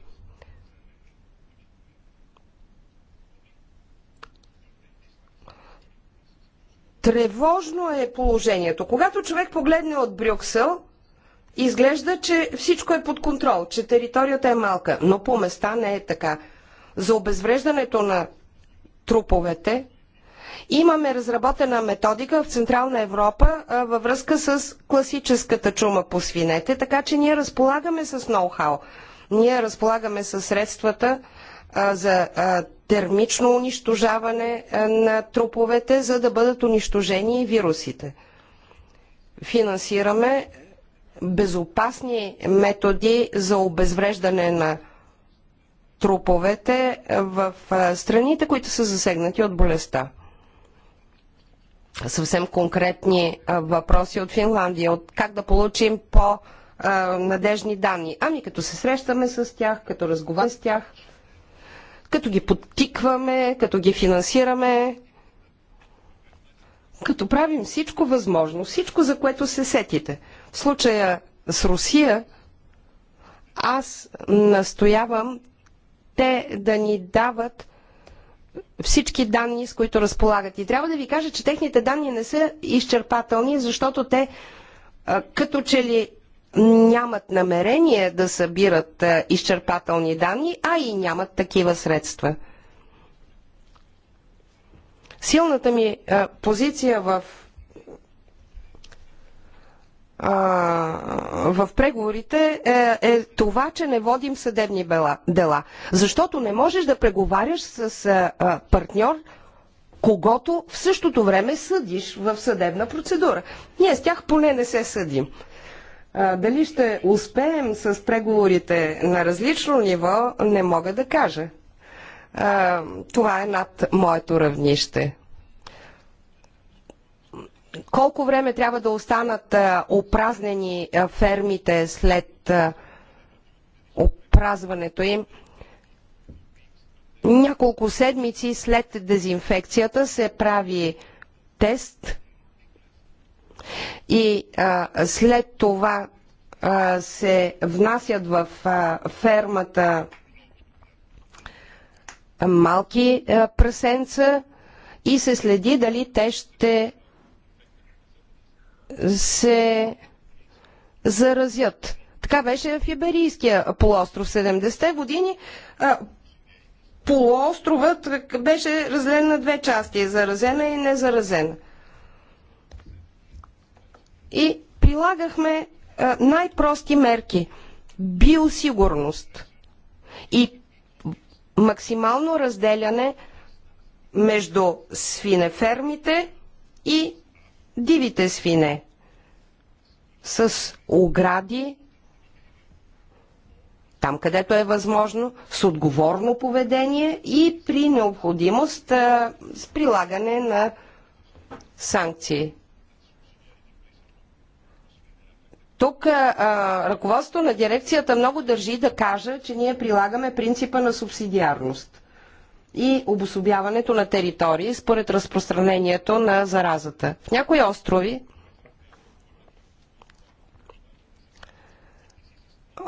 Тревожно е положението. Когато човек погледне от Брюксел, изглежда, че всичко е под контрол, че територията е малка, но по места не е така. За обезвреждането на труповете имаме разработена методика в Централна Европа във връзка с класическата чума по свинете, така че ние разполагаме с ноу-хау. Ние разполагаме с средствата за термично унищожаване на труповете, за да бъдат унищожени и вирусите. Финансираме безопасни методи за обезвреждане на труповете в страните, които са засегнати от болестта. Съвсем конкретни въпроси от Финландия, от как да получим по- надежни данни. Ами като се срещаме с тях, като разговаряме с тях, като ги подтикваме, като ги финансираме, като правим всичко възможно, всичко за което се сетите. В случая с Русия, аз настоявам те да ни дават всички данни, с които разполагат. И трябва да ви кажа, че техните данни не са изчерпателни, защото те като че ли нямат намерение да събират изчерпателни данни, а и нямат такива средства. Силната ми а, позиция в в преговорите е, е това, че не водим съдебни бела, дела. Защото не можеш да преговаряш с а, партньор, когато в същото време съдиш в съдебна процедура. Ние с тях поне не се съдим. А, дали ще успеем с преговорите на различно ниво, не мога да кажа това е над моето равнище. Колко време трябва да останат опразнени фермите след опразването им? Няколко седмици след дезинфекцията се прави тест и след това се внасят в фермата малки е, прасенца и се следи дали те ще се заразят. Така беше в Иберийския полуостров 70-те години. Е, полуостровът беше разделен на две части заразена и незаразена. И прилагахме е, най-прости мерки. Биосигурност. И максимално разделяне между свинефермите и дивите свине с огради, там където е възможно, с отговорно поведение и при необходимост с прилагане на санкции. Тук а, ръководството на дирекцията много държи да кажа, че ние прилагаме принципа на субсидиарност и обособяването на територии според разпространението на заразата. В някои острови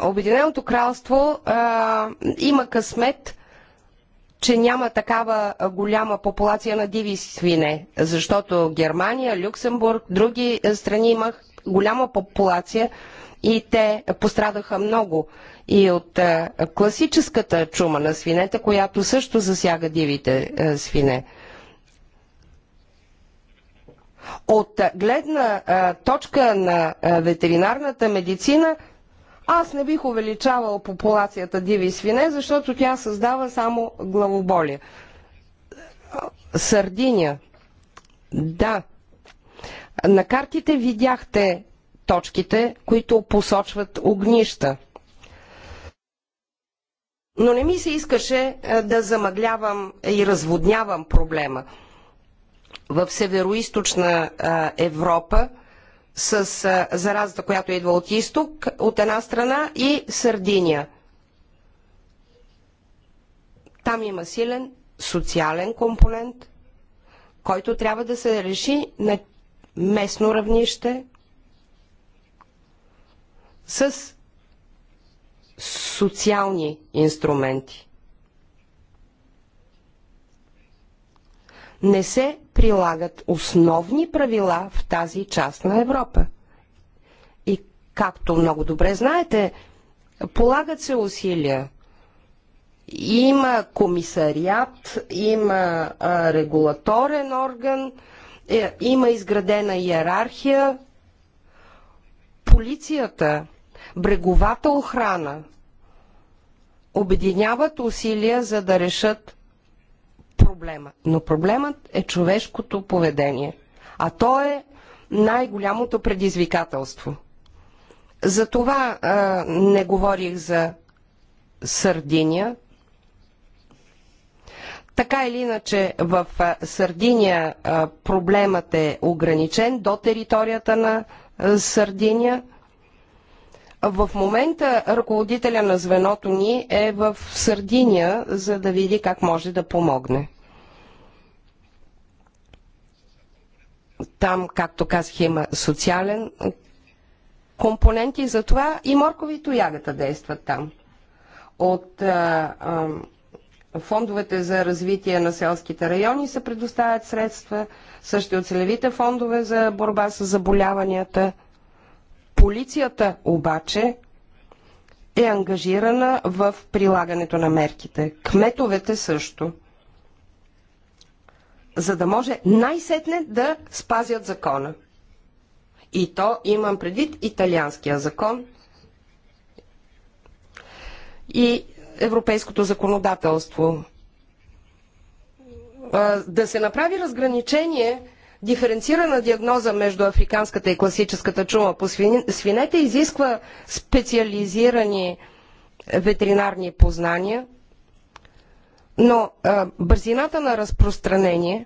Обединеното кралство а, има късмет, че няма такава голяма популация на диви свине, защото Германия, Люксембург, други страни имах голяма популация и те пострадаха много и от е, класическата чума на свинете, която също засяга дивите е, свине. От гледна е, точка на ветеринарната медицина, аз не бих увеличавал популацията диви свине, защото тя създава само главоболие. Сардиния. Да, на картите видяхте точките, които посочват огнища. Но не ми се искаше е, да замъглявам и разводнявам проблема. В северо-источна е, Европа с е, заразата, която идва от изток, от една страна и Сърдиния. Там има силен социален компонент, който трябва да се реши на местно равнище с социални инструменти. Не се прилагат основни правила в тази част на Европа. И както много добре знаете, полагат се усилия. Има комисариат, има регулаторен орган, е, има изградена иерархия. Полицията, бреговата охрана обединяват усилия за да решат проблема. Но проблемът е човешкото поведение. А то е най-голямото предизвикателство. Затова а, не говорих за Сърдиния, така или иначе в Сардиния проблемът е ограничен до територията на Сардиния. В момента ръководителя на звеното ни е в Сърдиния, за да види как може да помогне. Там, както казах, има социален компонент и това и морковито ягата действат там. От а, а, фондовете за развитие на селските райони се предоставят средства, също от целевите фондове за борба с заболяванията. Полицията обаче е ангажирана в прилагането на мерките. Кметовете също. За да може най-сетне да спазят закона. И то имам предвид италианския закон. И европейското законодателство. Да се направи разграничение, диференцирана диагноза между африканската и класическата чума по свинете изисква специализирани ветеринарни познания, но бързината на разпространение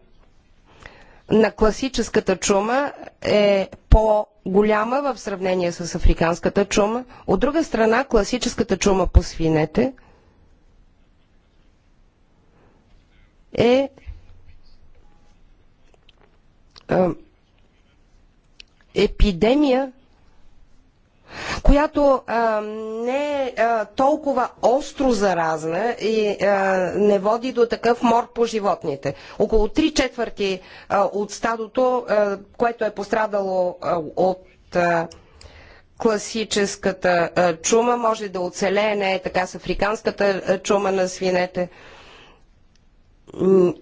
на класическата чума е по-голяма в сравнение с африканската чума. От друга страна, класическата чума по свинете – е епидемия, която а, не е а, толкова остро заразна и а, не води до такъв мор по животните. Около 3 четвърти а, от стадото, а, което е пострадало а, от а, класическата а, чума, може да оцелее, не е така с африканската а, чума на свинете. А,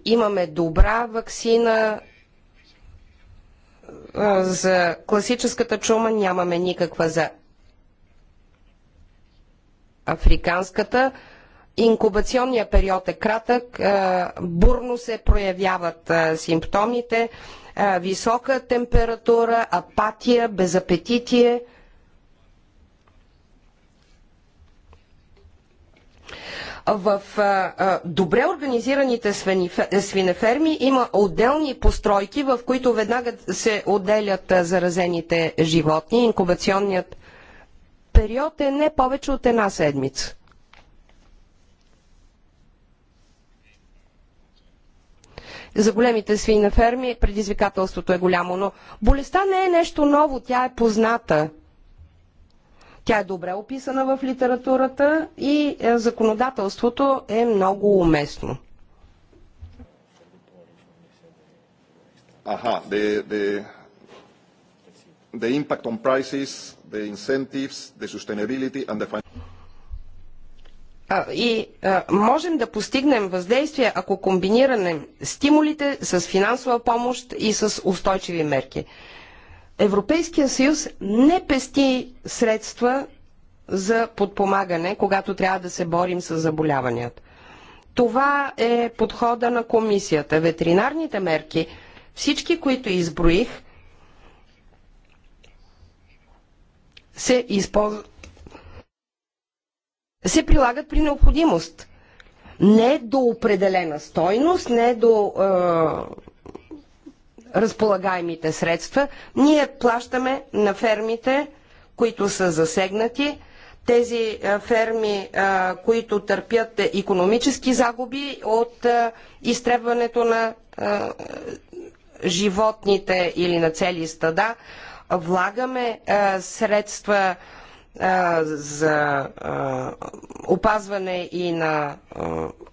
имаме добра вакцина за класическата чума, нямаме никаква за африканската. Инкубационният период е кратък, бурно се проявяват симптомите, висока температура, апатия, безапетитие – В добре организираните е, свинеферми има отделни постройки, в които веднага се отделят заразените животни. Инкубационният период е не повече от една седмица. за големите свинеферми предизвикателството е голямо, но болестта не е нещо ново, тя е позната. Тя е добре описана в литературата и е, законодателството е много уместно. Aha, the, the, the impact on prices, the incentives, the sustainability and the financial... и а, е, можем да постигнем въздействие, ако комбинираме стимулите с финансова помощ и с устойчиви мерки. Европейския съюз не пести средства за подпомагане, когато трябва да се борим с заболяванията. Това е подхода на комисията. Ветеринарните мерки, всички, които изброих, се, използ... се прилагат при необходимост. Не до определена стойност, не до е разполагаемите средства, ние плащаме на фермите, които са засегнати, тези ферми, които търпят економически загуби от изтребването на животните или на цели стада, влагаме средства за опазване и на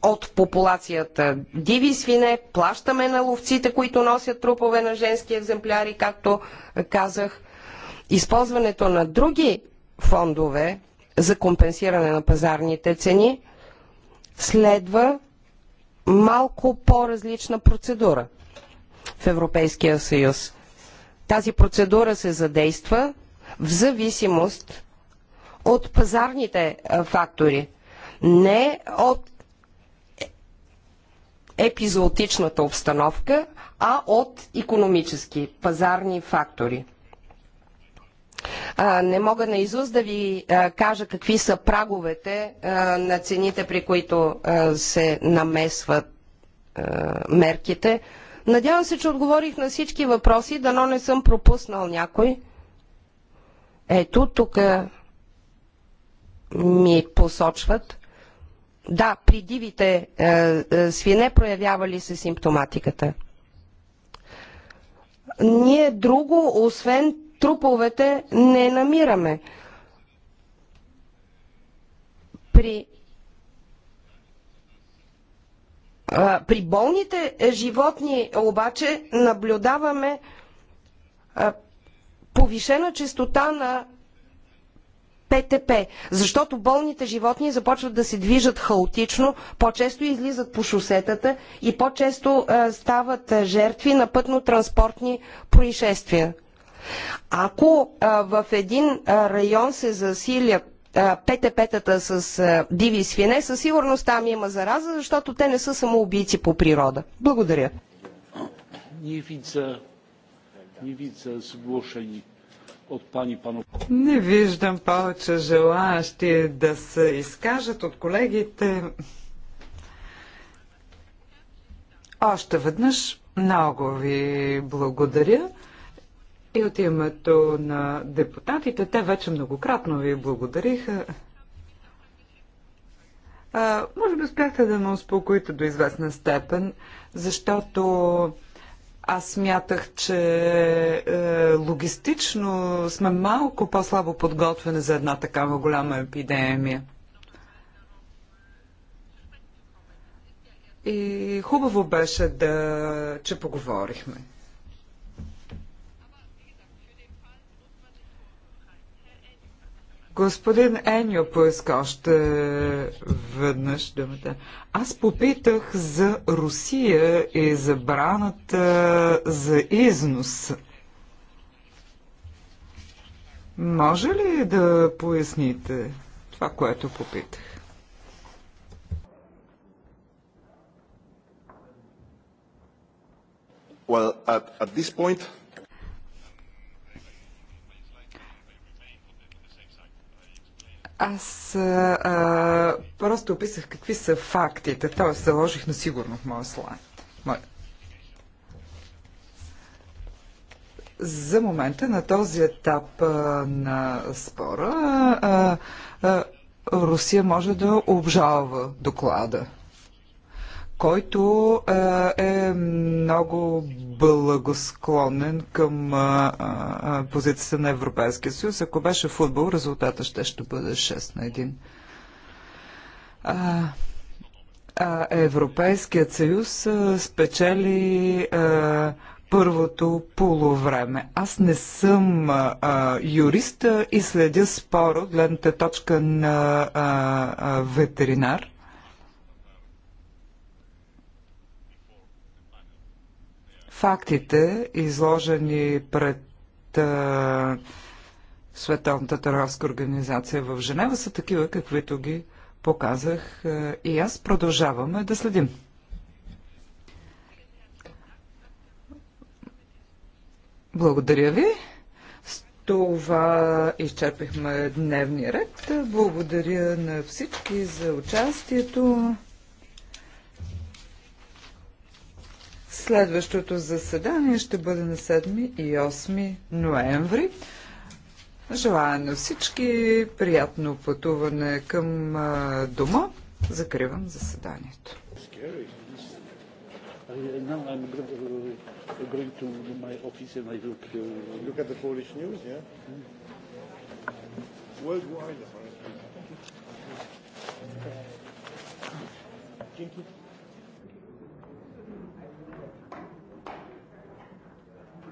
от популацията диви свине, плащаме на ловците, които носят трупове на женски екземпляри, както казах. Използването на други фондове за компенсиране на пазарните цени следва малко по-различна процедура в Европейския съюз. Тази процедура се задейства в зависимост от пазарните фактори, не от епизоотичната обстановка, а от економически, пазарни фактори. Не мога на изуст да ви кажа какви са праговете на цените, при които се намесват мерките. Надявам се, че отговорих на всички въпроси, дано не съм пропуснал някой. Ето, тук ми посочват. Да, при дивите е, е, свине проявявали се симптоматиката. Ние друго, освен труповете, не намираме. При при болните животни обаче наблюдаваме повишена частота на ПТП, защото болните животни започват да се движат хаотично, по-често излизат по шосетата и по-често стават жертви на пътно-транспортни происшествия. Ако в един район се засилят ПТП-тата с диви свине, със сигурност там има зараза, защото те не са самоубийци по природа. Благодаря. Не видя, не видя от пани панов. Не виждам повече желаящи да се изкажат от колегите. Още веднъж много ви благодаря. И от името на депутатите, те вече многократно ви благодариха. А, може би успяхте да ме успокоите до известна степен, защото аз смятах, че е, логистично сме малко по-слабо подготвени за една такава голяма епидемия. И хубаво беше да, че поговорихме. Господин Еньо поиска още веднъж думата. Аз попитах за Русия и забраната за износ. Може ли да поясните това, което попитах? Well, at, at this point, Аз а, а, просто описах какви са фактите, се заложих на сигурно в моя слайд. Мой. За момента на този етап а, на спора а, а, Русия може да обжалва доклада който е много благосклонен към позицията на Европейския съюз. Ако беше футбол, резултата ще, ще бъде 6 на 1. А, а Европейският съюз а, спечели а, първото полувреме. Аз не съм а, юрист и следя споро гледната точка на а, а, ветеринар. Фактите, изложени пред а, Световната търговска организация в Женева, са такива, каквито ги показах а, и аз. Продължаваме да следим. Благодаря ви. С това изчерпихме дневния ред. Благодаря на всички за участието. Следващото заседание ще бъде на 7 и 8 ноември. Желая на всички приятно пътуване към дома. Закривам заседанието. Now I'm going to my office and I look, uh, look at the Polish news, yeah? Worldwide, apparently. Thank you.